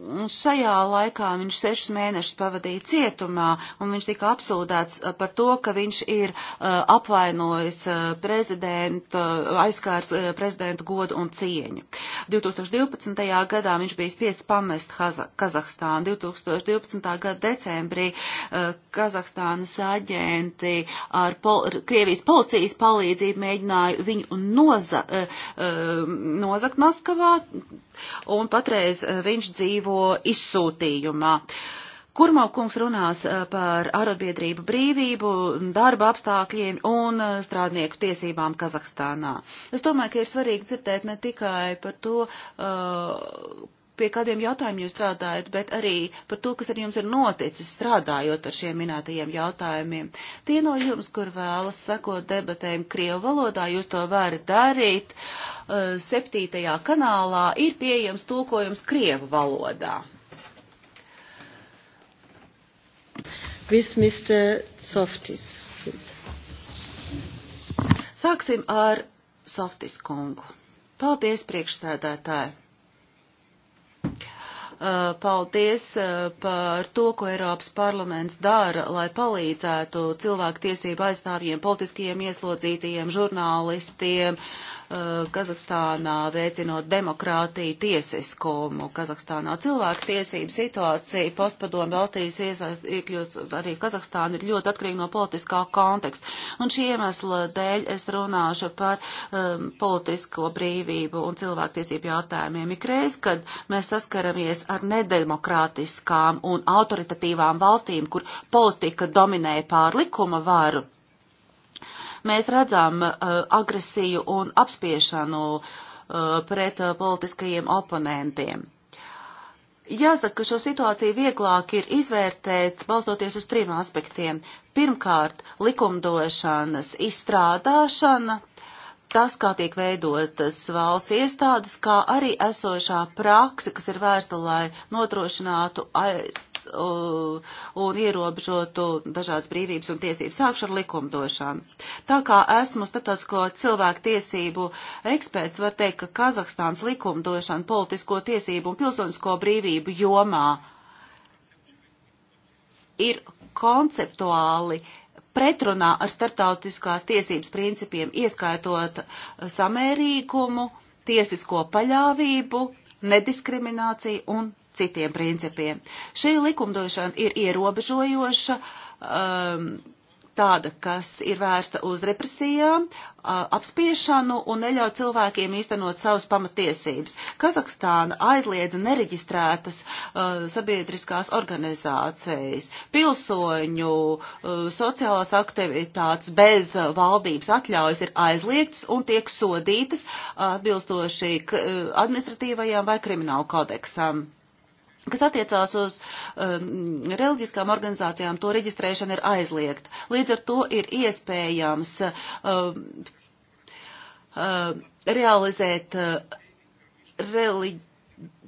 Nu, šajā laikā viņš sešus mēnešus pavadīja cietumā, un viņš tika apsūdēts uh, par to, ka viņš ir uh, apvainojis uh, prezidentu, aizskārs prezidentu godu un cieņu. 2012. gadā viņš bija spiests pamest Kazahstānu. 2012. gada decembrī Kazahstānas aģenti ar pol Krievijas policijas palīdzību mēģināja viņu noza nozakt Maskavā, un patreiz viņš dzīvo brīvo izsūtījumā. Kurmau kungs runās eh, par arotbiedrību brīvību, darba apstākļiem un eh, strādnieku tiesībām Kazahstānā. Es domāju, ka ir svarīgi dzirdēt ne tikai par to, uh, pie kādiem jautājumiem jūs strādājat, bet arī par to, kas ar jums ir noticis strādājot ar šiem minētajiem jautājumiem. Tie no jums, kur vēlas sekot debatēm Krievu valodā, jūs to varat darīt. Eh, septītajā kanālā ir pieejams tulkojums Krievu valodā. With Mr. Softis, please. Sāksim ar Softis kungu. Paldies, priekšsēdētāji! Eh, paldies eh, par to, ko Eiropas parlaments dara, lai palīdzētu cilvēku tiesību aizstāvjiem, politiskajiem ieslodzītajiem, žurnālistiem, uh, Eh, Kazahstānā, veicinot demokrātiju, tiesiskumu. Kazahstānā cilvēku tiesību situācija postpadomu valstīs iesaist, iekļūst arī Kazahstāna ir ļoti atkarīga no politiskā konteksta. Un šī iemesla dēļ es runāšu par um, politisko brīvību un cilvēku tiesību jautājumiem. Ikreiz, kad mēs saskaramies ar nedemokrātiskām un autoritatīvām valstīm, kur politika dominē pār likuma varu, Mēs redzam uh, agresiju un apspiešanu uh, pret uh, politiskajiem oponentiem. Jāsaka, ka šo situāciju vieglāk ir izvērtēt, balstoties uz trim aspektiem. Pirmkārt, likumdošanas izstrādāšana, tas, kā tiek veidotas valsts iestādes, kā arī esošā praksa, kas ir vērsta, lai notrošinātu aiz, un ierobežotu dažādas brīvības un tiesības sākšu ar likumdošanu. Tā kā esmu starptautisko cilvēku tiesību eksperts, var teikt, ka Kazahstāns likumdošana politisko tiesību un pilsonisko brīvību jomā ir konceptuāli pretrunā ar starptautiskās tiesības principiem, ieskaitot eh, samērīgumu, tiesisko paļāvību, nediskrimināciju un citiem principiem. Šī likumdošana ir ierobežojoša, um, tāda, kas ir vērsta uz represijām, apspiešanu un neļauj cilvēkiem īstenot savas pamatiesības. Kazahstāna aizliedza nereģistrētas sabiedriskās organizācijas, pilsoņu, sociālās aktivitātes bez valdības atļaujas ir aizliegtas un tiek sodītas atbilstoši administratīvajām vai kriminālu kodeksam kas attiecās uz um, reliģiskām organizācijām, to reģistrēšana ir aizliegta. Līdz ar to ir iespējams um, um, realizēt uh, reliģiju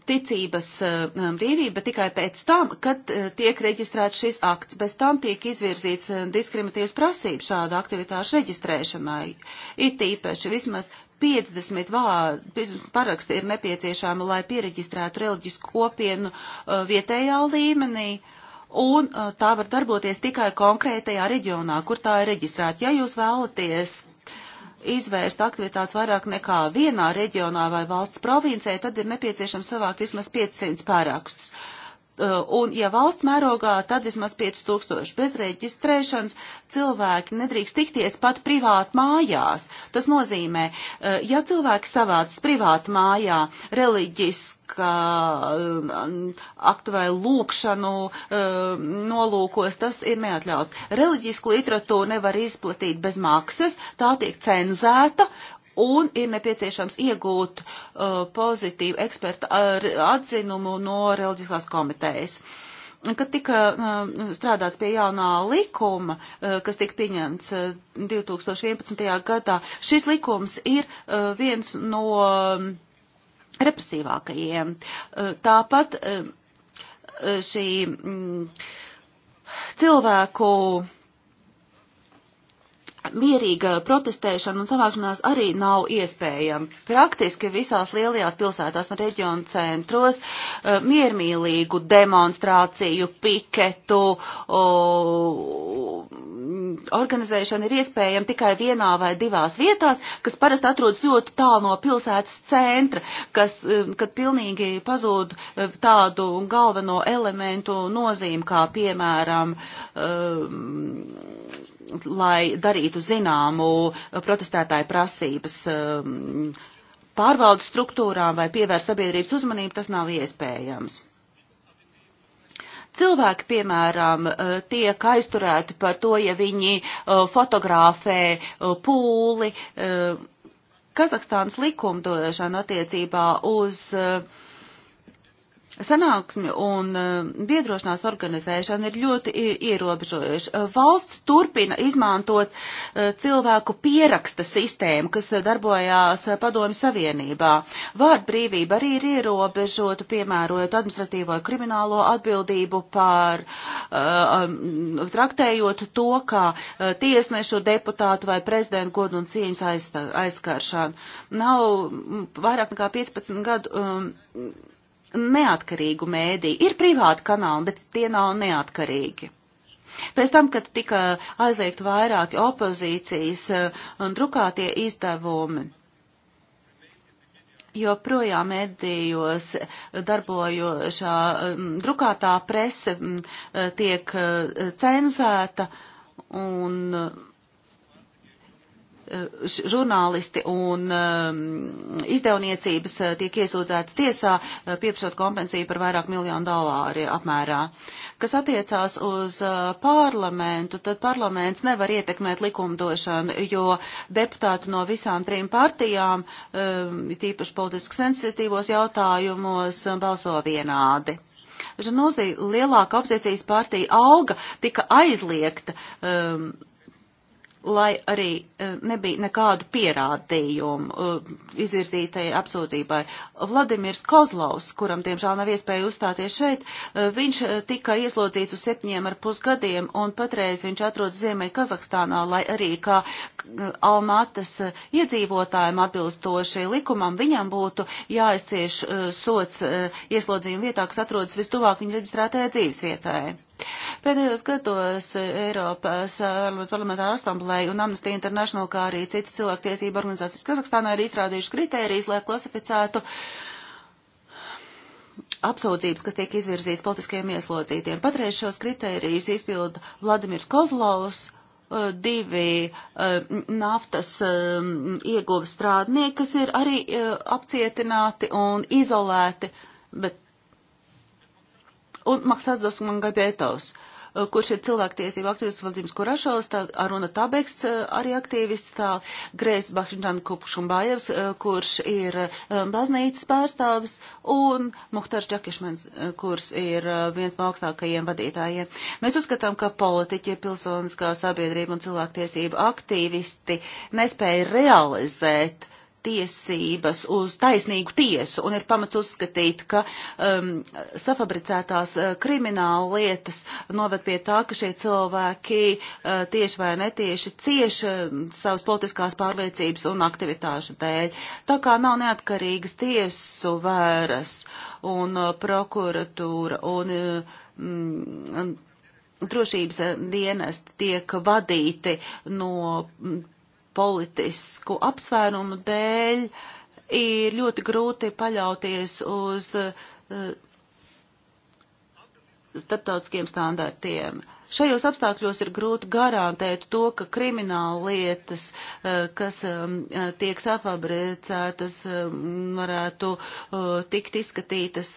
ticības uh, brīvība um, tikai pēc tam, kad uh, tiek reģistrēts šis akts. Bez tam tiek izvirzīts uh, diskriminatīvas prasības šāda aktivitāšu reģistrēšanai. It īpaši vismaz 50, vā, 50 paraksti ir nepieciešami, lai piereģistrētu reliģisku kopienu uh, vietējā līmenī. Un uh, tā var darboties tikai konkrētajā reģionā, kur tā ir reģistrēta. Ja jūs vēlaties izvērst aktivitātes vairāk nekā vienā reģionā vai valsts provincē, tad ir nepieciešams savākt vismaz 500 pārākstus. Uh, Eh, un ja valsts mērogā, tad vismaz 5000 bez reģistrēšanas cilvēki nedrīkst tikties pat privāti mājās. Tas nozīmē, eh, ja cilvēki savāc privāti mājā reliģiski, eh, aktu vai lūkšanu nolūkos, tas ir neatļauts. Reliģisku literatūru nevar izplatīt bez maksas, tā tiek cenzēta, un ir nepieciešams iegūt uh, pozitīvu eksperta atzinumu no reliģiskās komitejas. Kad tika uh, strādāts pie jaunā likuma, uh, kas tika pieņemts 2011. Uh, gadā, šis likums ir uh, viens no um, represīvākajiem. Uh, tāpat šī mm, cilvēku mierīga protestēšana un savākšanās arī nav iespējama. Praktiski visās lielajās pilsētās un reģionu centros uh, miermīlīgu demonstrāciju, piketu uh, organizēšana ir iespējama tikai vienā vai divās vietās, kas parasti atrodas ļoti tālu no pilsētas centra, kas, uh, kad pilnīgi pazūd eh, tādu galveno elementu nozīmi, kā piemēram lai darītu zināmu protestētāju prasības um, pārvaldes struktūrām vai pievērst sabiedrības uzmanību, tas nav iespējams. Cilvēki, piemēram, uh, tiek aizturēti par to, ja viņi uh, fotografē uh, pūli. Kazahstānas likumdošana attiecībā uz uh, sanāksmi un eh, biedrošanās organizēšana ir ļoti ierobežojuši. Eh, valsts turpina izmantot eh, cilvēku pieraksta sistēmu, kas darbojās Padomju Savienībā. Vārda brīvība arī ir ierobežota, piemērojot administratīvo un kriminālo atbildību par um, traktējot to, kā tiesnešu, deputātu vai prezidentu godu un cieņas aizskaršanu. Nav vairāk nekā 15 gadu. Um, neatkarīgu mēdī. Ir privāti kanāli, bet tie nav neatkarīgi. Pēc tam, kad tika aizliegt vairāki opozīcijas eh, un drukātie izdevumi, joprojām medijos darbojošā mm, drukātā prese mm, eh, tiek eh, cenzēta un Eh, žurnālisti un ehm, izdevniecības eh, tiek iesūdzētas tiesā, eh, pieprasot kompensāciju par vairāk miljonu dolāru apmērā. Kas attiecās uz parlamentu, tad parlaments nevar ietekmēt likumdošanu, jo deputāti no visām trim partijām, ehm, tīpaši politiski sensitīvos jautājumos, balso vienādi. Žanuzī lielāka opozīcijas partija alga tika aizliegta um, lai arī eh, nebija nekādu pierādījumu eh, izvirzītajai apsūdzībai. Vladimirs Kozlovs, kuram diemžēl nav iespēja uzstāties šeit, eh, viņš tika ieslodzīts uz septiņiem ar pusgadiem un patreiz viņš atrodas Ziemeļ Kazahstānā, lai arī kā Almatas iedzīvotājiem atbilstoši likumam viņam būtu jāizcieš sots ieslodzījuma vietā, kas atrodas vistuvāk viņa reģistrētajai dzīvesvietai. Pēdējos gados Eiropas eh, parlamentāra asamblēja un Amnesty International, kā arī citas cilvēktiesība organizācijas Kazahstānā ir izstrādījuši kritērijas, lai klasificētu apsūdzības, kas tiek izvirzītas politiskajiem ieslodzītiem. Patreiz šos kritērijus izpilda Vladimirs Kozlovs, eh, divi eh, naftas ieguves strādnieki, kas ir arī apcietināti un izolēti, bet Un Maksāzdos Mangabetovs, eh, kurš ir cilvēktiesība aktīvists Vladimirs Kurašovs, tā Aruna Tabeks eh, arī aktīvists, tā Grēs Bahrinžan Kupšumbājevs, eh, kurš ir baznīcas pārstāvis, un Muhtars Džakišmens, kurš ir viens no augstākajiem vadītājiem. Mēs uzskatām, ka politiķi, pilsoniskā sabiedrība un cilvēktiesība aktīvisti nespēja realizēt tiesības uz taisnīgu tiesu un ir pamats uzskatīt, ka um, safabricētās uh, krimināla lietas noved pie tā, ka šie cilvēki uh, tieši vai netieši cieš uh, savas politiskās pārliecības un aktivitāšu dēļ. Tā kā nav neatkarīgas tiesu vēras un uh, prokuratūra un. Uh, mm, drošības dienesti tiek vadīti no mm, politisku apsvērumu dēļ ir ļoti grūti paļauties uz eh, starptautiskiem standartiem. Šajos apstākļos ir grūti garantēt to, ka krimināla lietas, eh, kas eh, tiek safabricētas, varētu tikt izskatītas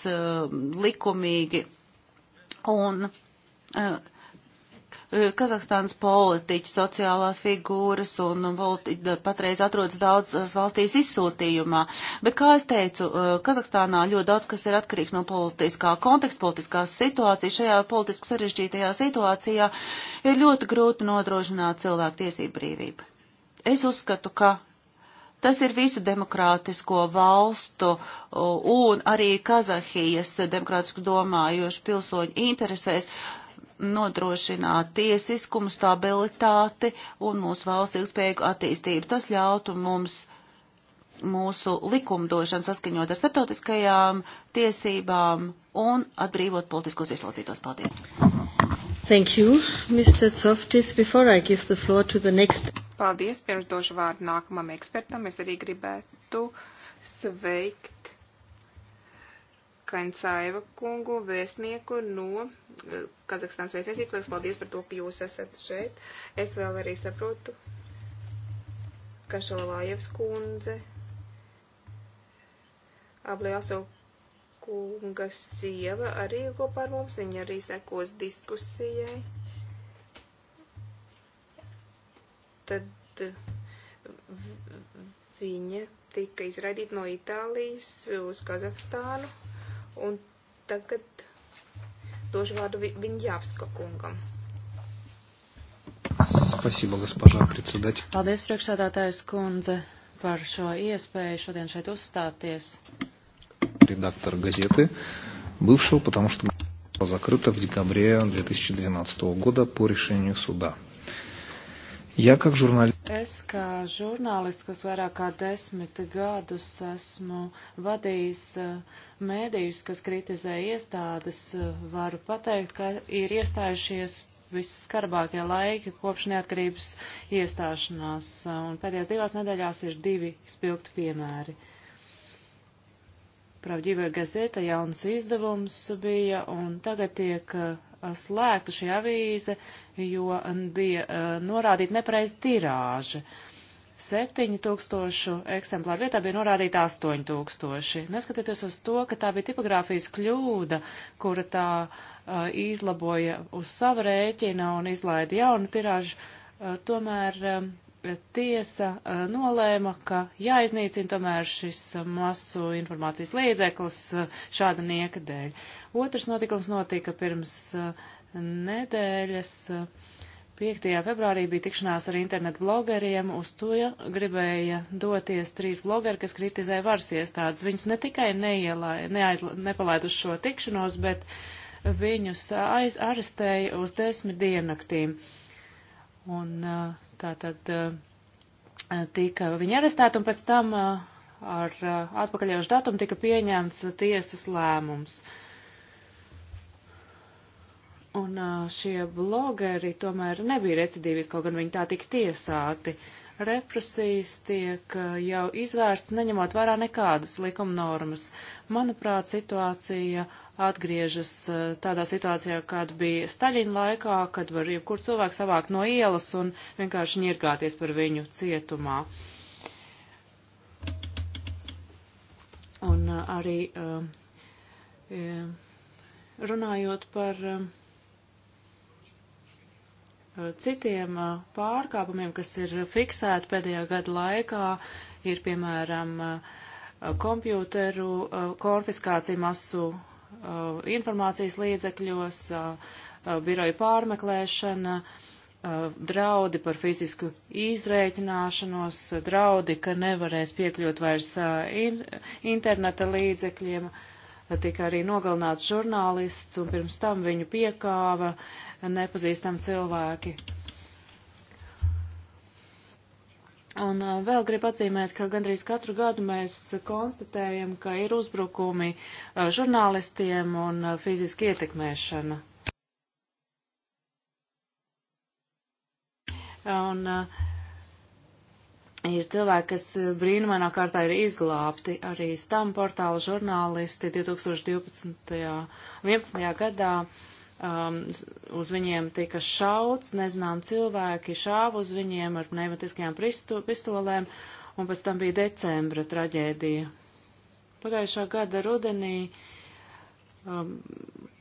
likumīgi. Un Eh, Kazahstānas politiķi, sociālās figūras un volti, patreiz atrodas daudzas valstīs izsūtījumā. Bet, kā es teicu, eh, Kazahstānā ļoti daudz kas ir atkarīgs no politiskā konteksta, politiskās situācijas. Šajā politiski sarežģītajā situācijā ir ļoti grūti nodrošināt cilvēku tiesību brīvību. Es uzskatu, ka Tas ir visu demokrātisko valstu un arī Kazahijas demokrātisku domājošu pilsoņu interesēs nodrošināt tiesiskumu, stabilitāti un mūsu valsts ilgspējīgu attīstību. Tas ļautu mums mūsu likumdošanu saskaņot ar starptautiskajām tiesībām un atbrīvot politiskos ieslodzītos. Paldies! Thank you, Mr. Tsoftis. Before I give the floor to the next... Paldies, pirms došu vārdu nākamam ekspertam. Es arī gribētu sveikt Klencaiva kungu, vēstnieku no eh, Kazahstānas vēstniecības. Lielas paldies par to, ka jūs esat šeit. Es vēl arī saprotu, ka Šalavājevs kundze, Abliaso kunga sieva arī kopā ar mums, viņa arī sekos diskusijai. Tad eh, viņa tika izraidīta no Itālijas uz Kazahstānu. Un tagad došu vārdu viņa Jāvska kungam. Spasība, госпожа председатель. Paldies, priekšsēdātājs kundze, par šo iespēju šodien šeit uzstāties. Редактор газеты, бывшего, потому что закрыта в декабре 2012 года по решению суда. Ja, kā žurnāli... Es kā žurnālists, kas vairāk kā desmit gadus esmu vadījis э, mēdījus, kas kritizē iestādes, э, varu pateikt, ka ir iestājušies visskarbākie laiki kopš neatkarības iestāšanās, un pēdējās divās nedēļās ir divi spilgti piemēri. Uh, Pravģīvē gazeta jauns izdevums bija, un tagad tiek uh, slēgta šī avīze, jo bija uh, norādīta nepareiz tirāža. 7000 eksemplāru vietā bija norādīta 8000. Neskatoties uz to, ka tā bija tipogrāfijas kļūda, kura tā uh, izlaboja uz sava rēķina un izlaida jaunu tirāžu, uh, tomēr um, tiesa eh, nolēma, ka jāiznīcina tomēr šis eh, masu informācijas līdzeklis eh, šāda nieka dēļ. Otrs notikums notika pirms nedēļas. 5. februārī bija tikšanās ar internetu blogeriem, uz to gribēja doties trīs blogeri, kas kritizē varas iestādes. Viņus ne tikai neielā, neaizla, nepalaid uz šo tikšanos, bet viņus aiz arestēja uz desmit diennaktīm. Uh, Un uh, tā tad uh, tika viņa arestēta un pēc tam uh, ar atpakaļošu datumu tika pieņemts tiesas lēmums. Un šie blogeri tomēr nebija recidīvis, kaut gan viņi tā tika tiesāti. Represijas tiek jau izvērsts, neņemot vērā nekādas likuma normas. Manuprāt, situācija uh, atgriežas eh, tādā situācijā, kāda bija Staļina laikā, kad var jebkur cilvēku savākt no ielas un vienkārši ņirgāties par viņu cietumā. Un eh, arī eh, runājot par citiem pārkāpumiem, kas ir fiksēti pēdējā gada laikā, ir piemēram kompjūteru konfiskācija masu Uh, informācijas līdzekļos, uh, uh, biroja pārmeklēšana, draudi par fizisku izrēķināšanos, draudi, ka nevarēs piekļūt vairs in interneta līdzekļiem, tika arī nogalināts žurnālists un pirms tam viņu piekāva nepazīstami cilvēki. Un uh, vēl gribu atzīmēt, ka gandrīz katru gadu mēs konstatējam, ka ir uzbrukumi uh, žurnālistiem un uh, fiziski ietekmēšana. Un ir cilvēki, kas brīnumainā kārtā ir izglābti. Arī stam portāla žurnālisti 2012. 11. gadā um, uz viņiem tika šauts, nezinām cilvēki šāva uz viņiem ar pneumatiskajām pistolēm, un pēc tam bija decembra traģēdija. Pagājušā gada rudenī um,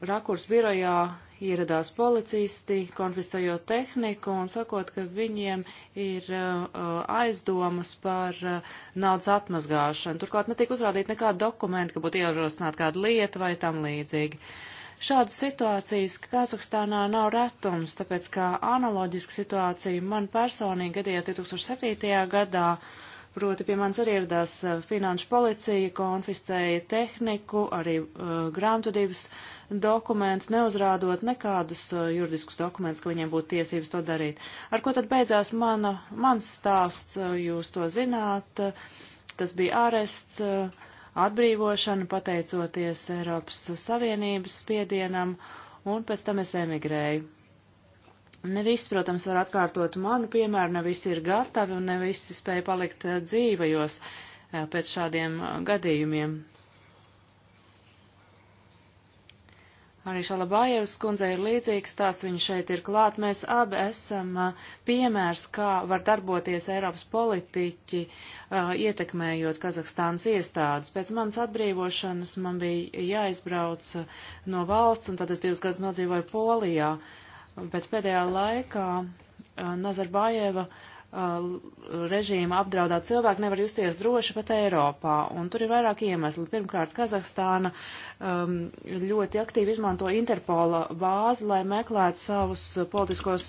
rakurs birojā ieradās policisti, konfiscējot tehniku un sakot, ka viņiem ir uh, aizdomas par uh, naudas atmazgāšanu. Turklāt netika uzrādīt nekāda dokumenta, ka būtu ierosināta kāda lieta vai tam līdzīgi. Uh, Šādas situācijas Kazahstānā nav retums, tāpēc kā analoģiska situācija man personīgi gadījās 2007. gadā, proti pie manis arī ieradās e, finanšu policija, konfiscēja tehniku, arī uh, e, grāmatvedības dokumentus, neuzrādot nekādus uh, juridiskus dokumentus, ka viņiem būtu tiesības to darīt. Ar ko tad beidzās mana, mans stāsts, uh, jūs to zināt, uh, tas bija arests. Uh, atbrīvošanu pateicoties Eiropas Savienības spiedienam, un pēc tam es emigrēju. Ne viss, protams, var atkārtot manu piemēru, ne visi ir gatavi un ne visi spēja palikt dzīvajos eh, pēc šādiem eh, gadījumiem. Arī Šalabājevs kundzei ir līdzīgs tās, viņa šeit ir klāt. Mēs abi esam piemērs, kā var darboties Eiropas politiķi, ietekmējot Kazahstānas iestādes. Pēc manas atbrīvošanas man bija jāizbrauc no valsts, un tad es divus gadus nodzīvoju Polijā. Pēc pēdējā laikā Nazarbājeva uh, Uh, režīma apdraudāt cilvēki nevar justies droši pat Eiropā. Un tur ir vairāk iemesli. Pirmkārt, Kazahstāna um, ļoti aktīvi izmanto Interpola bāzi, lai meklētu savus politiskos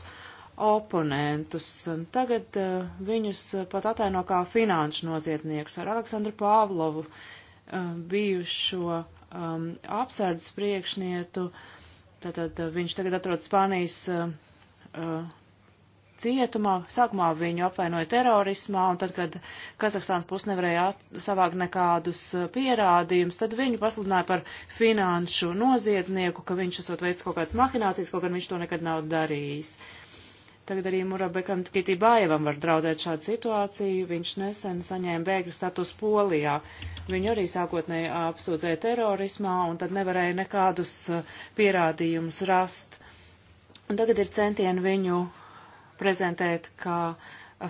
oponentus. Tagad uh, viņus pat ataino kā finanšu noziedzniekus ar Aleksandru Pāvlovu, uh, bijušo um, apsardzes priekšnietu. Tātad uh, viņš tagad atrodas Spānijas. Uh, uh, cietumā. Sākumā viņu apvainoja terorismā, un tad, kad Kazahstāns pus nevarēja savākt nekādus uh, pierādījumus, tad viņu pasludināja par finanšu noziedznieku, ka viņš esot veicis kaut kādas mahinācijas, kaut gan viņš to nekad nav darījis. Tagad arī Murabekam Kitībājevam var draudēt šādu situāciju. Viņš nesen saņēma bēgļu status Polijā. Viņu arī sākotnēji apsūdzēja terorismā un tad nevarēja nekādus uh, pierādījumus rast. Un tagad ir centieni viņu prezentēt kā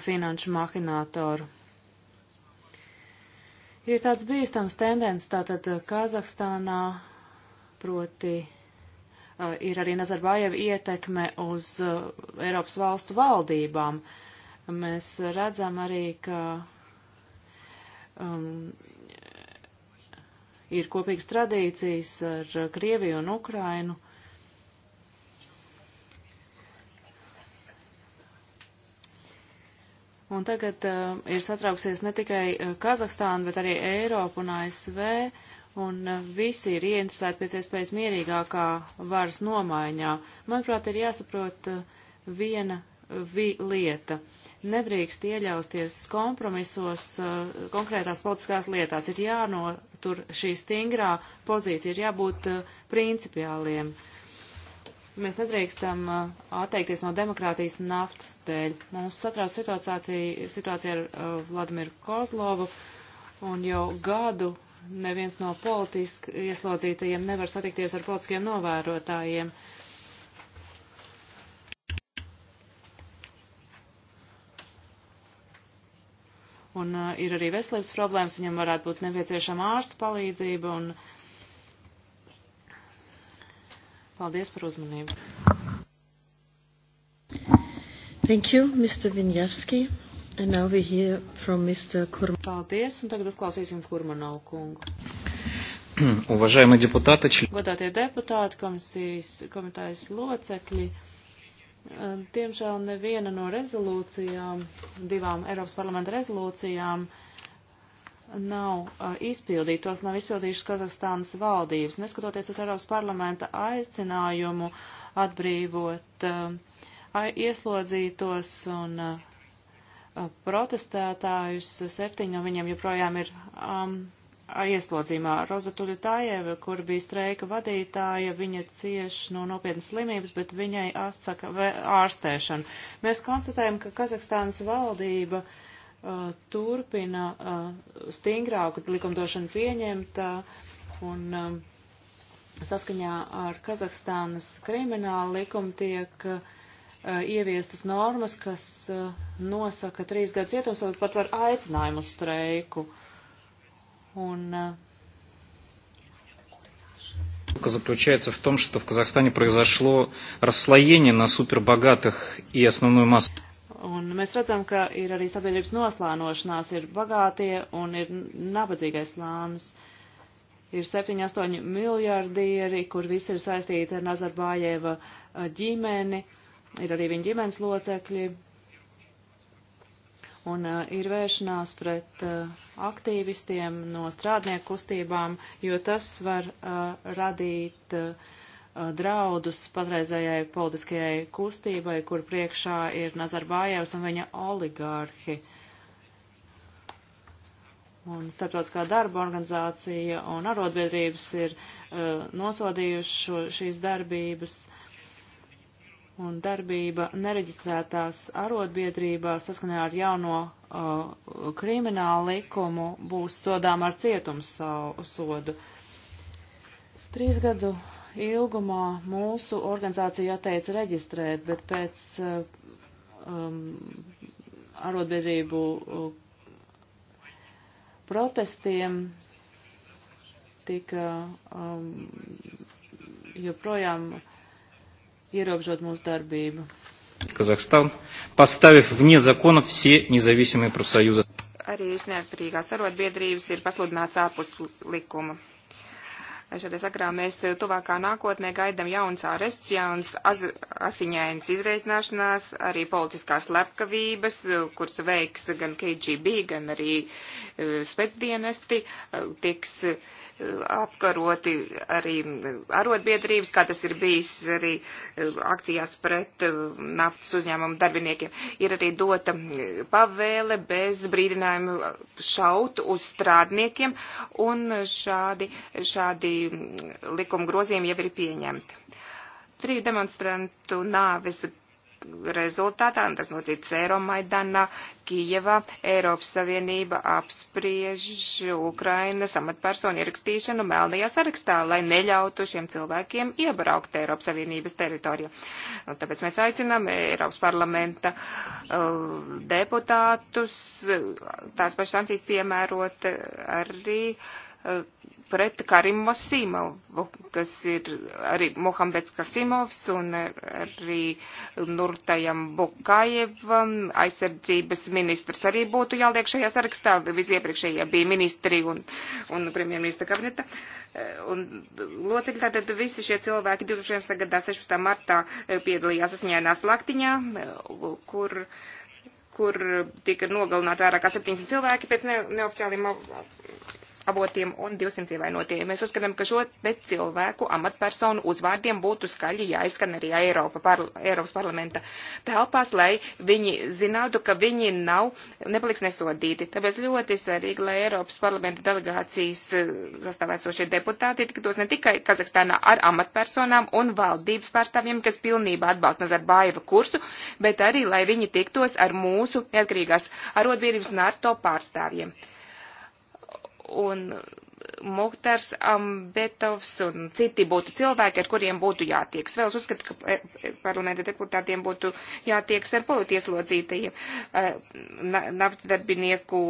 finanšu mahinātoru. Ir tāds bīstams tendens, tātad Kazahstānā proti uh, ir arī Nazarbājeva ietekme uz uh, Eiropas valstu valdībām. Mēs redzam arī, ka um, ir kopīgas tradīcijas ar Krieviju un Ukrainu. Uh, Un tagad uh, ir satrauksies ne tikai eh, Kazahstāna, bet arī Eiropa un ASV, un uh, visi ir ieinteresēti pēc iespējas mierīgākā varas nomaiņā. Manuprāt, ir jāsaprot uh, viena vi lieta. Nedrīkst ieļausties kompromisos uh, konkrētās politiskās lietās. Ir jānotur šī stingrā pozīcija, ir jābūt uh, principiāliem. Uh, Mēs nedrīkstam uh, atteikties no demokrātijas naftas dēļ. Mums satrauc situācija, situācija ar uh, Vladimiru Kozlovu, un jau gadu neviens no politiski ieslodzītajiem nevar satikties ar politiskiem novērotājiem. Un uh, ir arī veselības problēmas, viņam varētu būt nepieciešama ārsta palīdzība, un uh, Paldies par uzmanību. Thank you, Mr. Vinjavski. And now we hear from Mr. Kurman. Paldies, un tagad uzklausīsim Kurmanovu kungu. Уважаемые депутаты, Godātie deputāti, komisijas, komitājas locekļi, diemžēl э, neviena no rezolūcijām, divām Eiropas parlamenta rezolūcijām, uh, nav uh, izpildītos, nav izpildījušas Kazahstānas valdības, neskatoties uz Eiropas parlamenta aicinājumu atbrīvot uh, ieslodzītos un uh, uh, protestētājus. Septiņi no viņiem joprojām ir um, ieslodzījumā. Rozatuļa Tājeva, kur bija streika vadītāja, viņa cieš no nopietnas slimības, bet viņai atsaka ārstēšanu. Mēs konstatējam, ka Kazahstānas valdība uh, Uh, turpina uh, stingrāku likumdošanu pieņemt uh, un um, saskaņā ar Kazahstānas kriminālu likumu tiek ieviestas normas, kas nosaka trīs gadus cietumsodu pat par aicinājumu uz streiku. Un, заключается в том, что в Казахстане произошло расслоение на супербогатых и основную массу. Un mēs redzam, ka ir arī sabiedrības noslānošanās, ir bagātie un ir nabadzīgais slānis. Ir 7-8 miljardieri, kur visi ir saistīti ar Nazarbājēva ģimeni, ir arī viņa ģimenes locekļi. Un uh, ir vēršanās pret uh, aktīvistiem no strādnieku kustībām, jo tas var uh, radīt. Uh, Uh, draudus patreizējai politiskajai kustībai, kur priekšā ir Nazarbājevs un viņa oligārhi. Un starptautiskā darba organizācija un arotbiedrības ir uh, nosodījuši šo, šīs darbības. Un darbība nereģistrētās arotbiedrībās saskaņā ar jauno uh, kriminālu likumu būs sodām ar cietums sodu. Trīs gadu ilgumā mūsu organizācija atteica reģistrēt, bet pēc eh, um, arotbiedrību eh, protestiem tika um, joprojām ierobežot mūsu darbību. Kazahstāna pastāvēja vnie zakona visi nezavisamie profsajūza. Arī neatkarīgās arotbiedrības ir pasludināts ārpus likuma. Šādā sakrā mēs tuvākā nākotnē gaidām jauns arests, jauns asiņains izreikināšanās, arī policiskās lepkavības, kuras veiks gan KGB, gan arī eh, spēcdienesti, eh, tiks apkaroti arī arotbiedrības, kā tas ir bijis arī eh, akcijās pret eh, naftas uzņēmumu darbiniekiem. Ir arī dota eh, pavēle bez brīdinājuma šaut uz strādniekiem, un šādi, šādi mm, likuma grozījumi jau ir pieņemti. Trīs demonstrantu nāves rezultātā, un tas nocīt Sēromaidanā, Kijevā, Eiropas Savienība apspriež Ukrainas amatpersonu ierakstīšanu melnajā sarakstā, lai neļautu šiem cilvēkiem iebraukt Eiropas Savienības teritorijā. Un tāpēc mēs aicinām Eiropas parlamenta uh, deputātus tās pašas sankcijas piemērot arī uh, pret Karimu Sīmovu, kas ir arī Mohameds Kasimovs un arī Nurtajam Bukajevam. Aizsardzības ministrs arī būtu jāliek šajā sarakstā. Visiepriekšējie bija ministri un, un premjerministra kabineta. Un locekļi tātad visi šie cilvēki 2016. gadā 16. martā piedalījās asņainā slaktiņā, kur kur tika nogalināti vairāk kā 700 cilvēki pēc ne, neoficiāliem avotiem un 200 ievainotiem. Mēs uzskatām, ka šo te cilvēku amatpersonu uzvārdiem būtu skaļi jāizskan arī Eiropa, par, Eiropas parlamenta telpās, lai viņi zinātu, ka viņi nav, nepaliks nesodīti. Tāpēc ļoti svarīgi, lai Eiropas parlamenta delegācijas eh, sastāvēsošie deputāti tiktos ne tikai Kazahstānā ar amatpersonām un valdības pārstāvjiem, kas pilnībā atbalsta Nazarbājeva kursu, bet arī, lai viņi tiktos ar mūsu neatkarīgās arotbiedrības NATO pārstāvjiem un Muhtars Ambetovs un citi būtu cilvēki, ar kuriem būtu jātieks. Vēl es uzskatu, ka e, parlamenta deputātiem būtu jātieks ar politieslodzītajiem. E, Naftas darbinieku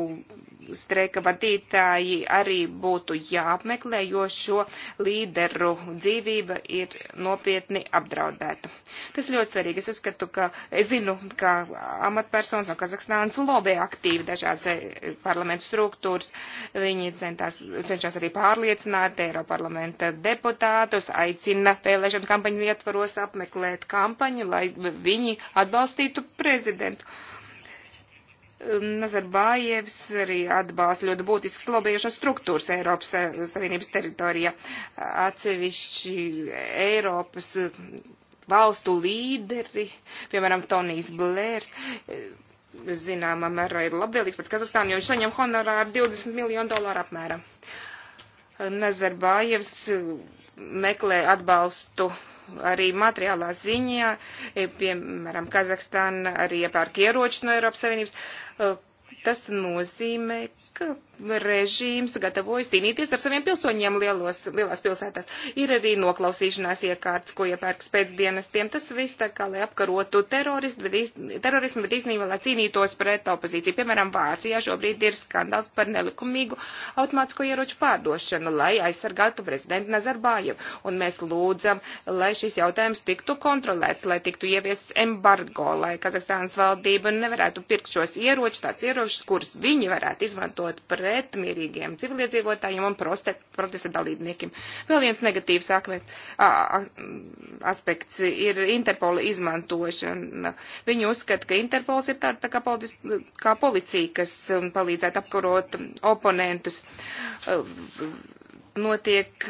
streika vadītāji arī būtu jāapmeklē, jo šo līderu dzīvība ir nopietni apdraudēta. Tas ļoti svarīgi. Es uzskatu, ka es zinu, ka amatpersonas no Kazahstānas lobē aktīvi dažādas e, parlamentu struktūras. Viņi centās, cenšas cenšas arī pārliecināt Eiroparlamenta deputātus, aicina vēlēšanu kampaņu ietvaros apmeklēt kampaņu, lai viņi atbalstītu prezidentu. Um, Nazarbājevs arī atbalsta ļoti būtisks lobiešanas struktūras Eiropas eh, Savienības teritorijā. Atsevišķi Eiropas eh, valstu līderi, piemēram, Tonijs Blērs, eh, zināmā mērā ir labvēlīgs pret Kazahstānu, jo viņš saņem honorāru 20 miljonu dolāru apmēram. Uh, Nazarbājevs eh, meklē atbalstu arī materiālā ziņā, eh, piemēram, Kazahstāna arī iepērk ieroči no Eiropas Savienības eh, Tas nozīmē, ka režīms gatavojas cīnīties ar saviem pilsoņiem lielos, lielās pilsētās. Ir arī noklausīšanās iekārtas, ko iepērks pēc dienestiem. Tas viss tā kā, lai apkarotu terorismu, bet, iz, terorismu, bet īstenībā, lai cīnītos pret opozīciju. Piemēram, Vācijā šobrīd ir skandāls par nelikumīgu automātisko ieroču pārdošanu, lai aizsargātu prezidentu Nazarbāju. Un mēs lūdzam, lai šis jautājums tiktu kontrolēts, lai tiktu ieviests embargo, lai Kazahstānas valdība nevarētu pirkt šos ieročus, tāds ieročus ieročus, kurus viņi varētu izmantot pret mierīgiem civiliedzīvotājiem un protesta dalībniekiem. Vēl viens negatīvs akmets, a, a, aspekts ir Interpola izmantošana. Viņi uzskata, ka Interpols ir tāda tā kā, polis, kā policija, kas um, palīdzētu apkarot oponentus. A, uh, notiek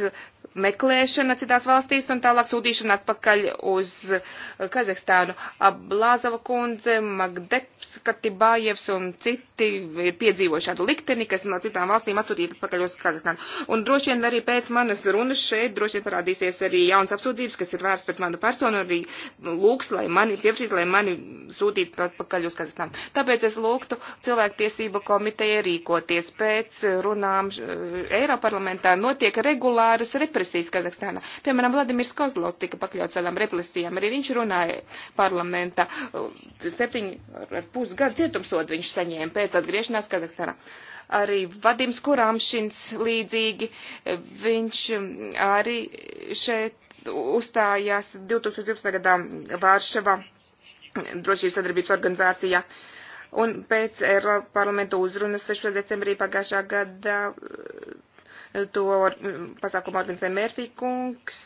meklēšana citās valstīs un tālāk sūtīšana atpakaļ uz eh, Kazahstānu. Ablāzava kundze, Magdeps, Katibājevs un citi ir piedzīvojuši šādu likteni, kas no citām valstīm atsūtīta atpakaļ uz Kazahstānu. Un droši vien arī pēc manas runas šeit droši vien parādīsies arī jauns apsūdzības, kas ir vērsts pret manu personu, arī lūgs, lai mani pieprasīs, lai mani sūtītu atpakaļ uz Kazahstānu. Tāpēc es lūgtu cilvēktiesība komiteja rīkoties pēc runām eh, Eiroparlamentā. Notiek regulāras repetīcijas represijas Kazahstānā. Piemēram, Vladimirs Kozlovs tika pakļauts tādām represijām, arī viņš runāja parlamentā. Uh, septiņu ar pus gadu cietumsodu viņš saņēma pēc atgriešanās Kazahstānā. Arī Vadims Kurāmšins līdzīgi, uh, viņš um, arī šeit uzstājās 2012. gadā Vāršava drošības sadarbības organizācijā. Un pēc Eiropa parlamenta uzrunas 16. decembrī pagājušā gada To pasākumu organizē Mērfī kungs.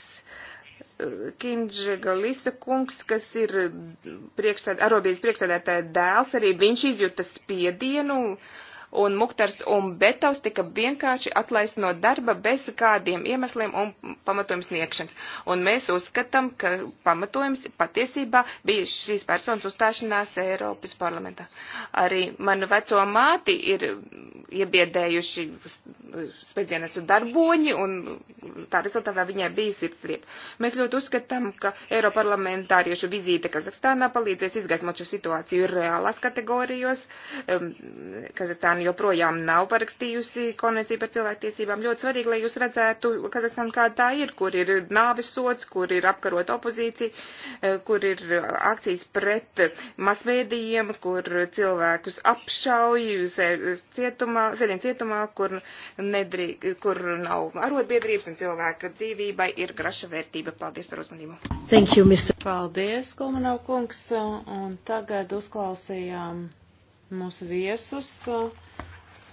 Kindža Galisa kungs, kas ir priekšsēd, arobijas priekšsēdētāja dēls, arī viņš izjūta spiedienu uh, un Muktars un Betovs tika vienkārši atlaisti no darba bez kādiem iemesliem un pamatojums sniegšanas. Un mēs uzskatām, ka pamatojums patiesībā bija šīs personas uzstāšanās Eiropas parlamentā. Arī manu veco māti ir iebiedējuši spēcdienestu darboņi un tā rezultātā viņai bija sirdsriet. Mēs ļoti uzskatām, ka Eiroparlamentāriešu vizīte Kazahstānā palīdzēs izgaismot šo situāciju reālās kategorijos. Um, Kazahstāna Kazahstāna joprojām nav parakstījusi konvenciju par cilvēktiesībām. Ļoti svarīgi, lai jūs redzētu Kazahstānu, kā tā ir, kur ir nāvisots, kur ir apkarot opozīcija, eh, kur ir akcijas pret masmēdījiem, kur cilvēkus apšauj, cietumā, sēdien cietumā, kur, nedrīk, kur nav arotbiedrības un cilvēka dzīvībai ir graša vērtība. Paldies par uzmanību. Thank you, Mr. Paldies, Kulmanov kungs. Un tagad uzklausījām mūsu viesus, uh,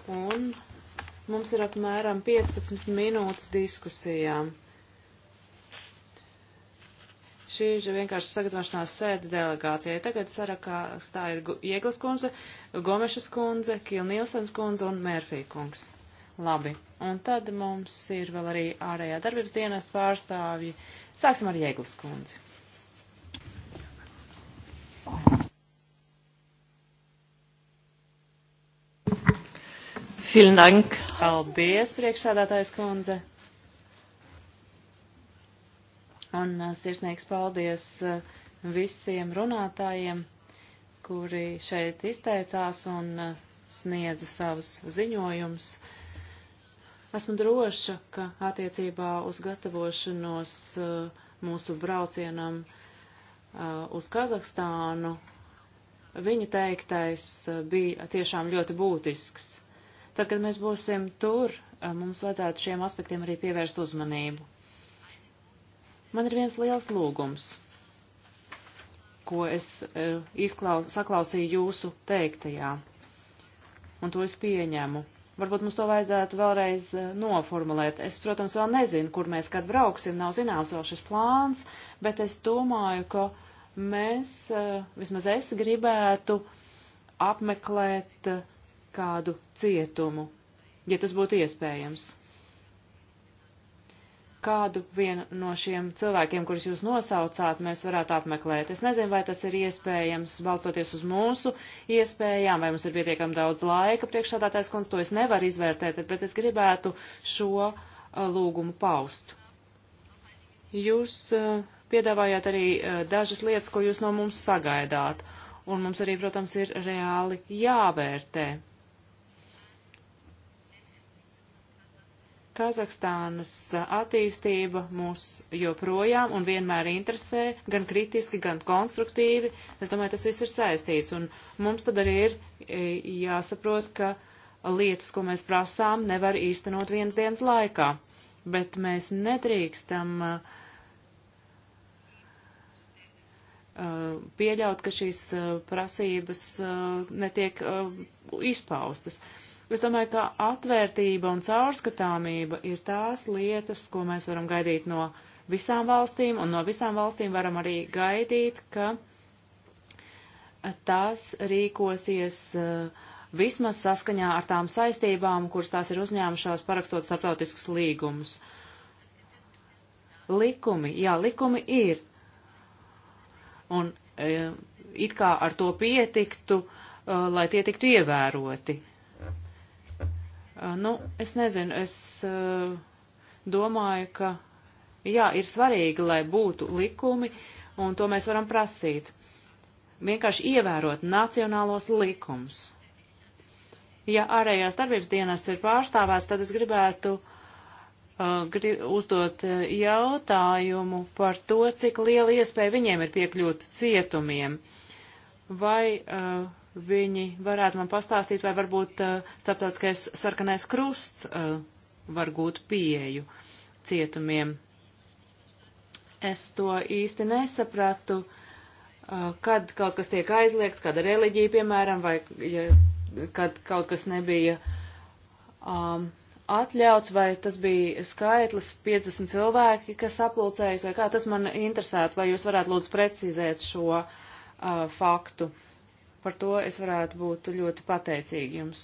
un mums ir apmēram 15 minūtes diskusijām. Šī ir vienkārši sagatavošanās sēde delegācijai. Tagad sarakstā ir Ieglas kundze, Gomešas kundze, Kilnielsens kundze un Mērfī kungs. Labi, un tad mums ir vēl arī ārējā darbības dienas pārstāvji. Sāksim ar Jēglas kundzi. Fildank. Paldies, priekšsādātājs kundze. Un uh, sirsnīgs paldies uh, visiem runātājiem, kuri šeit izteicās un uh, sniedza savus ziņojumus. Esmu droša, ka attiecībā uz gatavošanos mūsu braucienam uz Kazahstānu viņu teiktais bija tiešām ļoti būtisks. Tad, kad mēs būsim tur, eh, mums vajadzētu šiem aspektiem arī pievērst uzmanību. Man ir viens liels lūgums, ko es eh, izklau, saklausīju jūsu teiktajā, un to es pieņemu. Varbūt mums to vajadzētu vēlreiz eh, noformulēt. Es, protams, vēl nezinu, kur mēs kad brauksim, nav zināms vēl šis plāns, bet es domāju, ka mēs, vismaz es gribētu apmeklēt uh, kādu cietumu, ja tas būtu iespējams. Kādu vienu no šiem cilvēkiem, kurus jūs nosaucāt, mēs varētu apmeklēt. Es nezinu, vai tas ir iespējams balstoties uz mūsu iespējām, vai mums ir pietiekami daudz laika priekšādātais kundze, to es nevaru izvērtēt, bet es gribētu šo uh, lūgumu paust. Jūs uh, piedāvājāt arī uh, dažas lietas, ko jūs no mums sagaidāt, un mums arī, protams, ir reāli jāvērtē Kazahstānas attīstība mūs joprojām un vienmēr interesē, gan kritiski, gan konstruktīvi. Es domāju, tas viss ir saistīts. Un mums tad arī ir e, jāsaprot, ka lietas, ko mēs prasām, nevar īstenot viens dienas laikā. Bet mēs nedrīkstam e, e, pieļaut, ka šīs prasības netiek izpaustas. Uh, Es domāju, ka atvērtība un caurskatāmība ir tās lietas, ko mēs varam gaidīt no visām valstīm, un no visām valstīm varam arī gaidīt, ka tās rīkosies eh, vismaz saskaņā ar tām saistībām, kuras tās ir uzņēmušās parakstot starptautiskus līgumus. Likumi, jā, likumi ir. Un eh, it kā ar to pietiktu, eh, lai tie tiktu ievēroti Uh, nu, es nezinu, es uh, domāju, ka jā, ir svarīgi, lai būtu likumi, un to mēs varam prasīt. Vienkārši ievērot nacionālos likumus. Ja ārējās darbības dienas ir pārstāvēts, tad es gribētu uh, grib, uzdot uh, jautājumu par to, cik liela iespēja viņiem ir piekļūt cietumiem. Vai uh, viņi varētu man pastāstīt, vai varbūt uh, starptautiskais sarkanais krusts uh, var gūt pieeju cietumiem. Es to īsti nesapratu, uh, kad kaut kas tiek aizliegts, kāda reliģija, piemēram, vai ja, kad kaut kas nebija um, atļauts, vai tas bija skaitlis 50 cilvēki, kas apulcējas, vai kā tas man interesētu, vai jūs varētu lūdzu precizēt šo uh, faktu. Uh, Par to es varētu būt ļoti pateicīgi jums.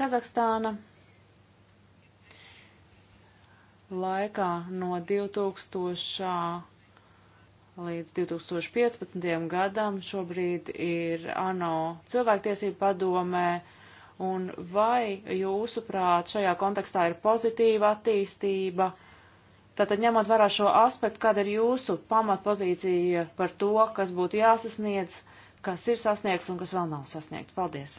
Kazahstāna laikā no 2000 līdz 2015. gadam šobrīd ir ANO cilvēktiesību padomē un vai jūsuprāt šajā kontekstā ir pozitīva attīstība Tātad ņemot vērā šo aspektu, kāda ir jūsu pamatpozīcija par to, kas būtu jāsasniedz, kas ir sasniegts un kas vēl nav sasniegts. Paldies!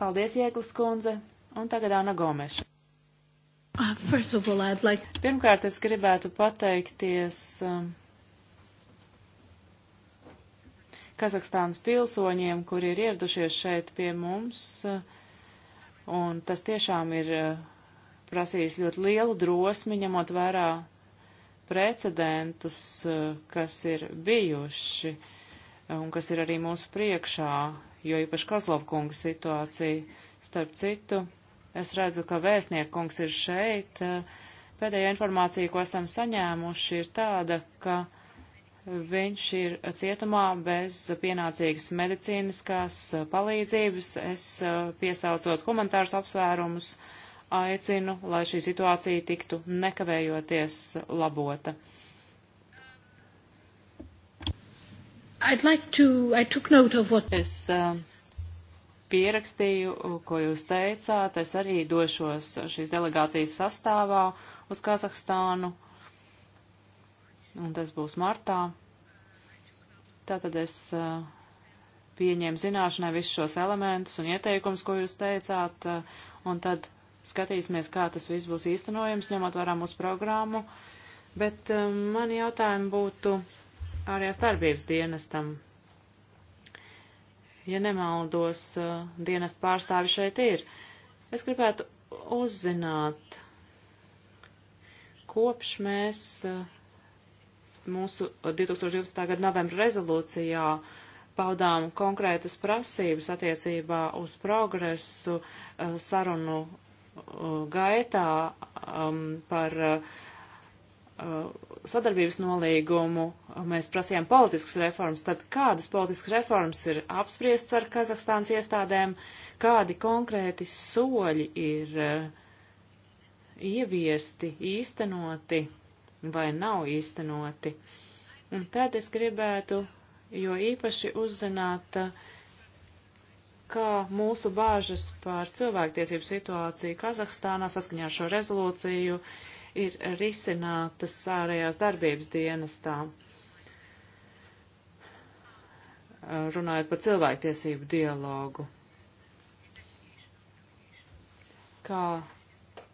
Paldies, Jēglis kundze! Un tagad Ana Gomeša. Uh, all, like... Pirmkārt, es gribētu pateikties um, Kazahstānas pilsoņiem, kuri ir ieradušies šeit pie mums, uh, un tas tiešām ir uh, prasījis ļoti lielu drosmi, ņemot vērā precedentus, eh, kas ir bijuši eh, un kas ir arī mūsu priekšā, jo īpaši Kozlovkunga situācija. Starp citu, es redzu, ka vēstniekungs ir šeit. Eh, pēdējā informācija, ko esam saņēmuši, ir tāda, ka viņš ir cietumā bez pienācīgas medicīniskās palīdzības, es piesaucot humanitārus apsvērumus, uh, aicinu, lai šī situācija tiktu nekavējoties labota. I'd like to, I took note of what... Es uh, pierakstīju, ko jūs teicāt. Es arī došos šīs delegācijas sastāvā uz Kazahstānu, un tas būs martā. Tātad es uh, pieņēmu zināšanai visus šos elementus un ieteikumus, ko jūs teicāt, uh, un tad skatīsimies, kā tas viss būs īstenojams, ņemot vērā mūsu programmu. Bet um, mani jautājumi būtu ārējās darbības dienestam. Ja nemaldos, uh, dienestu pārstāvi šeit ir. Es gribētu uzzināt, kopš mēs uh, mūsu 2020. gada novembra rezolūcijā paudām konkrētas prasības attiecībā uz progresu uh, sarunu gaitā um, par uh, uh sadarbības nolīgumu uh, mēs prasījām politiskas reformas, tad kādas politiskas reformas ir apspriestas ar Kazahstānas iestādēm, kādi konkrēti soļi ir uh, ieviesti, īstenoti vai nav īstenoti. Un tad es gribētu, jo īpaši uzzināt uh, ka mūsu bāžas par cilvēktiesību situāciju Kazahstānā saskaņā ar šo rezolūciju ir risinātas ārējās darbības dienestā. Runājot par cilvēktiesību dialogu, kā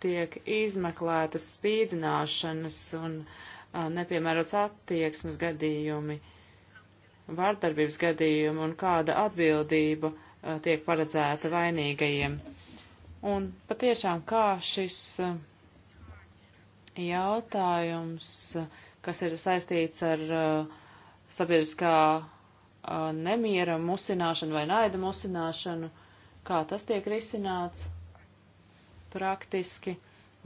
tiek izmeklētas spīdzināšanas un nepiemērots attieksmes gadījumi, vārdarbības gadījumi un kāda atbildība Uh, tiek paredzēta vainīgajiem. Un patiešām kā šis uh, jautājums, uh, kas ir saistīts ar sabiedriskā nemiera musināšanu vai naida musināšanu, kā tas tiek risināts praktiski.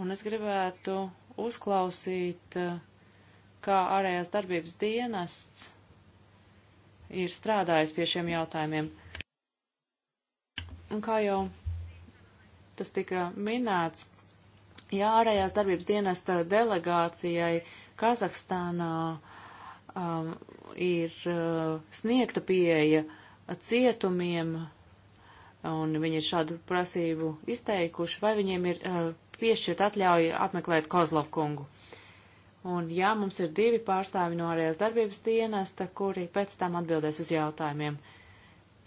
Un es gribētu uzklausīt, kā ārējās darbības dienests ir strādājis pie šiem jautājumiem. Un kā jau tas tika minēts, ja ārējās darbības dienesta delegācijai Kazahstānā um, ir uh, sniegta pieeja cietumiem, un viņi ir šādu prasību izteikuši, vai viņiem ir uh, piešķirt atļauju apmeklēt Kozlovkungu. Un jā, mums ir divi pārstāvi no ārējās darbības dienesta, kuri pēc tam atbildēs uz jautājumiem.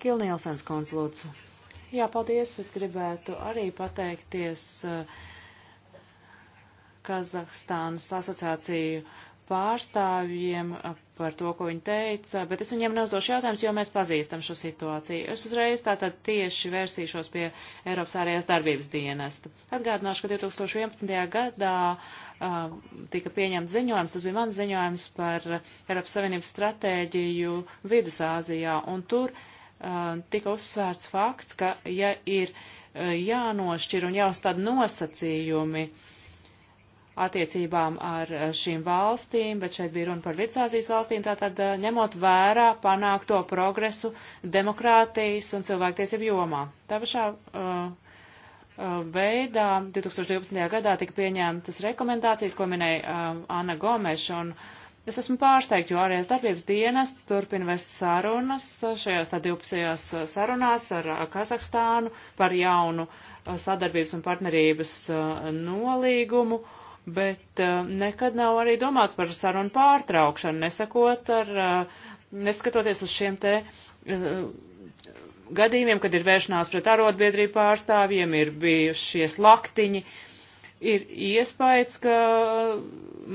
Kilnielsens konsults lūdzu. Jā, paldies. Es gribētu arī pateikties eh, Kazahstānas asociāciju pārstāvjiem eh, par to, ko viņi teica, bet es viņiem neuzdošu jautājumus, jo mēs pazīstam šo situāciju. Es uzreiz tātad tieši vērsīšos pie Eiropas ārējās darbības dienesta. Atgādināšu, ka 2011. gadā uh, tika pieņemts ziņojums, tas bija mans ziņojums par Eiropas Savienības stratēģiju Vidusāzijā, un tur uh, Um, tika uzsvērts fakts, ka ja ir uh, jānošķir un jāuzstāda nosacījumi attiecībām ar uh, šīm valstīm, bet šeit bija runa par Vidusāzijas valstīm, tātad uh, ņemot vērā panākto progresu demokrātijas un cilvēktiesību jomā. Tā pašā uh, veidā 2012. gadā tika pieņemtas rekomendācijas, ko minēja uh, Anna Gomeša, un uh, Es esmu pārsteigts, jo ārējās darbības dienests turpina vest sarunas šajās tā divpusējās eh, sarunās ar eh, Kazahstānu par jaunu eh, sadarbības un partnerības nolīgumu, bet nekad nav arī domāts par sarunu pārtraukšanu, nesakot ar, neskatoties uz šiem te gadījumiem, kad ir vēršanās pret arotbiedrību pārstāvjiem, ir bijušies laktiņi. Uh, ir iespējas, ka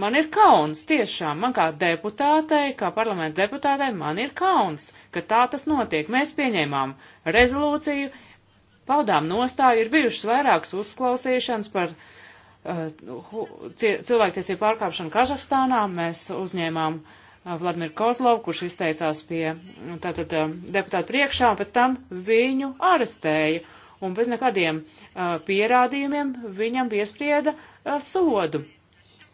man ir kauns tiešām, man kā deputātei, kā parlamenta deputātei, man ir kauns, ka tā tas notiek. Mēs pieņēmām rezolūciju, paudām nostāju, ir bijušas vairākas uzklausīšanas par uh, cilvēktiesību pārkāpšanu Kazahstānā, mēs uzņēmām uh, Vladimir Kozlov, kurš izteicās pie nu, tātad uh, deputāta priekšā, un pēc tam viņu arestēja un bez nekādiem uh, pierādījumiem viņam piesprieda uh, sodu.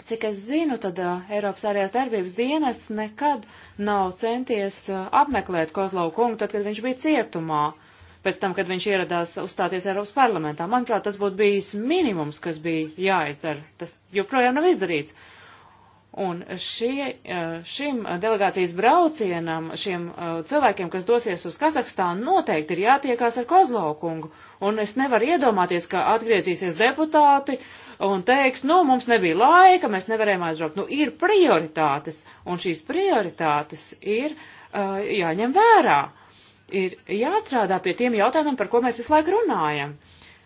Cik es zinu, tad uh, Eiropas ārējās darbības dienests nekad nav centies uh, apmeklēt Kozlovu kungu, tad, kad viņš bija cietumā, pēc tam, kad viņš ieradās uzstāties Eiropas parlamentā. Manuprāt, tas būtu bijis minimums, kas bija jāizdara. Tas joprojām nav izdarīts. Uh, Un šie, eh, šim delegācijas braucienam, šiem eh, cilvēkiem, kas dosies uz Kazahstānu, noteikti ir jātiekās ar Kozlaukungu. Un es nevaru iedomāties, ka atgriezīsies deputāti un teiks, nu, mums nebija laika, mēs nevarējām aizbraukt. Nu, ir prioritātes, un šīs prioritātes ir uh, jāņem vērā. Ir jāstrādā pie tiem jautājumiem, par ko mēs visu laiku runājam.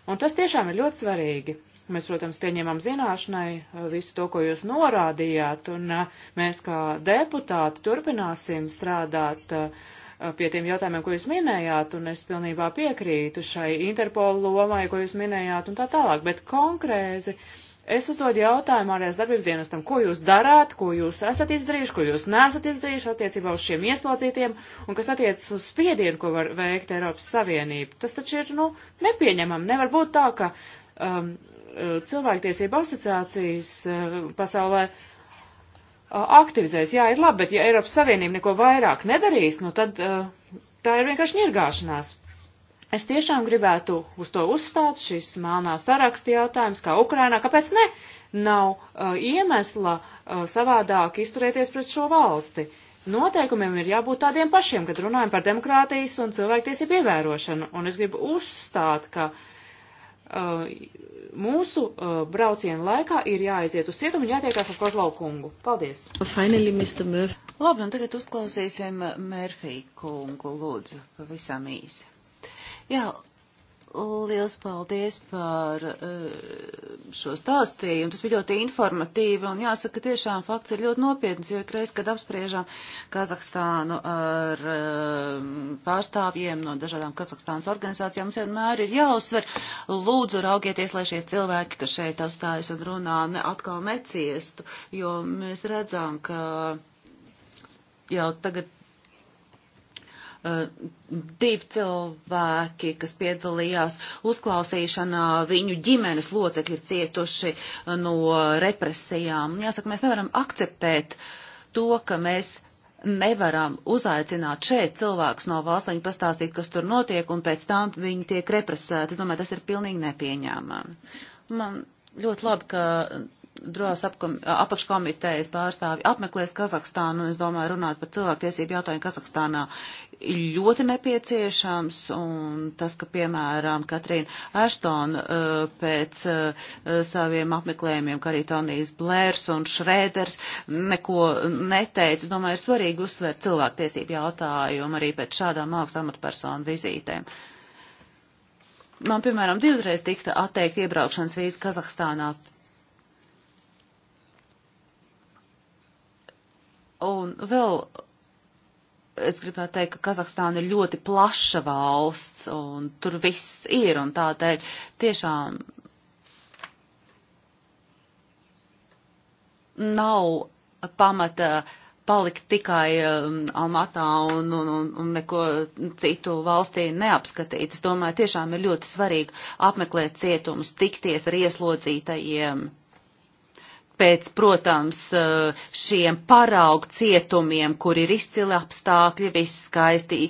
Un tas tiešām ir ļoti svarīgi. Mēs, protams, pieņemam zināšanai uh, visu to, ko jūs norādījāt, un uh, mēs kā deputāti turpināsim strādāt uh, pie tiem jautājumiem, ko jūs minējāt, un es pilnībā piekrītu šai Interpolu lomai, ko jūs minējāt, un tā tālāk. Bet konkrēzi es uzdodu jautājumu ārējās darbības dienestam, ko jūs darāt, ko jūs esat izdarījuši, ko jūs nesat izdarījuši attiecībā uz šiem ieslodzītiem, un kas attiecas uz spiedienu, ko var veikt Eiropas Savienība. Tas taču ir, nu, nepieņemam. Nevar būt tā, ka um, Eh, cilvēktiesība asociācijas eh, pasaulē eh, aktivizēs. Jā, ir labi, bet ja Eiropas Savienība neko vairāk nedarīs, nu tad tā ir vienkārši ņirgāšanās. Es tiešām gribētu uz to uzstāt, šis melnā saraksta jautājums, kā Ukrainā, kāpēc ne, nav uh, iemesla uh, savādāk izturēties pret šo valsti. Noteikumiem ir jābūt tādiem pašiem, kad runājam par demokrātijas un cilvēktiesību ievērošanu, un es gribu uzstāt, ka uh, Uh, mūsu uh, braucienu laikā ir jāaiziet uz cietumu un jātiekās ar Kozlovu kungu. Paldies! Finally, Mr. Murphy. Labi, un tagad uzklausīsim Murphy kungu, lūdzu, pavisam īsi. Jā, Liels paldies par eh, šo stāstījumu. Tas bija ļoti informatīvi un jāsaka, ka tiešām fakts ir ļoti nopietns, jo ikreiz, kad apspriežām Kazahstānu ar eh, pārstāvjiem no dažādām Kazahstānas organizācijām, mums vienmēr ir jāuzsver, lūdzu raugieties, lai šie cilvēki, kas šeit uzstājas un runā, ne atkal neciestu, jo mēs redzam, ka jau tagad divi cilvēki, kas piedalījās uzklausīšanā, viņu ģimenes locekļi ir cietuši uh, no represijām. Jāsaka, mēs nevaram akceptēt to, ka mēs nevaram uzaicināt šeit cilvēkus no valsts, viņi pastāstīt, kas tur notiek, un pēc tam viņi tiek represēti. Es domāju, tas ir pilnīgi nepieņēmami. Man ļoti labi, ka drošas apakškomitejas pārstāvi apmeklēs Kazahstānu, un es domāju, runāt par cilvēktiesību jautājumu Kazahstānā ir ļoti nepieciešams, un tas, ka, piemēram, Katrīna Ashton uh, pēc uh, saviem apmeklējumiem, kā arī Tonijs Blērs un Šrēders, neko neteica, domāju, ir svarīgi uzsvērt cilvēktiesību jautājumu arī pēc šādām augstu amatpersonu vizītēm. Man, piemēram, divreiz tika atteikt iebraukšanas vīza Kazahstānā Un vēl es gribētu teikt, ka Kazahstāna ir ļoti plaša valsts, un tur viss ir, un tādēļ tiešām nav pamata palikt tikai um, Almatā un, un, un, un neko citu valstī neapskatīt. Es domāju, tiešām ir ļoti svarīgi apmeklēt cietumus, tikties ar ieslodzītajiem, pēc, protams, šiem paraugu cietumiem, kur ir izcili apstākļi, viss skaisti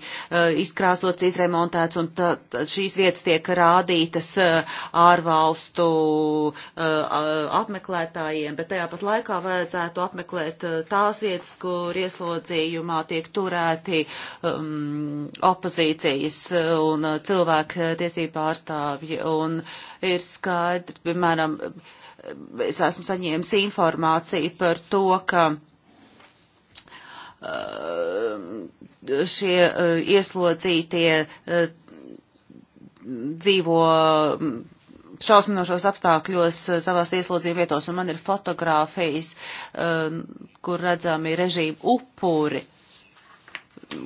izkrāsots, izremontēts, un tā, šīs vietas tiek rādītas ārvalstu apmeklētājiem, bet tajā pat laikā vajadzētu apmeklēt tās vietas, kur ieslodzījumā tiek turēti um, opozīcijas un cilvēku tiesību pārstāvji. Un ir skaidrs, piemēram, uh, es esmu saņēmis informāciju par to, ka eh, šie eh, ieslodzītie eh, dzīvo mm, šausminošos apstākļos savās ieslodzījuma vietos, un man ir fotogrāfijas, kur redzami režīmu upuri.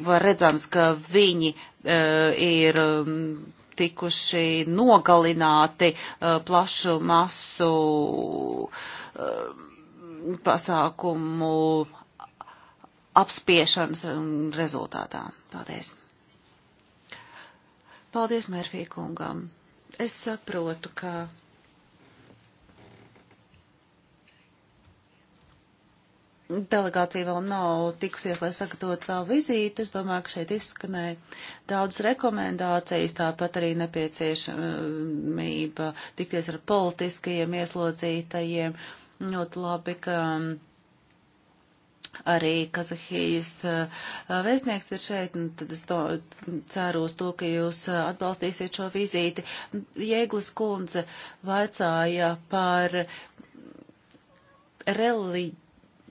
Var redzams, ka viņi ir mm, tikuši nogalināti uh, plašu masu uh, pasākumu apspiešanas rezultātā. Paldies. Paldies, Mērfī kungam. Es saprotu, ka delegācija vēl nav tikusies, lai sagatavotu savu vizīti. Es domāju, ka šeit izskanēja daudz rekomendācijas, tāpat arī nepieciešamība tikties ar politiskajiem ieslodzītajiem. Ļoti labi, ka arī Kazahijas vēstnieks ir šeit, un tad es to, ceru uz to, ka jūs atbalstīsiet šo vizīti. Jēglas kundze vaicāja par reliģiju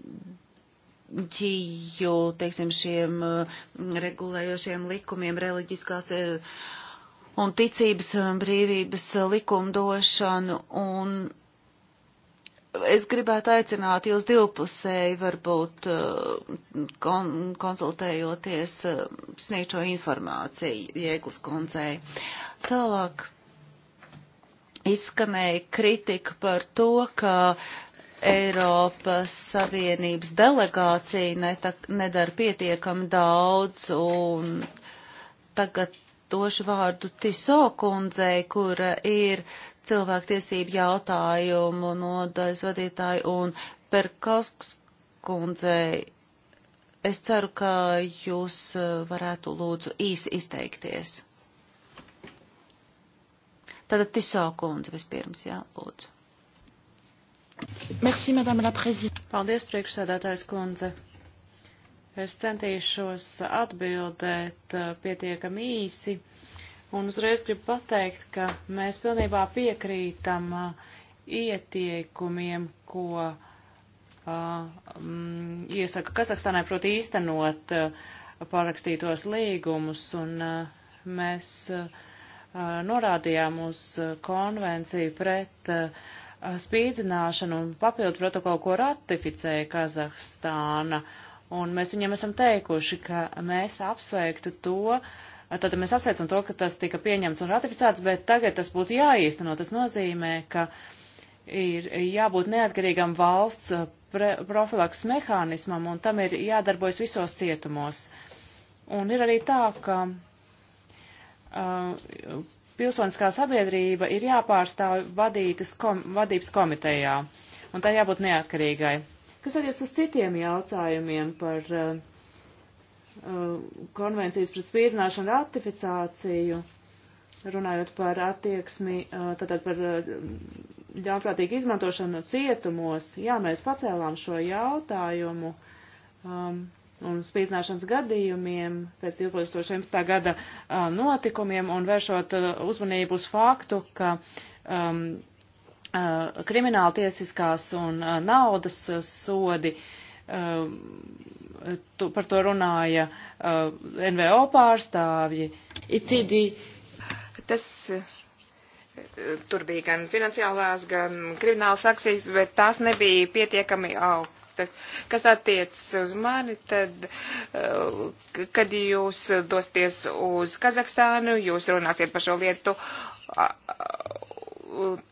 reliģiju, teiksim, šiem mm, regulējošiem likumiem, reliģiskās eh, un ticības eh, brīvības eh, likumdošanu. Un es gribētu aicināt jūs divpusēji, varbūt kon konsultējoties, sniegt šo informāciju Jēglas kundzei. Tālāk izskanēja kritika par to, ka uh, Eiropas Savienības delegācija netak, nedara pietiekami daudz, un tagad došu vārdu Tiso kundzei, kura ir cilvēktiesību jautājumu nodaļas vadītāja, un Perkausks kundzei. Es ceru, ka jūs uh, varētu lūdzu īsi izteikties. Tātad Tiso kundze vispirms, jā, lūdzu. Merci, madame la prezidente. Paldies, priekšsēdētājs kundze. Es centīšos atbildēt uh, pietiekami īsi. Un uzreiz gribu pateikt, ka mēs pilnībā piekrītam uh, ieteikumiem, ko uh, m, mm, iesaka Kazahstānai, proti īstenot uh, parakstītos līgumus. Un uh, mēs uh, norādījām uz konvenciju pret spīdzināšanu un papildu protokolu, ko ratificēja Kazahstāna. Un mēs viņiem esam teikuši, ka mēs apsveiktu to, tad mēs apsveicam to, ka tas tika pieņemts un ratificēts, bet tagad tas būtu jāīsteno. Tas nozīmē, ka ir jābūt neatkarīgam valsts uh, profilaks mehānismam un tam ir jādarbojas visos cietumos. Un ir arī tā, ka uh, pilsoniskā sabiedrība ir jāpārstāv vadītas kom vadības komitejā, un tā jābūt neatkarīgai. Kas attiec uz citiem jautājumiem par uh, uh, konvencijas pret spīdināšanu ratificāciju, runājot par attieksmi, uh, tātad par uh, ļaunprātīgu izmantošanu cietumos, jā, mēs pacēlām šo jautājumu. Um, un spīdzināšanas gadījumiem pēc 2011. gada uh, notikumiem un vēršot uh, uzmanību uz faktu, ka um, uh, krimināla tiesiskās un uh, naudas uh, sodi uh, tu, par to runāja uh, NVO pārstāvji. Itidi. Tas tur bija gan finansiālās, gan kriminālas akcijas, bet tās nebija pietiekami augsts tas, kas attiecas uz mani, tad, eh, kad jūs dosties uz Kazahstānu, jūs runāsiet par šo lietu,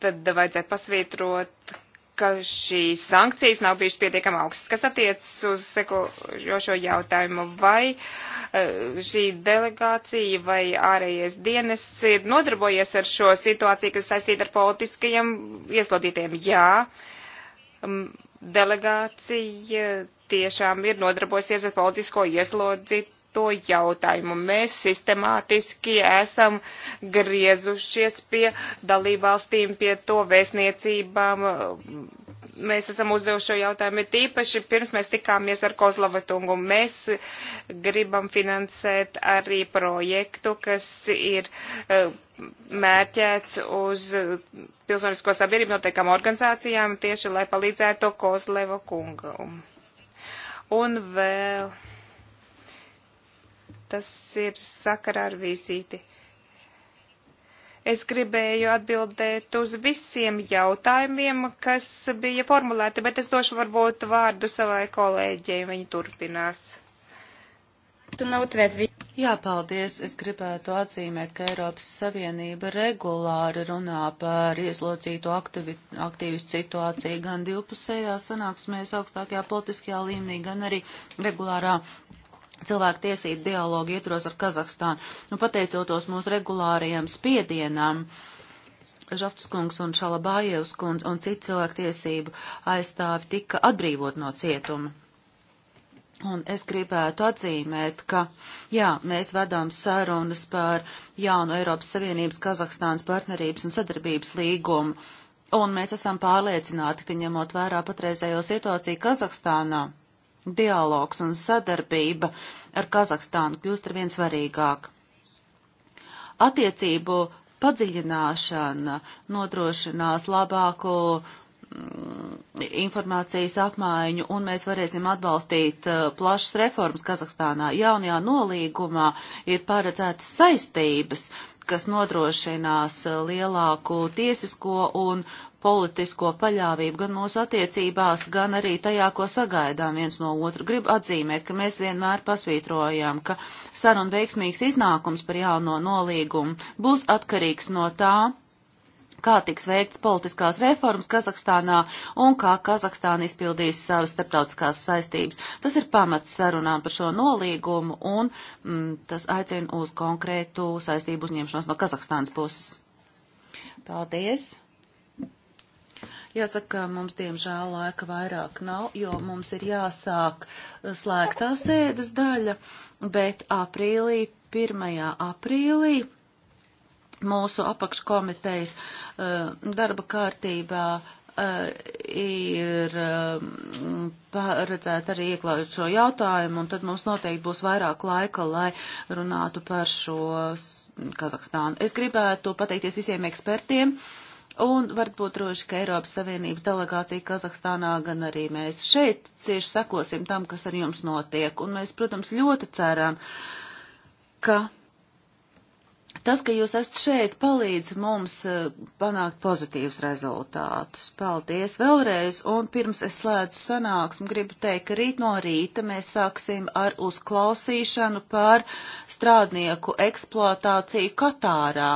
tad vajadzētu pasvītrot, ka šīs sankcijas nav bijušas pietiekami augstas. Kas attiecas uz sekojošo jautājumu, vai eh, šī delegācija vai ārējais dienas ir nodarbojies ar šo situāciju, kas saistīta ar politiskajiem ieslodzītiem? Jā mm, delegācija tiešām ir nodarbosies ar politisko ieslodzīto jautājumu. Mēs sistemātiski esam griezušies pie dalībvalstīm, pie to vēstniecībām, mēs esam uzdevuši šo jautājumu, ir tīpaši pirms mēs tikāmies ar Kozlavatungu. Mēs gribam finansēt arī projektu, kas ir eh, mērķēts uz eh, pilsonisko sabiedrību noteikām organizācijām, tieši lai palīdzētu Kozleva kungu. Un vēl tas ir sakarā ar vizīti. Uh, Es gribēju atbildēt uz visiem jautājumiem, kas bija formulēti, bet es došu varbūt vārdu savai kolēģei, viņa turpinās. Tu notvēt viņu. Jā, paldies. Es gribētu atzīmēt, ka Eiropas Savienība regulāri runā par ieslocīto aktīvistu situāciju gan divpusējā sanāksmēs augstākajā politiskajā līmenī, gan arī regulārā cilvēku tiesību dialogu ietros ar Kazahstānu. Nu, pateicotos mūsu regulārajiem spiedienam, Žaftskungs un Šalabājevs kundz un citi cilvēktiesību aizstāvi tika atbrīvot no cietuma. Un es gribētu atzīmēt, ka, jā, mēs vedām sarunas par jaunu Eiropas Savienības Kazahstānas partnerības un sadarbības līgumu, un mēs esam pārliecināti, ka ņemot vērā patreizējo situāciju Kazahstānā, dialogs un sadarbība ar Kazahstānu kļūst arvien svarīgāk. Attiecību padziļināšana nodrošinās labāku mm, informācijas apmaiņu, un mēs varēsim atbalstīt eh, plašas reformas Kazahstānā. Jaunajā nolīgumā ir paredzētas saistības, kas nodrošinās eh, lielāku tiesisko un politisko paļāvību gan mūsu attiecībās, gan arī tajā, ko sagaidām viens no otru. Gribu atzīmēt, ka mēs vienmēr pasvītrojam, ka saruna veiksmīgs iznākums par jauno nolīgumu būs atkarīgs no tā, kā tiks veikts politiskās reformas Kazahstānā un kā Kazahstāna izpildīs savas starptautiskās saistības. Tas ir pamats sarunām par šo nolīgumu un mm, tas aicina uz konkrētu saistību uzņemšanos no Kazahstānas puses. Paldies! Jāsaka, mums diemžēl laika vairāk nav, jo mums ir jāsāk eh, slēgtā sēdes daļa, bet aprīlī, 1. aprīlī mūsu apakškomitejas uh, darba kārtībā eh, ir paredzēta arī ieklājot šo jautājumu, un tad mums noteikti būs vairāk laika, lai runātu par šo Kazahstānu. Es gribētu pateikties visiem ekspertiem. Uh, un varat būt droši, ka Eiropas Savienības delegācija Kazahstānā gan arī mēs šeit cieši sekosim tam, kas ar jums notiek. Un mēs, protams, ļoti ceram, ka tas, ka jūs esat šeit, palīdz mums eh, panākt pozitīvus rezultātus. Paldies vēlreiz, un pirms es slēdzu sanāksmu, gribu teikt, ka rīt no rīta mēs sāksim ar uzklausīšanu par strādnieku eksploatāciju Katārā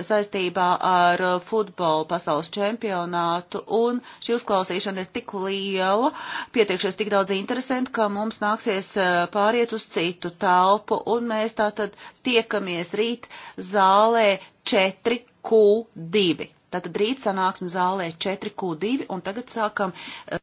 saistībā ar futbolu pasaules čempionātu, un šī uzklausīšana ir tik liela, pietiekšies tik daudz interesanti, ka mums nāksies e, pāriet uz citu telpu, un mēs tātad tiekamies rīt zālē 4Q2. Tātad rīt sanāksim zālē 4Q2, un tagad sākam. E,